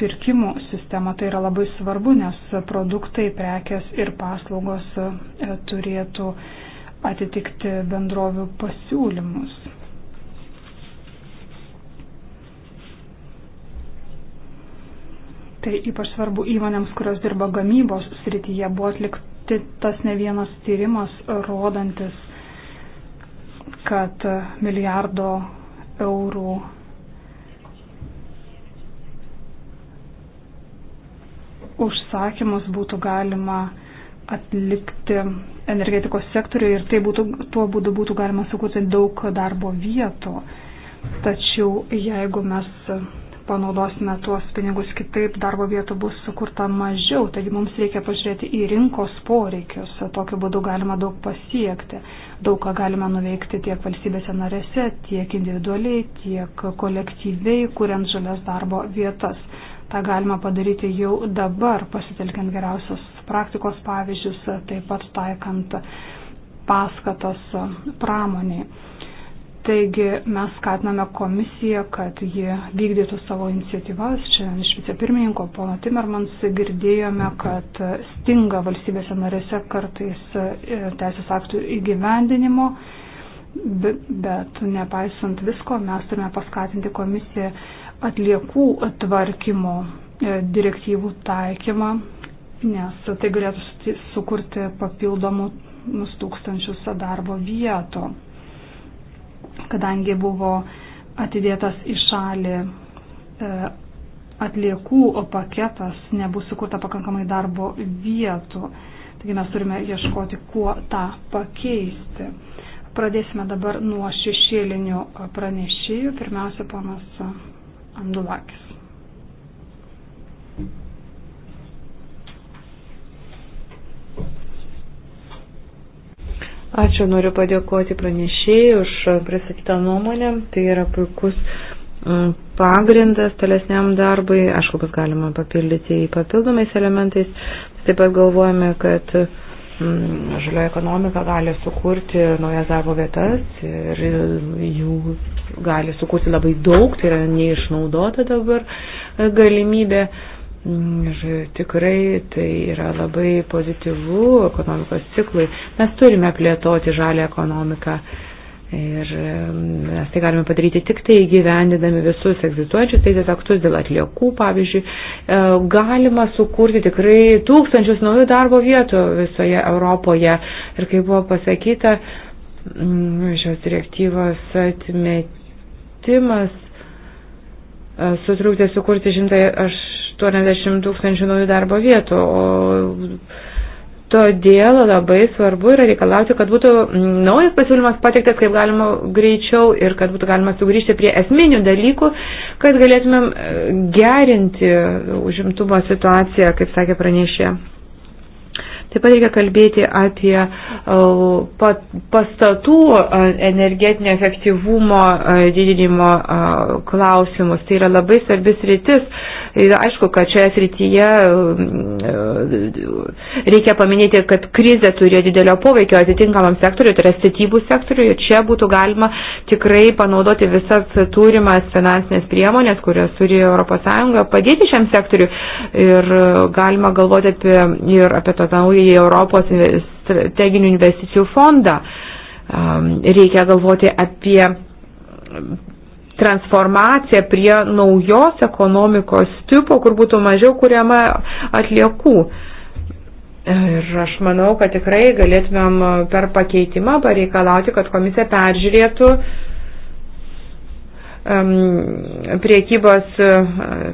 pirkimų sistemą. Tai yra labai svarbu, nes produktai, prekes ir paslaugos e, turėtų atitikti bendrovių pasiūlymus. Tai ypač svarbu įmonėms, kurios dirba gamybos srityje. Buvo atlikti tas ne vienas tyrimas, rodantis, kad milijardo eurų. Užsakymus būtų galima atlikti energetikos sektoriui ir tai būtų, tuo būdu būtų galima sukurti daug darbo vietų. Tačiau jeigu mes panaudosime tuos pinigus kitaip, darbo vietų bus sukurta mažiau, taigi mums reikia pažiūrėti į rinkos poreikius, tokiu būdu galima daug pasiekti, daug ką galima nuveikti tiek valstybėse narėse, tiek individualiai, tiek kolektyviai, kuriant žalias darbo vietas. Ta galima padaryti jau dabar, pasitelkiant geriausios praktikos pavyzdžius, taip pat taikant paskatas pramoniai. Taigi mes skatiname komisiją, kad ji vykdytų savo iniciatyvas. Čia iš vicepirmininko pono Timmermans girdėjome, kad stinga valstybėse narėse kartais e, teisės aktų įgyvendinimo, bet nepaisant visko mes turime paskatinti komisiją atliekų tvarkymo e, direktyvų taikymą, nes tai galėtų sukurti papildomus tūkstančius darbo vietų kadangi buvo atidėtas į šalį e, atliekų paketas, nebus sukurta pakankamai darbo vietų. Taigi mes turime ieškoti, kuo tą pakeisti. Pradėsime dabar nuo šešėlinių pranešėjų. Pirmiausia, ponas Andulakis. Ačiū, noriu padėkoti pranešėjai už pristatytą nuomonę. Tai yra puikus mm, pagrindas tolesniam darbui. Aišku, kad galima papildyti į papildomais elementais. Taip pat galvojame, kad mm, žalioji ekonomika gali sukurti naujas darbo vietas ir jų gali sukurti labai daug, tai yra neišnaudota dabar galimybė. Ir mm, tikrai tai yra labai pozityvu ekonomikos ciklui. Mes turime plėtoti žalę ekonomiką. Ir mm, mes tai galime padaryti tik tai įgyvendinami visus egzistuojančius teisės aktus dėl atliekų, pavyzdžiui. E, galima sukurti tikrai tūkstančius naujų darbo vietų visoje Europoje. Ir kaip buvo pasakyta, mm, šios direktyvos atmetimas e, sutrūktė sukurti 108 80 tūkstančių naujų darbo vietų. O Todėl labai svarbu yra reikalauti, kad būtų naujas pasiūlymas pateiktas kaip galima greičiau ir kad būtų galima sugrįžti prie esminių dalykų, kad galėtumėm e, gerinti užimtumo situaciją, kaip sakė pranešė. Taip pat reikia kalbėti apie e, pastatų e, energetinio efektyvumo e, didinimo klausimus. Tai yra labai svarbis rytis. Ir aišku, kad čia srityje reikia paminėti, kad krizė turėjo didelio poveikio atitinkamam sektoriui, tai yra statybų sektoriui. Ir čia būtų galima tikrai panaudoti visas turimas finansinės priemonės, kurias turi ES, padėti šiam sektoriui. Ir galima galvoti apie, ir apie tą naują į Europos strateginių investicijų fondą. Reikia galvoti apie transformaciją prie naujos ekonomikos tipo, kur būtų mažiau kuriama atliekų. Ir aš manau, kad tikrai galėtumėm per pakeitimą pareikalauti, kad komisija peržiūrėtų uh, priekybos e,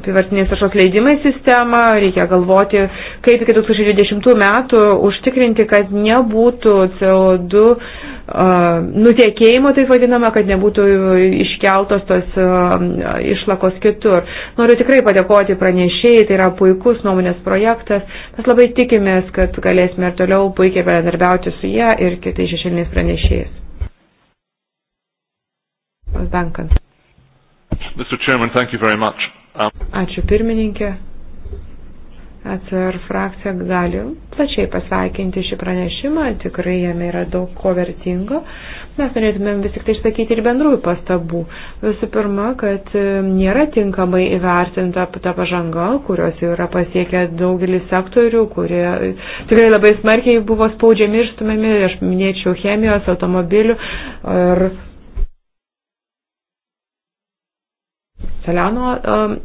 pivartinės taršos leidimai sistemą, reikia galvoti, kaip iki 2020 metų užtikrinti, kad nebūtų CO2 e, nutiekėjimo, taip vadinama, kad nebūtų iškeltos tos e, išlakos kitur. Noriu tikrai padėkoti pranešėjai, tai yra puikus nuomonės projektas. Mes labai tikimės, kad galėsime ir toliau puikiai bendradarbiauti su ją ir kitais šešėliniais pranešėjais. Dankan. Mr. Chairman, thank you very much. Um... Ačiū pirmininkė. ACR frakcija gali plačiai pasveikinti šį pranešimą, tikrai jame yra daug ko vertingo. Mes norėtumėm vis tik tai išsakyti ir bendrųjų pastabų. Visų pirma, kad um, nėra tinkamai įvertinta ta pažanga, kurios jau yra pasiekę daugelis sektorių, kurie uh, tikrai labai smarkiai buvo spaudžiami ir stumiami, aš minėčiau chemijos, automobilių ir porceliano e,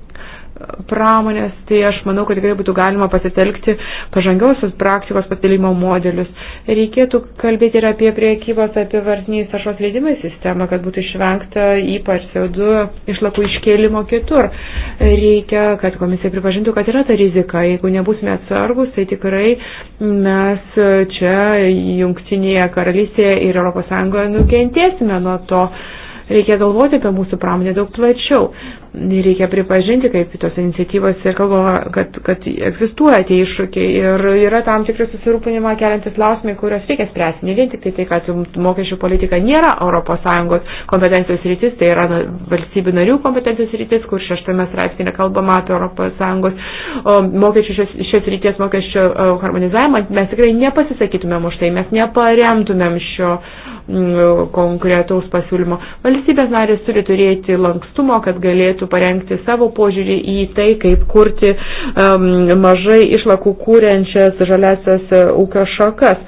pramonės, tai aš manau, kad tikrai būtų galima pasitelkti pažangiausios praktikos pasidalimo modelius. Reikėtų kalbėti ir apie priekybos apivartiniais taršos leidimais sistemą, kad būtų išvengta ypač CO2 išlakų iškėlimo kitur. Reikia, kad komisija pripažintų, kad yra ta rizika. Jeigu nebūsime atsargus, tai tikrai mes čia Jungtinėje karalystėje ir ES nukentėsime nuo to. Reikia galvoti apie mūsų pramonę daug plačiau. Reikia pripažinti, kaip tos iniciatyvos ir kalbama, kad, kad egzistuoja tie iššūkiai ir yra tam tikri susirūpinimą keliantis klausimai, kuriuos reikia spręsti. Ne vien tik tai tai, kad mokesčių politika nėra ES kompetencijos rytis, tai yra valstybių narių kompetencijos rytis, kur šeštame straipsnėje kalbama apie ES mokesčių šios, šios ryties mokesčių harmonizavimą. Mes tikrai nepasisakytumėm už tai, mes neparemtumėm šio m, mm, konkretaus pasiūlymo. Valstybės Valstybės narės turi turėti lankstumo, kad galėtų parengti savo požiūrį į tai, kaip kurti um, mažai išlakų kūrenčias žaliasias e, ūkio šakas.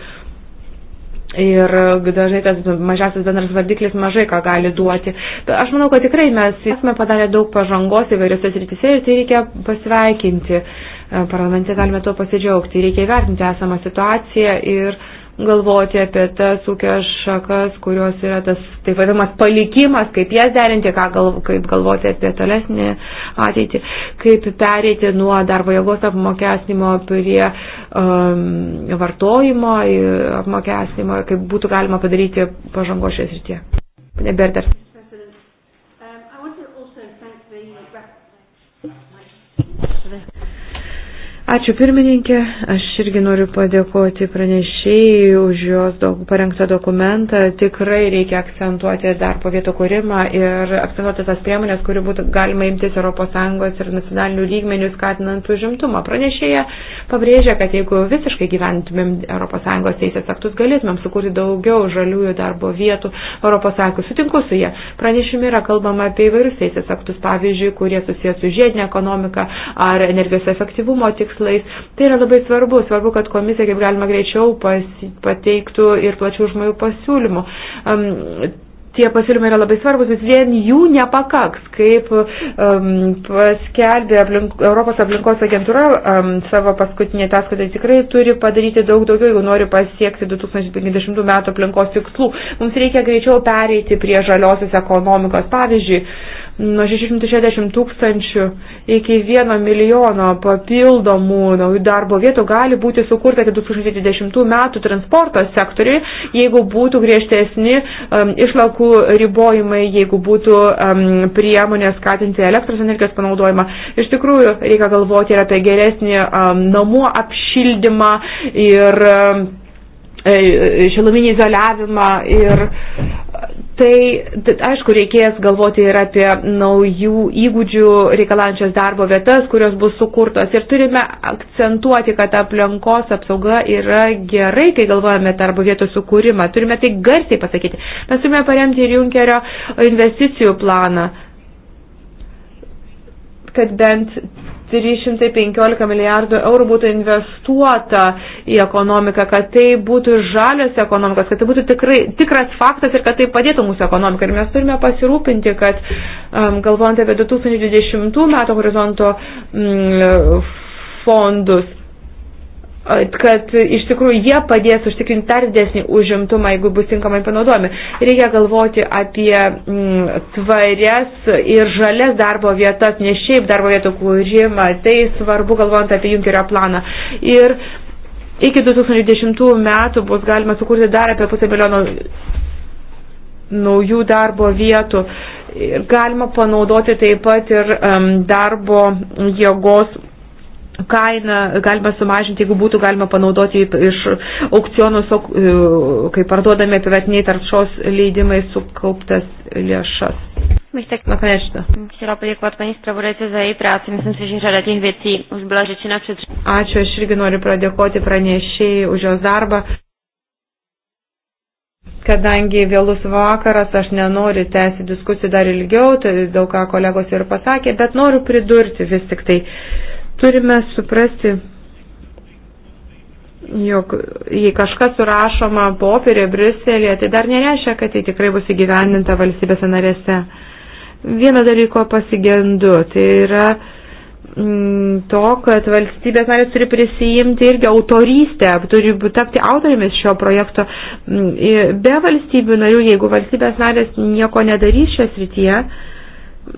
Ir e, dažnai tas mažiausias bendras vardiklis mažai ką gali duoti. Aš manau, kad tikrai mes esame padarę daug pažangos įvairiose srityse ir tai reikia pasveikinti. E, parlamente galime to pasidžiaugti. Reikia įvertinti esamą situaciją ir uh, galvoti apie tas ūkio šakas, kurios yra tas taip vadinamas palikimas, kaip jas derinti, gal, kaip galvoti apie tolesnį ateitį, kaip pereiti nuo darbo jėgos apmokesnimo prie um, vartojimo apmokesnimo, kaip būtų galima padaryti pažangos šią srityje. Pane Berder. Ačiū pirmininkė, aš irgi noriu padėkoti pranešėjai už jos daug, parengtą dokumentą. Tikrai reikia akcentuoti darbo vietų kūrimą ir akcentuoti tas priemonės, kurių būtų galima imtis ES ir nacionalinių lygmenių skatinant užimtumą. Pranešėja pabrėžia, kad jeigu visiškai gyventumėm ES teisės aktus, galėtumėm sukurti daugiau žaliųjų darbo vietų ES. Sutinku su jie. Pranešime yra kalbama apie įvairius teisės aktus, pavyzdžiui, kurie susijęs su žiedinė ekonomika ar energijos efektyvumo tikslais tikslais. Tai yra labai svarbu, svarbu, kad komisija kaip galima greičiau pas, pateiktų ir plačių žmonių pasiūlymų. Um, tie pasiūlymai yra labai svarbus, nes vien jų nepakaks, kaip um, paskelbė aplink, Europos aplinkos agentūra um, savo paskutinė ataskaita, tai tikrai turi padaryti daug daugiau, jeigu nori pasiekti 2050 metų aplinkos tikslų. Mums reikia greičiau pereiti prie žaliosios ekonomikos. Pavyzdžiui, nuo 660 tūkstančių iki 1 milijono papildomų naujų darbo vietų gali būti sukurta iki 2020 metų transporto sektoriui, jeigu būtų griežtesni um, išlaukų ribojimai, jeigu būtų um, priemonės skatinti elektros energijos panaudojimą. Iš tikrųjų, reikia galvoti ir apie geresnį um, namų apšildymą ir um, E, šiluminį izoliavimą ir tai, aišku, reikės galvoti ir apie naujų įgūdžių reikalančias darbo vietas, kurios bus sukurtos ir turime akcentuoti, kad aplinkos apsauga yra gerai, kai galvojame darbo vietų sukūrimą, turime tai garsiai pasakyti. Mes turime paremti ir Junkerio investicijų planą kad bent 315 milijardų eurų būtų investuota į ekonomiką, kad tai būtų žalios ekonomikos, kad tai būtų tikrai, tikras faktas ir kad tai padėtų mūsų ekonomikai. Ir mes turime pasirūpinti, kad um, galvojant apie 2020 metų horizonto um, fondus, kad iš tikrųjų jie padės užtikrinti dar didesnį užimtumą, jeigu bus tinkamai panaudojami. Reikia galvoti apie m, mm, tvarias ir žalias darbo vietas, ne šiaip darbo vietų kūrimą. Tai svarbu galvojant apie Junkerio planą. Ir iki 2010 metų bus galima sukurti dar apie pusę milijono naujų darbo vietų. Ir galima panaudoti taip pat ir um, darbo jėgos kainą galima sumažinti, jeigu būtų galima panaudoti iš aukcionų, e, kai parduodame apivetiniai taršos leidimai sukauptas lėšas. Myślę, no koniecznie. Chciałam podziękować Pani sprawozdawcy za jej pracę. Myślę, że wiele tych rzeczy już była rzeczyna przed... Ačiū, aš irgi noriu pradėkoti pranešėjai už jos darbą. Kadangi vėlus vakaras, aš nenoriu tęsti diskusijų dar ilgiau, tai daug ką kolegos ir pasakė, bet noriu pridurti vis tik tai. Uh, Turime suprasti, jog jei kažkas surašoma popierė Briuselėje, tai dar nereiškia, kad tai tikrai bus įgyvendinta valstybėse narėse. Vieną dalyko pasigendu, tai yra m, mm, to, kad valstybės narės turi prisijimti irgi autorystę, turi tapti autorimis šio projekto. Mm, be valstybių narių, jeigu valstybės narės nieko nedarys šią srityje,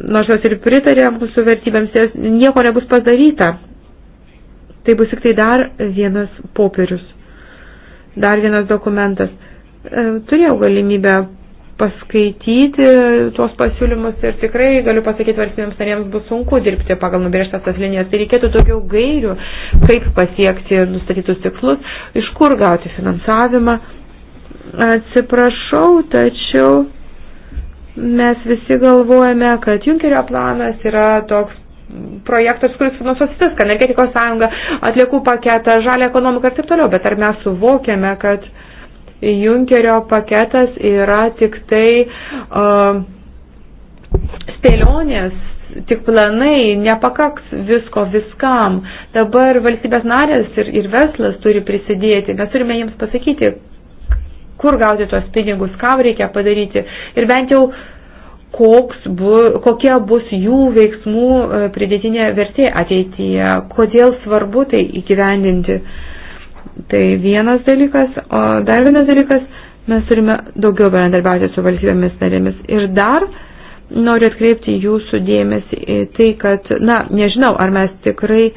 nors jos ir pritarė mūsų vertybėms, jos nieko nebus padaryta. Tai bus tik tai dar vienas popierius, dar vienas dokumentas. E, turėjau galimybę paskaityti tuos pasiūlymus ir tikrai, galiu pasakyti, valstybėms narėms bus sunku dirbti pagal nubrėžtas tas linijas. Tai reikėtų daugiau gairių, kaip pasiekti nustatytus tikslus, iš kur gauti finansavimą. Atsiprašau, tačiau Mes visi galvojame, kad Junkerio planas yra toks projektas, kuris finansuos viską, energetikos sąjungą, atliekų paketą, žalę ekonomiką ir taip toliau, bet ar mes suvokiame, kad Junkerio paketas yra tik tai uh, spėlionės, tik planai, nepakaks visko viskam. Dabar valstybės narės ir, ir verslas turi prisidėti. Mes turime jiems pasakyti, kur gauti tos pinigus, kam reikia padaryti ir bent jau koks bu, kokia bus jų veiksmų e, pridėtinė vertė ateityje, kodėl svarbu tai įgyvendinti. Tai vienas dalykas, o dar vienas dalykas, mes turime daugiau bendarbiauti su valstybėmis narėmis. Ir dar noriu atkreipti jūsų dėmesį į tai, kad, na, nežinau, ar mes tikrai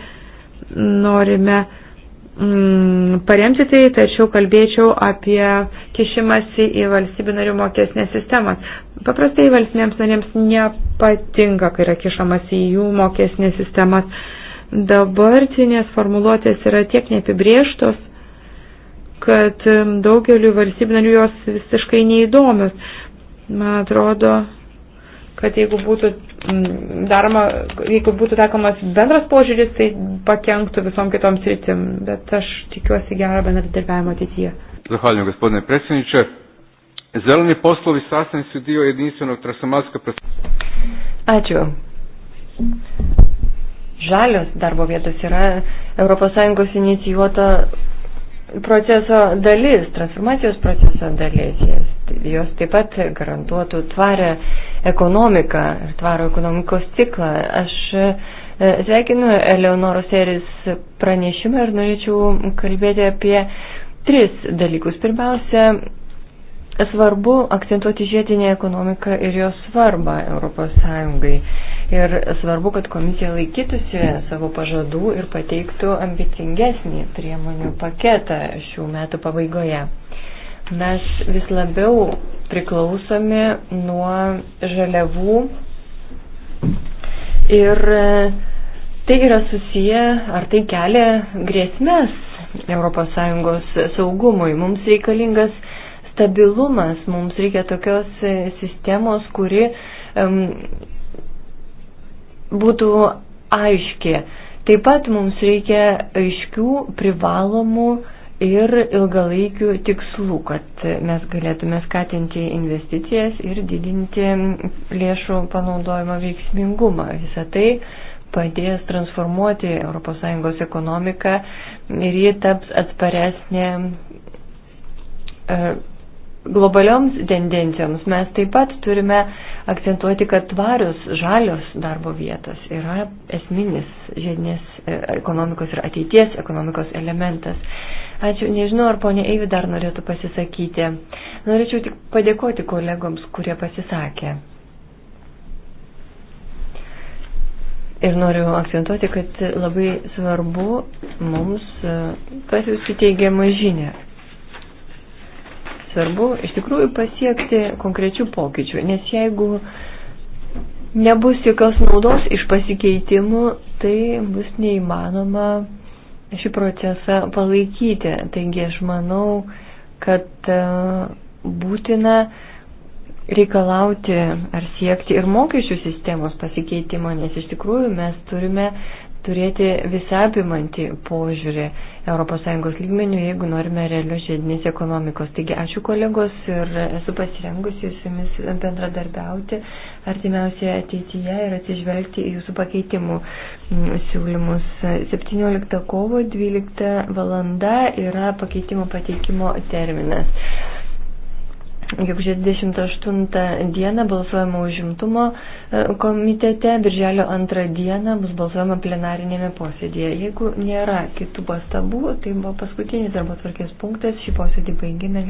norime uh, mm, paremti tai, tačiau kalbėčiau apie kišimasi į valstybių narių mokesnę sistemą. Paprastai valstybėms narėms nepatinka, kai yra kišamasi į jų mokesnės sistemas. Dabartinės formuluotės yra tiek neapibrieštos, kad mm, daugeliu valstybių narių jos visiškai neįdomios. Man atrodo, kad jeigu būtų, mm, daroma, jeigu būtų taikomas bendras požiūris, tai pakenktų visom kitoms rytim. Bet aš tikiuosi gerą bendradarbiavimą ateityje. Zahvaljujem, gospodine predsjedniče. Zeleni poslovi sastavni su dio jedinstvenog transformacijskog procesa. Ačiū. Žalios darbo vietos yra ES inicijuota proceso dalis, transformacijos proceso dalis. Jos taip pat garantuotų tvarę ekonomiką ir tvaro ekonomikos ciklą. Aš e, sveikinu Eleonoros Eris pranešimą ir norėčiau kalbėti apie tris dalykus. Pirmiausia, svarbu akcentuoti žiedinę ekonomiką ir jos svarbą Europos Sąjungai. Ir svarbu, kad komisija laikytųsi savo pažadų ir pateiktų ambicingesnį priemonių paketą šių metų pabaigoje. Mes vis labiau priklausomi nuo žaliavų ir e, tai yra susiję, ar tai kelia grėsmės ES saugumui. Mums reikalingas stabilumas, mums reikia tokios e, sistemos, kuri um, būtų aiški. Taip pat mums reikia aiškių, privalomų ir ilgalaikių tikslų, kad mes galėtume skatinti investicijas ir didinti lėšų panaudojimo veiksmingumą. Visą tai padės transformuoti ES ekonomiką ir ji taps atsparesnė e, globalioms tendencijoms mes taip pat turime akcentuoti, kad tvarios žalios darbo vietos yra esminis žiedinės e, ekonomikos ir ateities ekonomikos elementas. Ačiū, nežinau, ar ponė Eivi dar norėtų pasisakyti. Norėčiau tik padėkoti kolegoms, kurie pasisakė. Ir noriu akcentuoti, kad labai svarbu mums e, pasiūsti teigiamą žinią svarbu iš tikrųjų pasiekti konkrečių pokyčių, nes jeigu nebus jokios naudos iš pasikeitimų, tai bus neįmanoma šį procesą palaikyti. Taigi aš manau, kad e, būtina reikalauti ar siekti ir mokesčių sistemos pasikeitimo, nes iš tikrųjų mes turime uh, turėti visapimantį požiūrį ES lygmenių, jeigu norime realios žiedinės ekonomikos. Taigi ačiū kolegos ir esu pasirengusi su jumis bendradarbiauti artimiausioje ateityje ir atsižvelgti į jūsų pakeitimų mm, siūlymus. 17 kovo 12 valanda yra pakeitimo pateikimo terminas. Gegužės 28 dieną balsuojama užimtumo. Už komitete birželio antrą dieną bus balsuojama plenarinėme posėdėje. Jeigu nėra kitų pastabų, tai buvo paskutinis darbo tvarkės punktas, šį posėdį baigime.